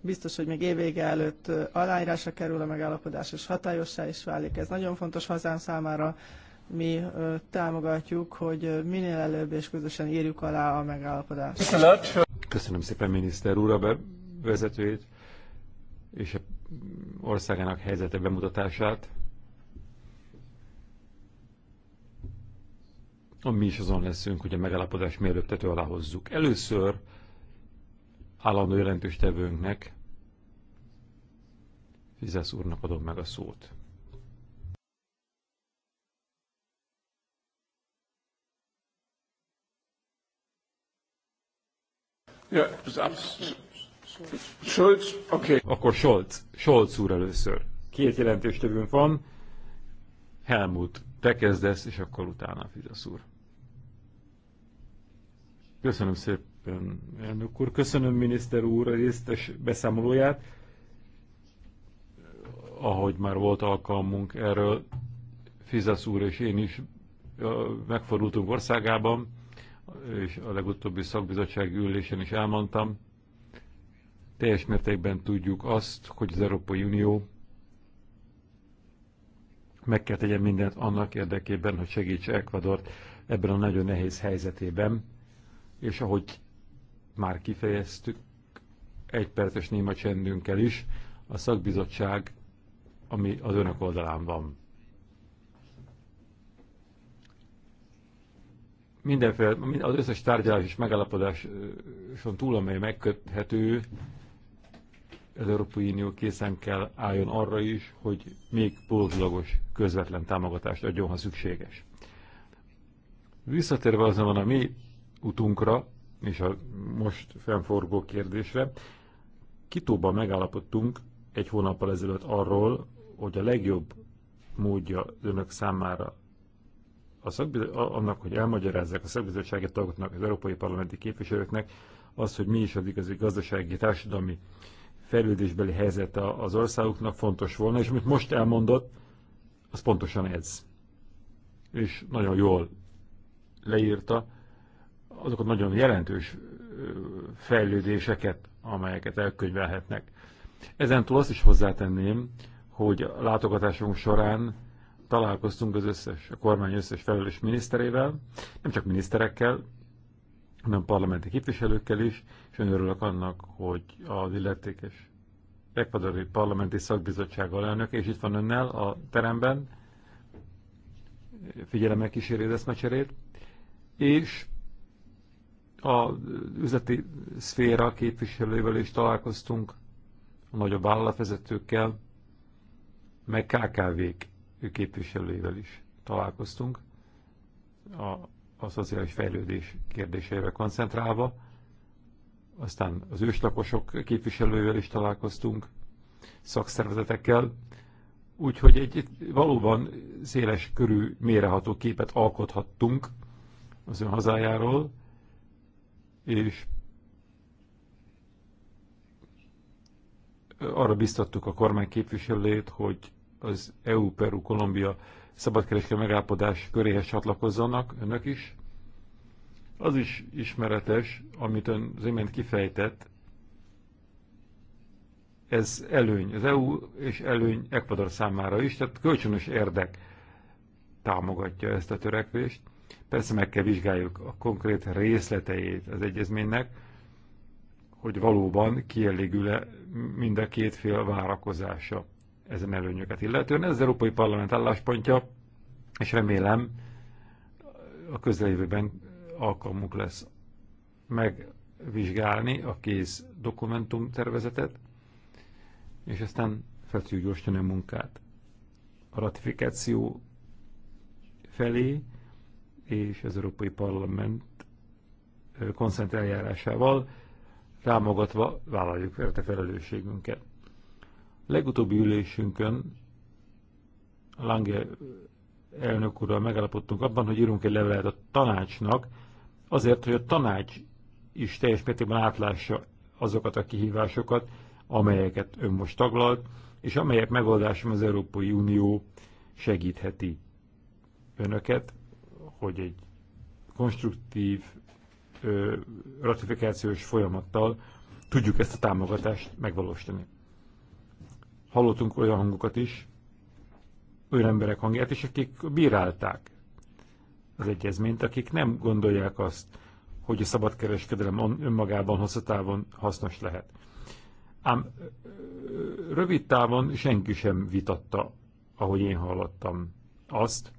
Biztos, hogy még évvége előtt aláírásra kerül a megállapodás, és hatályossá is válik. Ez nagyon fontos hazám számára, mi támogatjuk, hogy minél előbb és közösen írjuk alá a megállapodást. Köszönöm szépen miniszter úr a bevezetőjét és a országának helyzete bemutatását. Mi is azon leszünk, hogy a megállapodás mielőbb tető alá hozzuk. Először állandó jelentős tevőnknek, Fizesz úrnak adom meg a szót. Scholz, oké. Okay. Akkor Scholz, Scholz úr először. Két többünk van. Helmut, te kezdesz, és akkor utána Fizasz úr. Köszönöm szépen, elnök úr. Köszönöm, miniszter úr, a résztes beszámolóját. Ahogy már volt alkalmunk erről, Fizasz úr és én is megfordultunk országában, és a legutóbbi szakbizottság ülésen is elmondtam, teljes mértékben tudjuk azt, hogy az Európai Unió meg kell tegyen mindent annak érdekében, hogy segítse Ecuadort ebben a nagyon nehéz helyzetében, és ahogy már kifejeztük, egy perces néma csendünkkel is, a szakbizottság, ami az önök oldalán van. mindenféle, az összes tárgyalás és megállapodáson túl, amely megköthető, az Európai Unió készen kell álljon arra is, hogy még pózlagos közvetlen támogatást adjon, ha szükséges. Visszatérve azonban a mi utunkra, és a most fennforgó kérdésre, Kitóban megállapodtunk egy hónappal ezelőtt arról, hogy a legjobb módja önök számára a annak, hogy elmagyarázzák a szakbizottsági tagoknak, az európai parlamenti képviselőknek az, hogy mi is az igazi gazdasági, társadalmi fejlődésbeli helyzet az országuknak fontos volna, és amit most elmondott, az pontosan ez. És nagyon jól leírta azokat nagyon jelentős fejlődéseket, amelyeket elkönyvelhetnek. Ezentúl azt is hozzátenném, hogy a látogatásunk során találkoztunk az összes, a kormány összes felelős miniszterével, nem csak miniszterekkel, hanem parlamenti képviselőkkel is, és ön örülök annak, hogy az illetékes Ecuadori Parlamenti Szakbizottság alelnöke, és itt van önnel a teremben, figyelemmel kísérjéd eszmecserét, és a üzleti szféra képviselőivel is találkoztunk, a nagyobb vállalatvezetőkkel, meg KKV-k képviselőivel is találkoztunk, a, a szociális fejlődés kérdésére koncentrálva, aztán az őslakosok képviselőivel is találkoztunk, szakszervezetekkel, úgyhogy egy, egy valóban széles körű méreható képet alkothattunk az ön hazájáról, és arra biztattuk a kormány képviselőjét, hogy az EU-Peru-Kolumbia szabadkereskedelmi megállapodás köréhez csatlakozzanak, önök is. Az is ismeretes, amit ön az imént kifejtett, ez előny, az EU és előny Ecuador számára is, tehát kölcsönös érdek támogatja ezt a törekvést. Persze meg kell vizsgáljuk a konkrét részleteit az egyezménynek, hogy valóban kielégül-e mind a két fél várakozása ezen előnyöket illetően. Ez az Európai Parlament álláspontja, és remélem a közeljövőben alkalmunk lesz megvizsgálni a kész dokumentum tervezetet, és aztán fel tudjuk gyorsítani a munkát a ratifikáció felé, és az Európai Parlament koncentráljárásával támogatva rámogatva vállaljuk fel a felelősségünket. Legutóbbi ülésünkön Lange elnök úrral megállapodtunk abban, hogy írunk egy levelet a tanácsnak, azért, hogy a tanács is teljes mértékben átlássa azokat a kihívásokat, amelyeket ön most taglalt, és amelyek megoldásom az Európai Unió segítheti önöket, hogy egy konstruktív ratifikációs folyamattal tudjuk ezt a támogatást megvalósítani. Hallottunk olyan hangokat is, olyan emberek hangját is, akik bírálták az egyezményt, akik nem gondolják azt, hogy a szabadkereskedelem önmagában hosszú távon hasznos lehet. Ám rövid távon senki sem vitatta, ahogy én hallottam azt,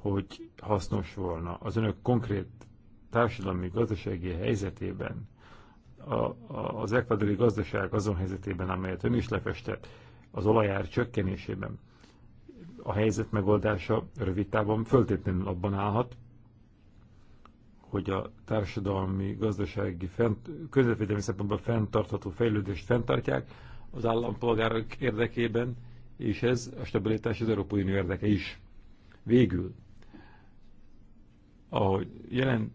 hogy hasznos volna az önök konkrét társadalmi gazdasági helyzetében a, a, az ekvadori gazdaság azon helyzetében, amelyet ön is lefestett, az olajár csökkenésében, a helyzet megoldása rövid távon föltétlenül abban állhat, hogy a társadalmi, gazdasági, fent, közvetvédelmi szempontból fenntartható fejlődést fenntartják az állampolgárok érdekében, és ez a stabilitás az Európai Unió érdeke is. Végül, ahogy jelent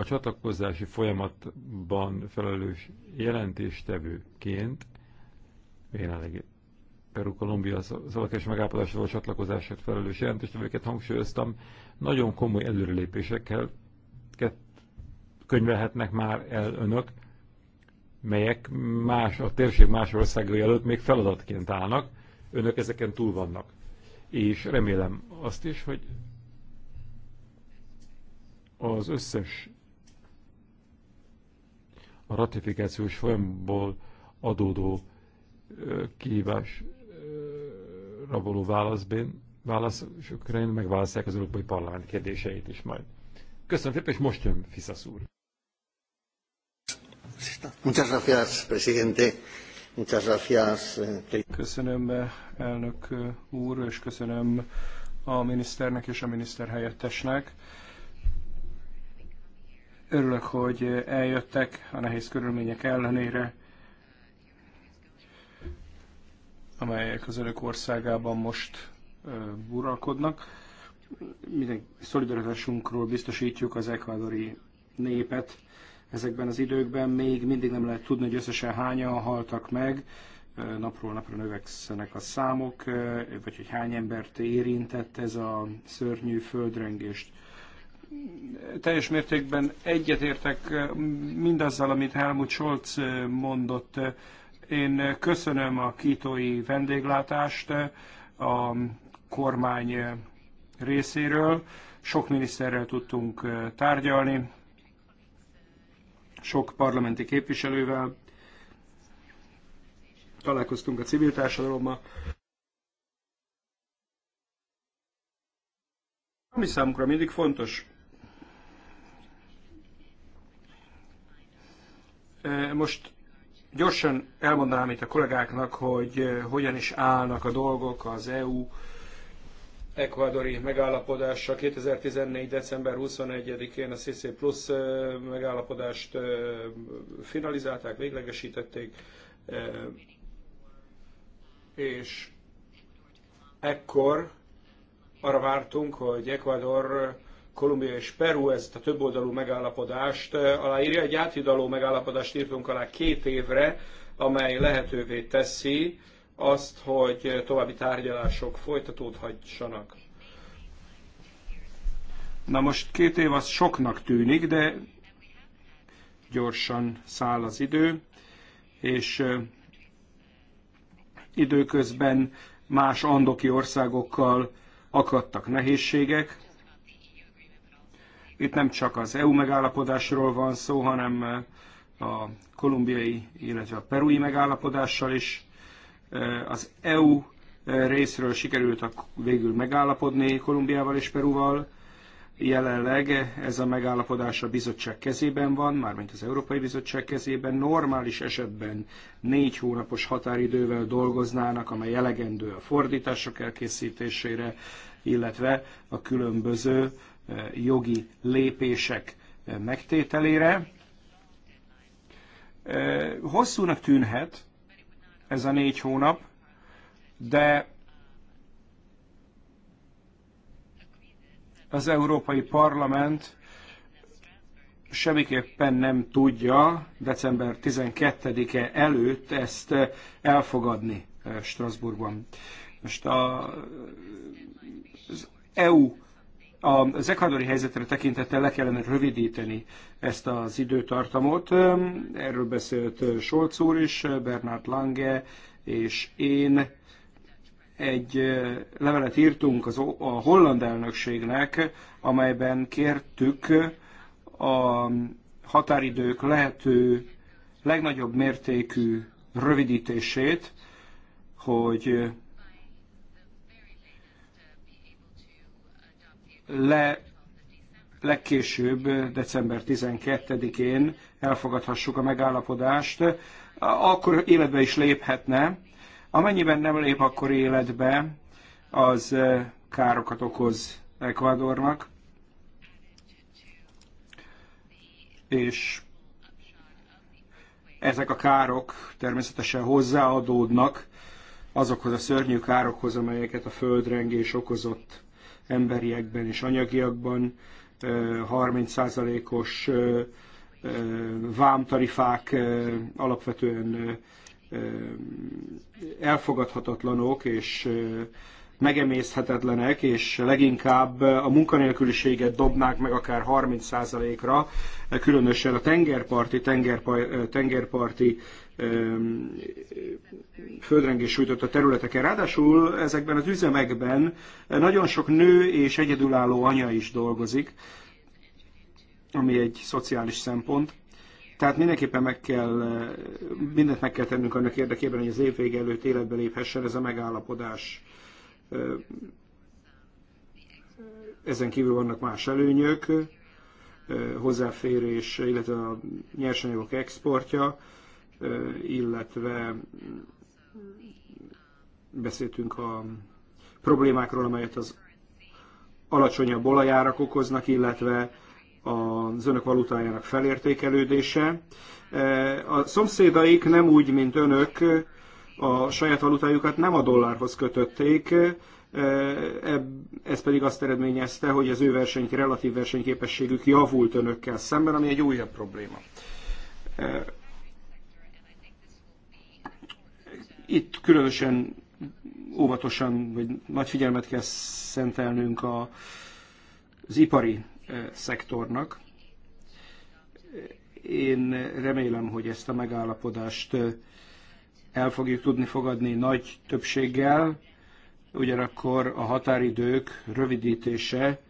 a csatlakozási folyamatban felelős jelentéstevőként, jelenleg Peru-Kolumbia szabadkeres megállapodásról csatlakozását felelős jelentéstevőket hangsúlyoztam, nagyon komoly előrelépésekkel könyvelhetnek már el önök, melyek más, a térség más országai előtt még feladatként állnak, önök ezeken túl vannak. És remélem azt is, hogy az összes a ratifikációs folyamból adódó kihívásra való és Ukrajna megválaszolják az Európai Parlament kérdéseit is majd. Köszönöm szépen, és most jön Fiszasz úr. Eh, köszönöm, eh, elnök eh, úr, és köszönöm a miniszternek és a miniszter helyettesnek. Örülök, hogy eljöttek a nehéz körülmények ellenére, amelyek az önök országában most buralkodnak. Minden szolidaritásunkról biztosítjuk az ekvádori népet. Ezekben az időkben még mindig nem lehet tudni, hogy összesen hányan haltak meg, napról napra növekszenek a számok, vagy hogy hány embert érintett ez a szörnyű földrengést teljes mértékben egyetértek mindazzal, amit Helmut Scholz mondott. Én köszönöm a kítói vendéglátást a kormány részéről. Sok miniszterrel tudtunk tárgyalni, sok parlamenti képviselővel, találkoztunk a civil társadalommal. Ami számunkra mindig fontos, Most gyorsan elmondanám itt a kollégáknak, hogy hogyan is állnak a dolgok az EU ekvadori megállapodása 2014. december 21-én a CC Plus megállapodást finalizálták, véglegesítették, és ekkor arra vártunk, hogy Ecuador Kolumbia és Peru ezt a többoldalú megállapodást eh, aláírja. Egy áthidaló megállapodást írtunk alá két évre, amely lehetővé teszi azt, hogy további tárgyalások folytatódhassanak. Na most két év az soknak tűnik, de gyorsan száll az idő, és eh, időközben más andoki országokkal akadtak nehézségek, itt nem csak az EU megállapodásról van szó, hanem eh, a kolumbiai, illetve a perui megállapodással is. Eh, az EU eh, részről sikerült a, végül megállapodni Kolumbiával és Peruval. Jelenleg ez a megállapodás a bizottság kezében van, mármint az Európai Bizottság kezében. Normális esetben négy hónapos határidővel dolgoznának, amely elegendő a fordítások elkészítésére, illetve a különböző jogi lépések megtételére. Hosszúnak tűnhet ez a négy hónap, de az Európai Parlament semmiképpen nem tudja december 12-e előtt ezt elfogadni Strasbourgban. Most a, az EU az ekvadori helyzetre tekintettel le kellene rövidíteni ezt az időtartamot. Erről beszélt Scholz úr is, Bernard Lange és én egy levelet írtunk az, a holland elnökségnek, amelyben kértük a határidők lehető legnagyobb mértékű rövidítését, hogy le legkésőbb december 12-én elfogadhassuk a megállapodást, akkor életbe is léphetne. Amennyiben nem lép akkor életbe, az eh, károkat okoz Ecuadornak, és ezek a károk természetesen hozzáadódnak azokhoz a szörnyű károkhoz, amelyeket a földrengés okozott emberiekben és anyagiakban, 30%-os vámtarifák alapvetően elfogadhatatlanok és megemészhetetlenek, és leginkább a munkanélküliséget dobnák meg akár 30%-ra, különösen a tengerparti, tengerparti földrengés sújtott a területeken. Ráadásul ezekben az üzemekben nagyon sok nő és egyedülálló anya is dolgozik, ami egy szociális szempont. Tehát mindenképpen meg kell, mindent meg kell tennünk annak érdekében, hogy az év vége előtt életbe léphessen ez a megállapodás. Ezen kívül vannak más előnyök, hozzáférés, illetve a nyersanyagok exportja, illetve beszéltünk a problémákról, amelyet az alacsonyabb olajárak okoznak, illetve az önök valutájának felértékelődése. A szomszédaik nem úgy, mint önök, a saját valutájukat nem a dollárhoz kötötték, ez pedig azt eredményezte, hogy az ő verseny, relatív versenyképességük javult önökkel szemben, ami egy újabb probléma. Itt különösen óvatosan, vagy nagy figyelmet kell szentelnünk a, az ipari eh, szektornak. Én remélem, hogy ezt a megállapodást eh, el fogjuk tudni fogadni nagy többséggel, ugyanakkor a határidők rövidítése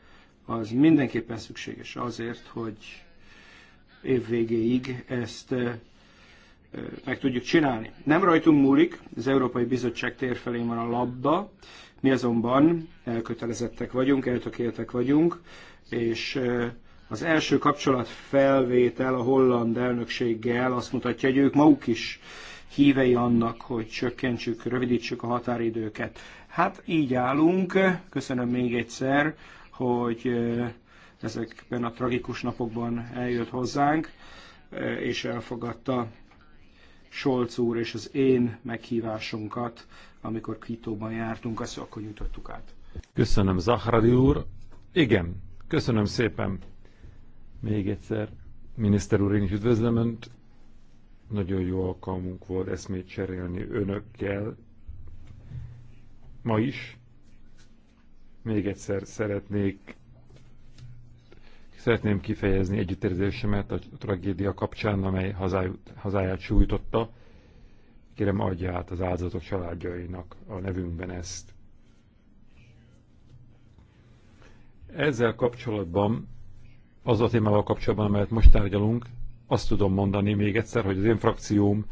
az mindenképpen szükséges azért, hogy év végéig ezt eh, meg tudjuk csinálni. Nem rajtunk múlik, az Európai Bizottság térfelén van a labda, mi azonban elkötelezettek vagyunk, eltökéltek vagyunk, és az első kapcsolat felvétel a holland elnökséggel azt mutatja, hogy ők maguk is hívei annak, hogy csökkentsük, rövidítsük a határidőket. Hát így állunk. Köszönöm még egyszer, hogy ezekben a tragikus napokban eljött hozzánk, és elfogadta Scholz úr és az én meghívásunkat, amikor Kitóban jártunk, azt akkor nyújtottuk át. Köszönöm, Zahradi úr. Igen, köszönöm szépen. Még egyszer, miniszter úr, én is üdvözlöm Önt. Nagyon jó alkalmunk volt eszmét cserélni Önökkel. Ma is. Még egyszer szeretnék Szeretném kifejezni együttérzésemet a tragédia kapcsán, amely hazáját, hazáját sújtotta. Kérem, adja át az áldozatok családjainak a nevünkben ezt. Ezzel kapcsolatban, az a témával kapcsolatban, amelyet most tárgyalunk, azt tudom mondani még egyszer, hogy az én frakcióm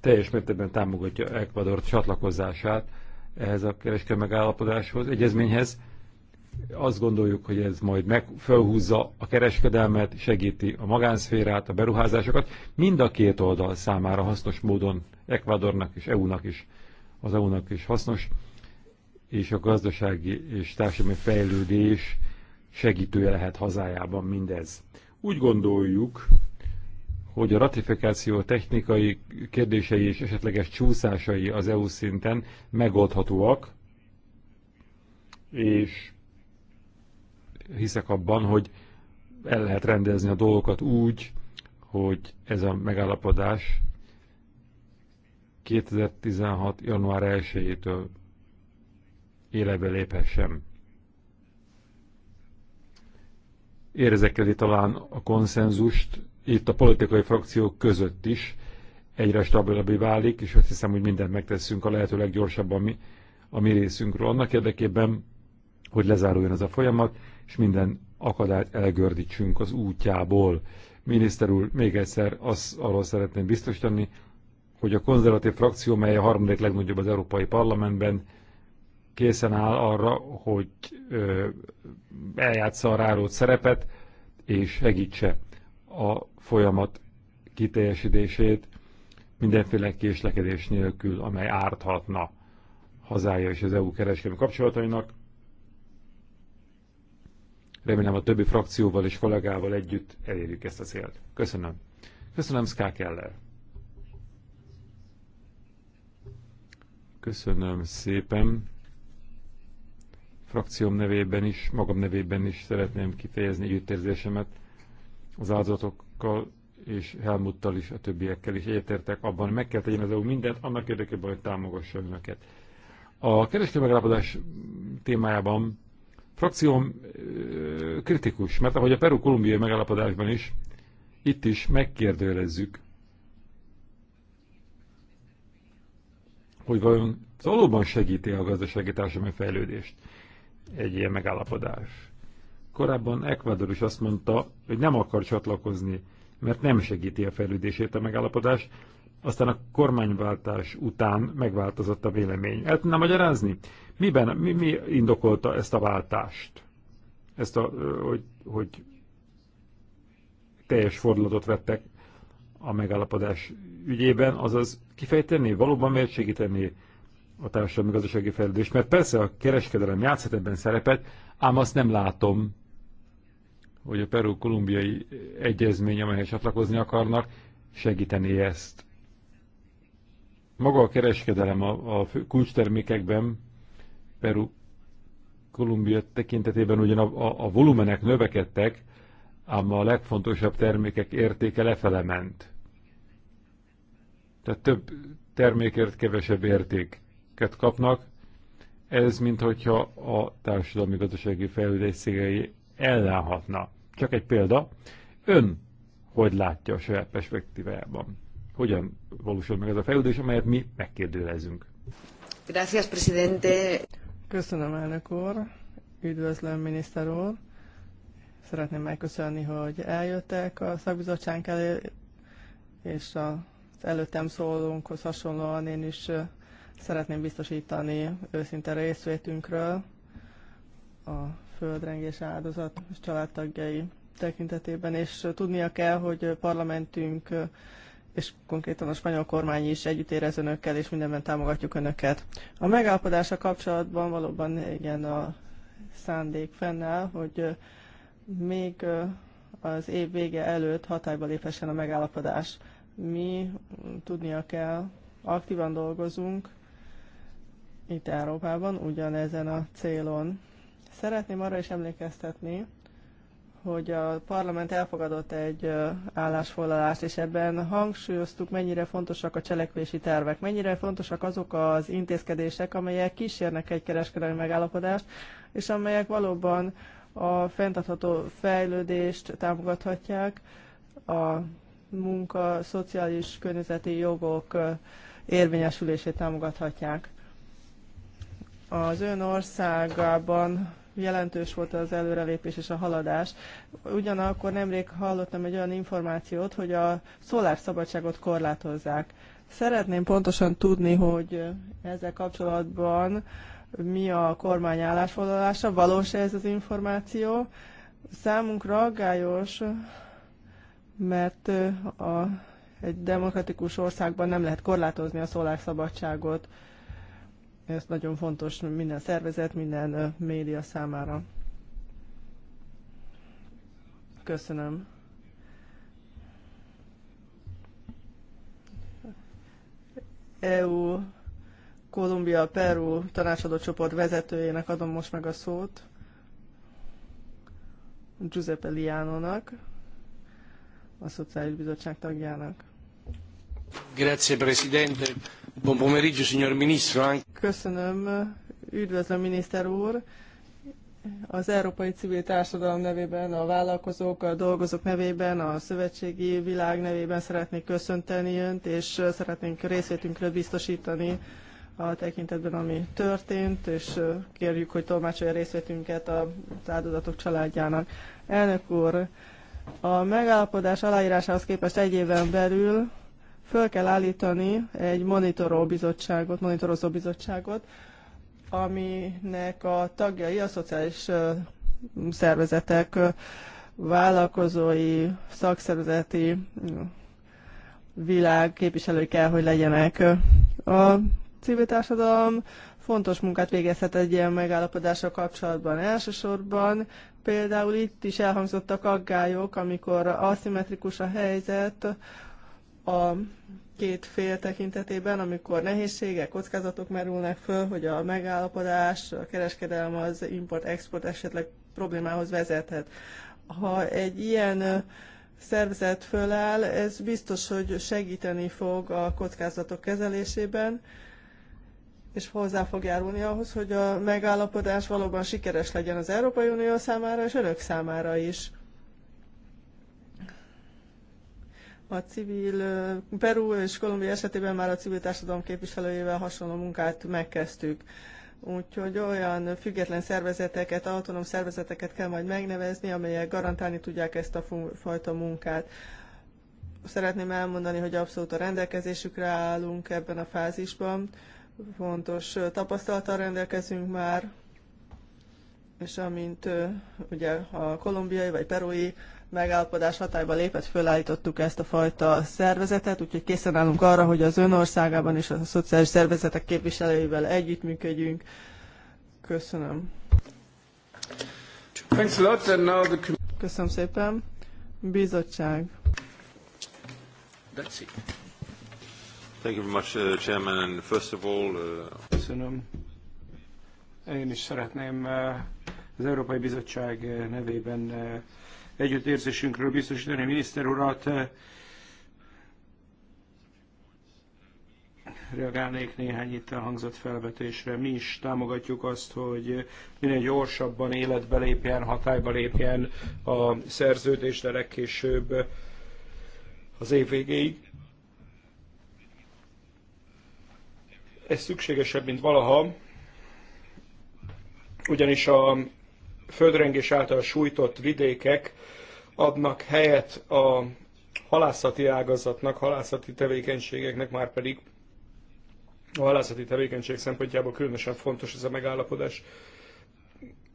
teljes mértékben támogatja Ecuador csatlakozását ehhez a kereskedelmi megállapodáshoz, egyezményhez, azt gondoljuk, hogy ez majd meg, felhúzza a kereskedelmet, segíti a magánszférát, a beruházásokat, mind a két oldal számára hasznos módon Ekvadornak és EU-nak is, az EU-nak is hasznos, és a gazdasági és társadalmi fejlődés segítője lehet hazájában mindez. Úgy gondoljuk, hogy a ratifikáció technikai kérdései és esetleges csúszásai az EU szinten megoldhatóak, és hiszek abban, hogy el lehet rendezni a dolgokat úgy, hogy ez a megállapodás 2016. január 1-től életbe léphessen. Érzekeli talán a konszenzust itt a politikai frakciók között is egyre stabilabbé válik, és azt hiszem, hogy mindent megteszünk a lehető leggyorsabban mi, a mi részünkről. Annak érdekében, hogy lezáruljon ez a folyamat, és minden akadályt elgördítsünk az útjából. Miniszter úr, még egyszer azt arról szeretném biztosítani, hogy a konzervatív frakció, mely a harmadik legnagyobb az Európai Parlamentben, készen áll arra, hogy ö, eljátsza a rárót szerepet, és segítse a folyamat kiteljesítését mindenféle késlekedés nélkül, amely árthatna hazája és az EU kereskedelmi kapcsolatainak. Remélem a többi frakcióval és kollégával együtt elérjük ezt a célt. Köszönöm. Köszönöm Ská Keller. Köszönöm szépen. Frakcióm nevében is, magam nevében is szeretném kifejezni együttérzésemet az áldozatokkal és Helmuttal is, a többiekkel is egyetértek abban, meg kell tegyen az EU mindent annak érdekében, hogy támogassa önöket. A kereskedelmi megállapodás témájában Frakcióm kritikus, mert ahogy a Peru-Kolumbiai megállapodásban is, itt is megkérdőjelezzük, hogy vajon valóban segíti a gazdasági társadalmi fejlődést egy ilyen megállapodás. Korábban Ecuador is azt mondta, hogy nem akar csatlakozni, mert nem segíti a fejlődését a megállapodás, aztán a kormányváltás után megváltozott a vélemény. El tudnám magyarázni? Miben, mi, mi indokolta ezt a váltást? Ezt a, hogy, hogy teljes fordulatot vettek a megállapodás ügyében, azaz kifejteni, valóban miért segíteni a társadalmi gazdasági fejlődést, mert persze a kereskedelem játszhat ebben szerepet, ám azt nem látom, hogy a Peru-Kolumbiai egyezmény, amelyhez csatlakozni akarnak, segíteni ezt maga a kereskedelem a, a kulcstermékekben Peru, Kolumbia tekintetében ugyan a, a, a volumenek növekedtek, ám a legfontosabb termékek értéke lefele ment. Tehát több termékért kevesebb értéket kapnak. Ez, mintha a társadalmi gazdasági fejlődés szégei ellenhatna. Csak egy példa. Ön hogy látja a saját perspektívájában? hogyan valósul meg ez a fejlődés, amelyet mi megkérdőlezünk. Gracias, presidente. Köszönöm, elnök úr. Üdvözlöm, miniszter úr. Szeretném megköszönni, hogy eljöttek a szakbizottság elé, és az előttem szólónkhoz hasonlóan én is szeretném biztosítani őszinte részvétünkről a földrengés áldozat és családtagjai tekintetében, és tudnia kell, hogy parlamentünk és konkrétan a spanyol kormány is együtt érez önökkel, és mindenben támogatjuk önöket. A megállapodása kapcsolatban valóban igen a szándék fennáll, hogy még az év vége előtt hatályba léphessen a megállapodás. Mi tudnia kell, aktívan dolgozunk itt Európában ugyanezen a célon. Szeretném arra is emlékeztetni, hogy a parlament elfogadott egy állásfoglalást, és ebben hangsúlyoztuk, mennyire fontosak a cselekvési tervek, mennyire fontosak azok az intézkedések, amelyek kísérnek egy kereskedelmi megállapodást, és amelyek valóban a fenntartható fejlődést támogathatják, a munka, szociális, környezeti jogok érvényesülését támogathatják. Az ön országában jelentős volt az előrelépés és a haladás. Ugyanakkor nemrég hallottam egy olyan információt, hogy a szólásszabadságot korlátozzák. Szeretném pontosan tudni, hogy ezzel kapcsolatban mi a kormány állásfoglalása, valós -e ez az információ. Számunkra aggályos, mert a, egy demokratikus országban nem lehet korlátozni a szólásszabadságot. Ez nagyon fontos minden szervezet, minden média számára. Köszönöm. EU Kolumbia Peru tanácsadó csoport vezetőjének adom most meg a szót, Giuseppe Liánónak, a Szociális Bizottság tagjának. Grazie, Presidente pomeriggio, signor ministro. Köszönöm, üdvözlöm miniszter úr. Az Európai Civil Társadalom nevében, a vállalkozók, a dolgozók nevében, a szövetségi világ nevében szeretnék köszönteni önt, és szeretnénk részvétünkről biztosítani a tekintetben, ami történt, és kérjük, hogy tolmácsolja részvétünket az áldozatok családjának. Elnök úr, a megállapodás aláírásához képest egy éven belül föl kell állítani egy monitoró bizottságot, monitorozó bizottságot, aminek a tagjai a szociális szervezetek, vállalkozói, szakszervezeti világ képviselői kell, hogy legyenek. A civil társadalom fontos munkát végezhet egy ilyen megállapodással kapcsolatban. Elsősorban például itt is elhangzottak aggályok, amikor aszimmetrikus a helyzet, a két fél tekintetében, amikor nehézségek, kockázatok merülnek föl, hogy a megállapodás, a kereskedelem az import-export esetleg problémához vezethet. Ha egy ilyen szervezet föláll, ez biztos, hogy segíteni fog a kockázatok kezelésében, és hozzá fog járulni ahhoz, hogy a megállapodás valóban sikeres legyen az Európai Unió számára és önök számára is. A civil, Peru és Kolumbia esetében már a civil társadalom képviselőjével hasonló munkát megkezdtük. Úgyhogy olyan független szervezeteket, autonóm szervezeteket kell majd megnevezni, amelyek garantálni tudják ezt a fajta munkát. Szeretném elmondani, hogy abszolút a rendelkezésükre állunk ebben a fázisban. Fontos tapasztalattal rendelkezünk már, és amint ugye a kolumbiai vagy perói megállapodás hatályba lépett, fölállítottuk ezt a fajta szervezetet, úgyhogy készen állunk arra, hogy az ön országában a szociális szervezetek képviselőivel együttműködjünk. Köszönöm. Köszönöm szépen. Bizottság. That's it. Thank you very much, uh, Chairman. And first of all, uh... Köszönöm. Én is szeretném uh, az Európai Bizottság uh, nevében uh, együttérzésünkről biztosítani a miniszter urat. Reagálnék néhány itt a hangzott felvetésre. Mi is támogatjuk azt, hogy minél gyorsabban életbe lépjen, hatályba lépjen a szerződés, de legkésőbb az év végéig. Ez szükségesebb, mint valaha, ugyanis a földrengés által sújtott vidékek adnak helyet a halászati ágazatnak, halászati tevékenységeknek, már pedig a halászati tevékenység szempontjából különösen fontos ez a megállapodás.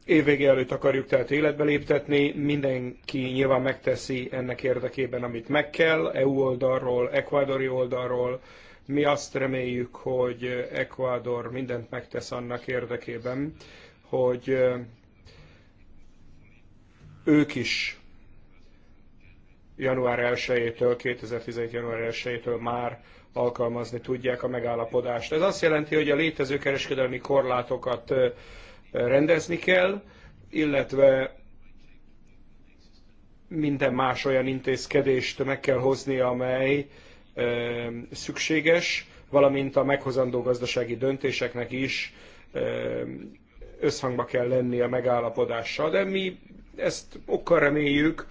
Évvége előtt akarjuk tehát életbe léptetni, mindenki nyilván megteszi ennek érdekében, amit meg kell, EU oldalról, ekvádori oldalról. Mi azt reméljük, hogy Ekvádor mindent megtesz annak érdekében, hogy ők is január 1-től, 2017. január 1-től már alkalmazni tudják a megállapodást. Ez azt jelenti, hogy a létező kereskedelmi korlátokat rendezni kell, illetve minden más olyan intézkedést meg kell hozni, amely szükséges, valamint a meghozandó gazdasági döntéseknek is összhangba kell lenni a megállapodással. De mi ezt okkal reméljük,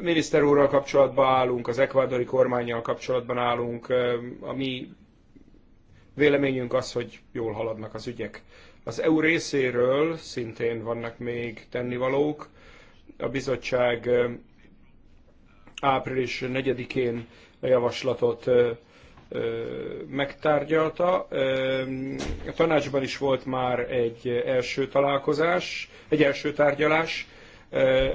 miniszter úrral kapcsolatban állunk, az ekvádori kormányjal kapcsolatban állunk. A mi véleményünk az, hogy jól haladnak az ügyek. Az EU részéről szintén vannak még tennivalók. A bizottság április 4-én a javaslatot megtárgyalta. A tanácsban is volt már egy első találkozás, egy első tárgyalás,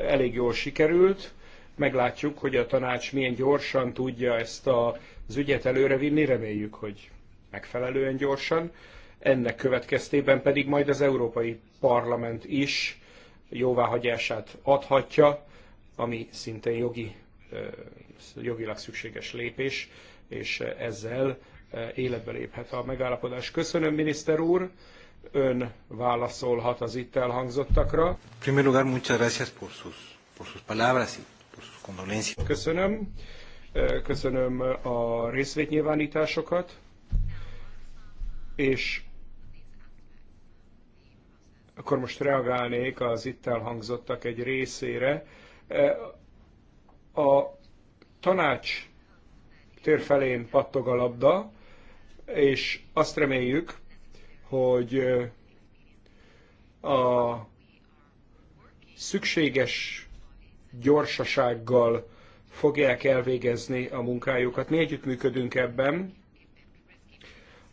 elég jól sikerült meglátjuk, hogy a tanács milyen gyorsan tudja ezt az ügyet előrevinni, reméljük, hogy megfelelően gyorsan. Ennek következtében pedig majd az Európai Parlament is jóváhagyását adhatja, ami szintén jogi, jogilag szükséges lépés, és ezzel életbe léphet a megállapodás. Köszönöm, miniszter úr! Ön válaszolhat az itt elhangzottakra. Primer lugar, muchas gracias por sus, por sus palabras. Köszönöm. Köszönöm a részvétnyilvánításokat, és akkor most reagálnék az itt elhangzottak egy részére. A tanács tér felén pattog a labda, és azt reméljük, hogy a szükséges gyorsasággal fogják elvégezni a munkájukat. Mi együttműködünk ebben.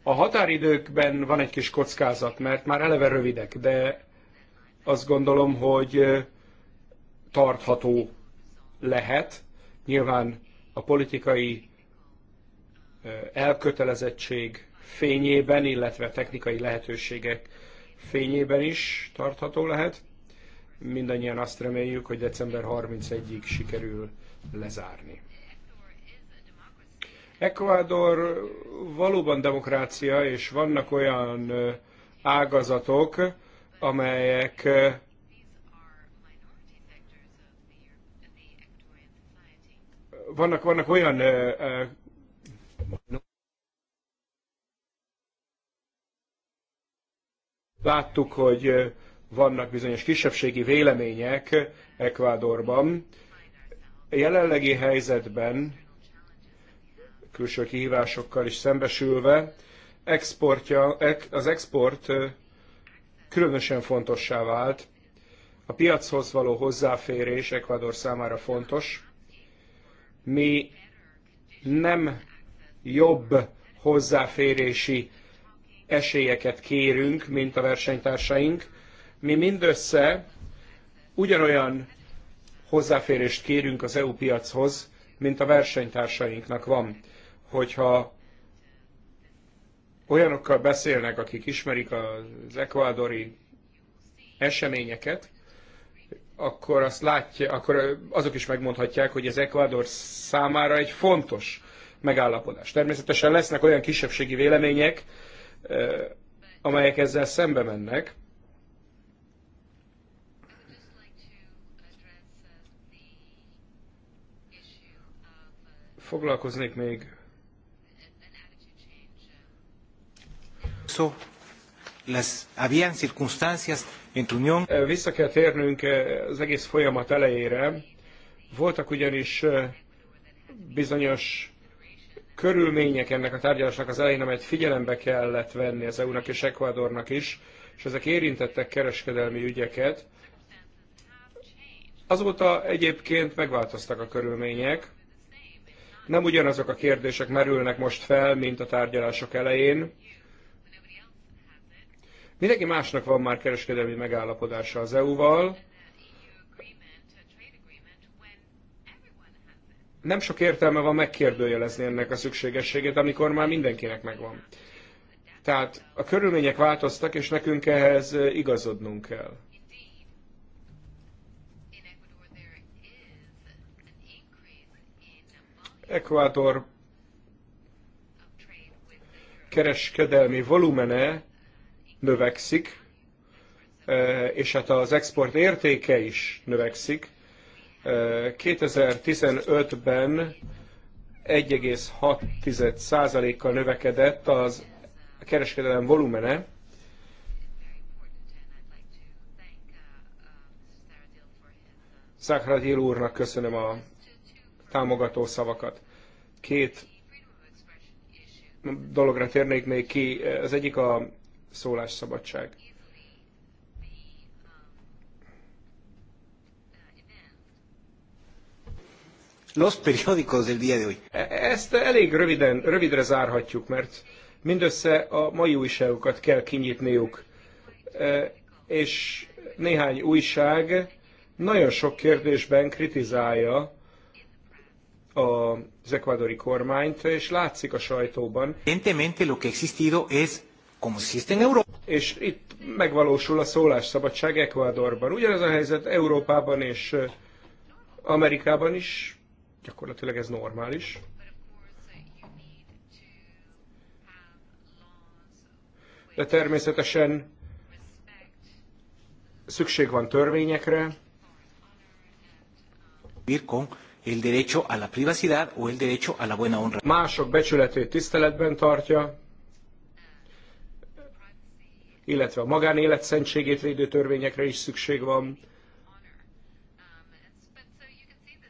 A határidőkben van egy kis kockázat, mert már eleve rövidek, de azt gondolom, hogy tartható lehet. Nyilván a politikai elkötelezettség fényében, illetve technikai lehetőségek fényében is tartható lehet mindannyian azt reméljük, hogy december 31-ig sikerül lezárni. Ecuador valóban demokrácia, és vannak olyan ágazatok, amelyek vannak, vannak olyan láttuk, hogy vannak bizonyos kisebbségi vélemények Ekvádorban. jelenlegi helyzetben, külső kihívásokkal is szembesülve, exportja, az export különösen fontossá vált. A piachoz való hozzáférés Ekvádor számára fontos. Mi nem jobb hozzáférési esélyeket kérünk, mint a versenytársaink, mi mindössze ugyanolyan hozzáférést kérünk az EU piachoz, mint a versenytársainknak van. Hogyha olyanokkal beszélnek, akik ismerik az ekvádori eseményeket, akkor azt látja, akkor azok is megmondhatják, hogy ez Ekvádor számára egy fontos megállapodás. Természetesen lesznek olyan kisebbségi vélemények, eh, amelyek ezzel szembe mennek, foglalkoznék még. Eh, vissza kell térnünk eh, az egész folyamat elejére. Voltak ugyanis eh, bizonyos körülmények ennek a tárgyalásnak az elején, amelyet figyelembe kellett venni az EU-nak és Ecuadornak is, és ezek érintettek kereskedelmi ügyeket. Azóta egyébként megváltoztak a körülmények. Nem ugyanazok a kérdések merülnek most fel, mint a tárgyalások elején. Mindenki másnak van már kereskedelmi megállapodása az EU-val. Nem sok értelme van megkérdőjelezni ennek a szükségességét, amikor már mindenkinek megvan. Tehát a körülmények változtak, és nekünk ehhez igazodnunk kell. Ekvátor kereskedelmi volumene növekszik, e, és hát az export értéke is növekszik. 2015-ben e, 1,6%-kal növekedett az kereskedelem volumene, Szákradil úrnak köszönöm a támogató szavakat. Két dologra térnék még ki. Az egyik a szólásszabadság. Los periódicos del día de hoy. E, ezt elég röviden, rövidre zárhatjuk, mert mindössze a mai újságokat kell kinyitniuk. E, és néhány újság nagyon sok kérdésben kritizálja az ecuadori kormányt, és látszik a sajtóban. Evidentemente lo que existido es como existe en Europa. És itt megvalósul a szólásszabadság Ecuadorban. Ugyanez a helyzet Európában és Amerikában is, gyakorlatilag ez normális. De természetesen szükség van törvényekre. Birkon el derecho a la privacidad o el derecho a la buena honra. Mások becsületét tiszteletben tartja, illetve a magánélet szentségét védő törvényekre is szükség van.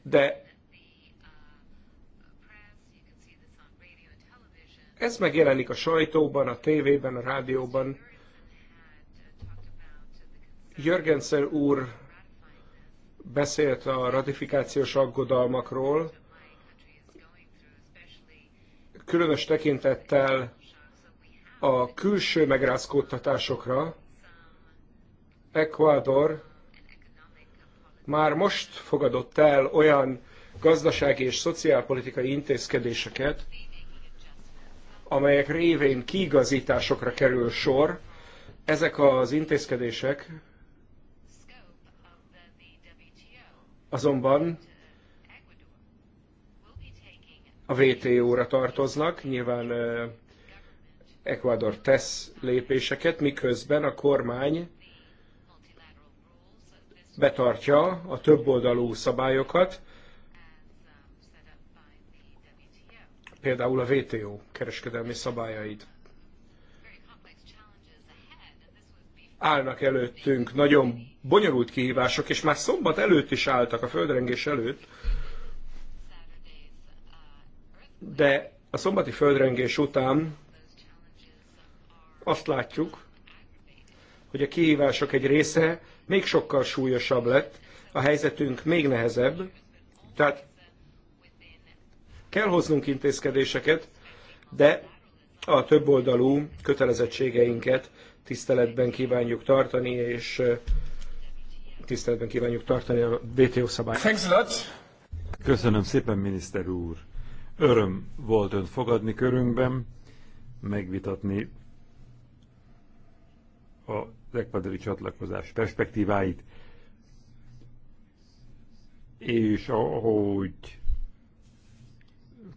De ez megjelenik a sajtóban, a tévében, a rádióban. Jörgenszer úr beszélt a ratifikációs aggodalmakról, különös tekintettel a külső megrázkódtatásokra, Ecuador már most fogadott el olyan gazdasági és szociálpolitikai intézkedéseket, amelyek révén kiigazításokra kerül sor. Ezek az intézkedések azonban a WTO-ra tartoznak, nyilván Ecuador tesz lépéseket, miközben a kormány betartja a többoldalú szabályokat, például a WTO kereskedelmi szabályait. Állnak előttünk nagyon bonyolult kihívások, és már szombat előtt is álltak, a földrengés előtt, de a szombati földrengés után azt látjuk, hogy a kihívások egy része még sokkal súlyosabb lett, a helyzetünk még nehezebb, tehát kell hoznunk intézkedéseket, de a többoldalú kötelezettségeinket tiszteletben kívánjuk tartani, és tiszteletben kívánjuk tartani a BTO szabályt. Köszönöm szépen, miniszter úr. Öröm volt önt fogadni körünkben, megvitatni a legpadari csatlakozás perspektíváit, és ahogy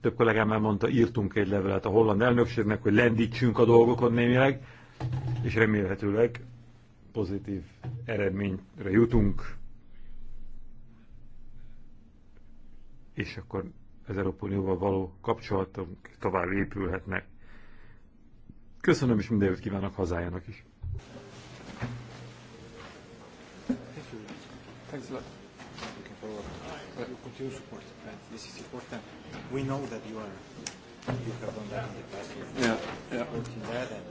több kollégám elmondta, írtunk egy levelet a holland elnökségnek, hogy lendítsünk a dolgokon némileg, és remélhetőleg pozitív eredményre jutunk, és akkor az Európai Unióval való kapcsolatunk tovább épülhetnek. Köszönöm, és minden jót kívánok hazájának is. Thanks a lot. Looking forward. But you continue support. This is important. We know that you are. You have done that in the past. Yeah. Yeah. Working there, and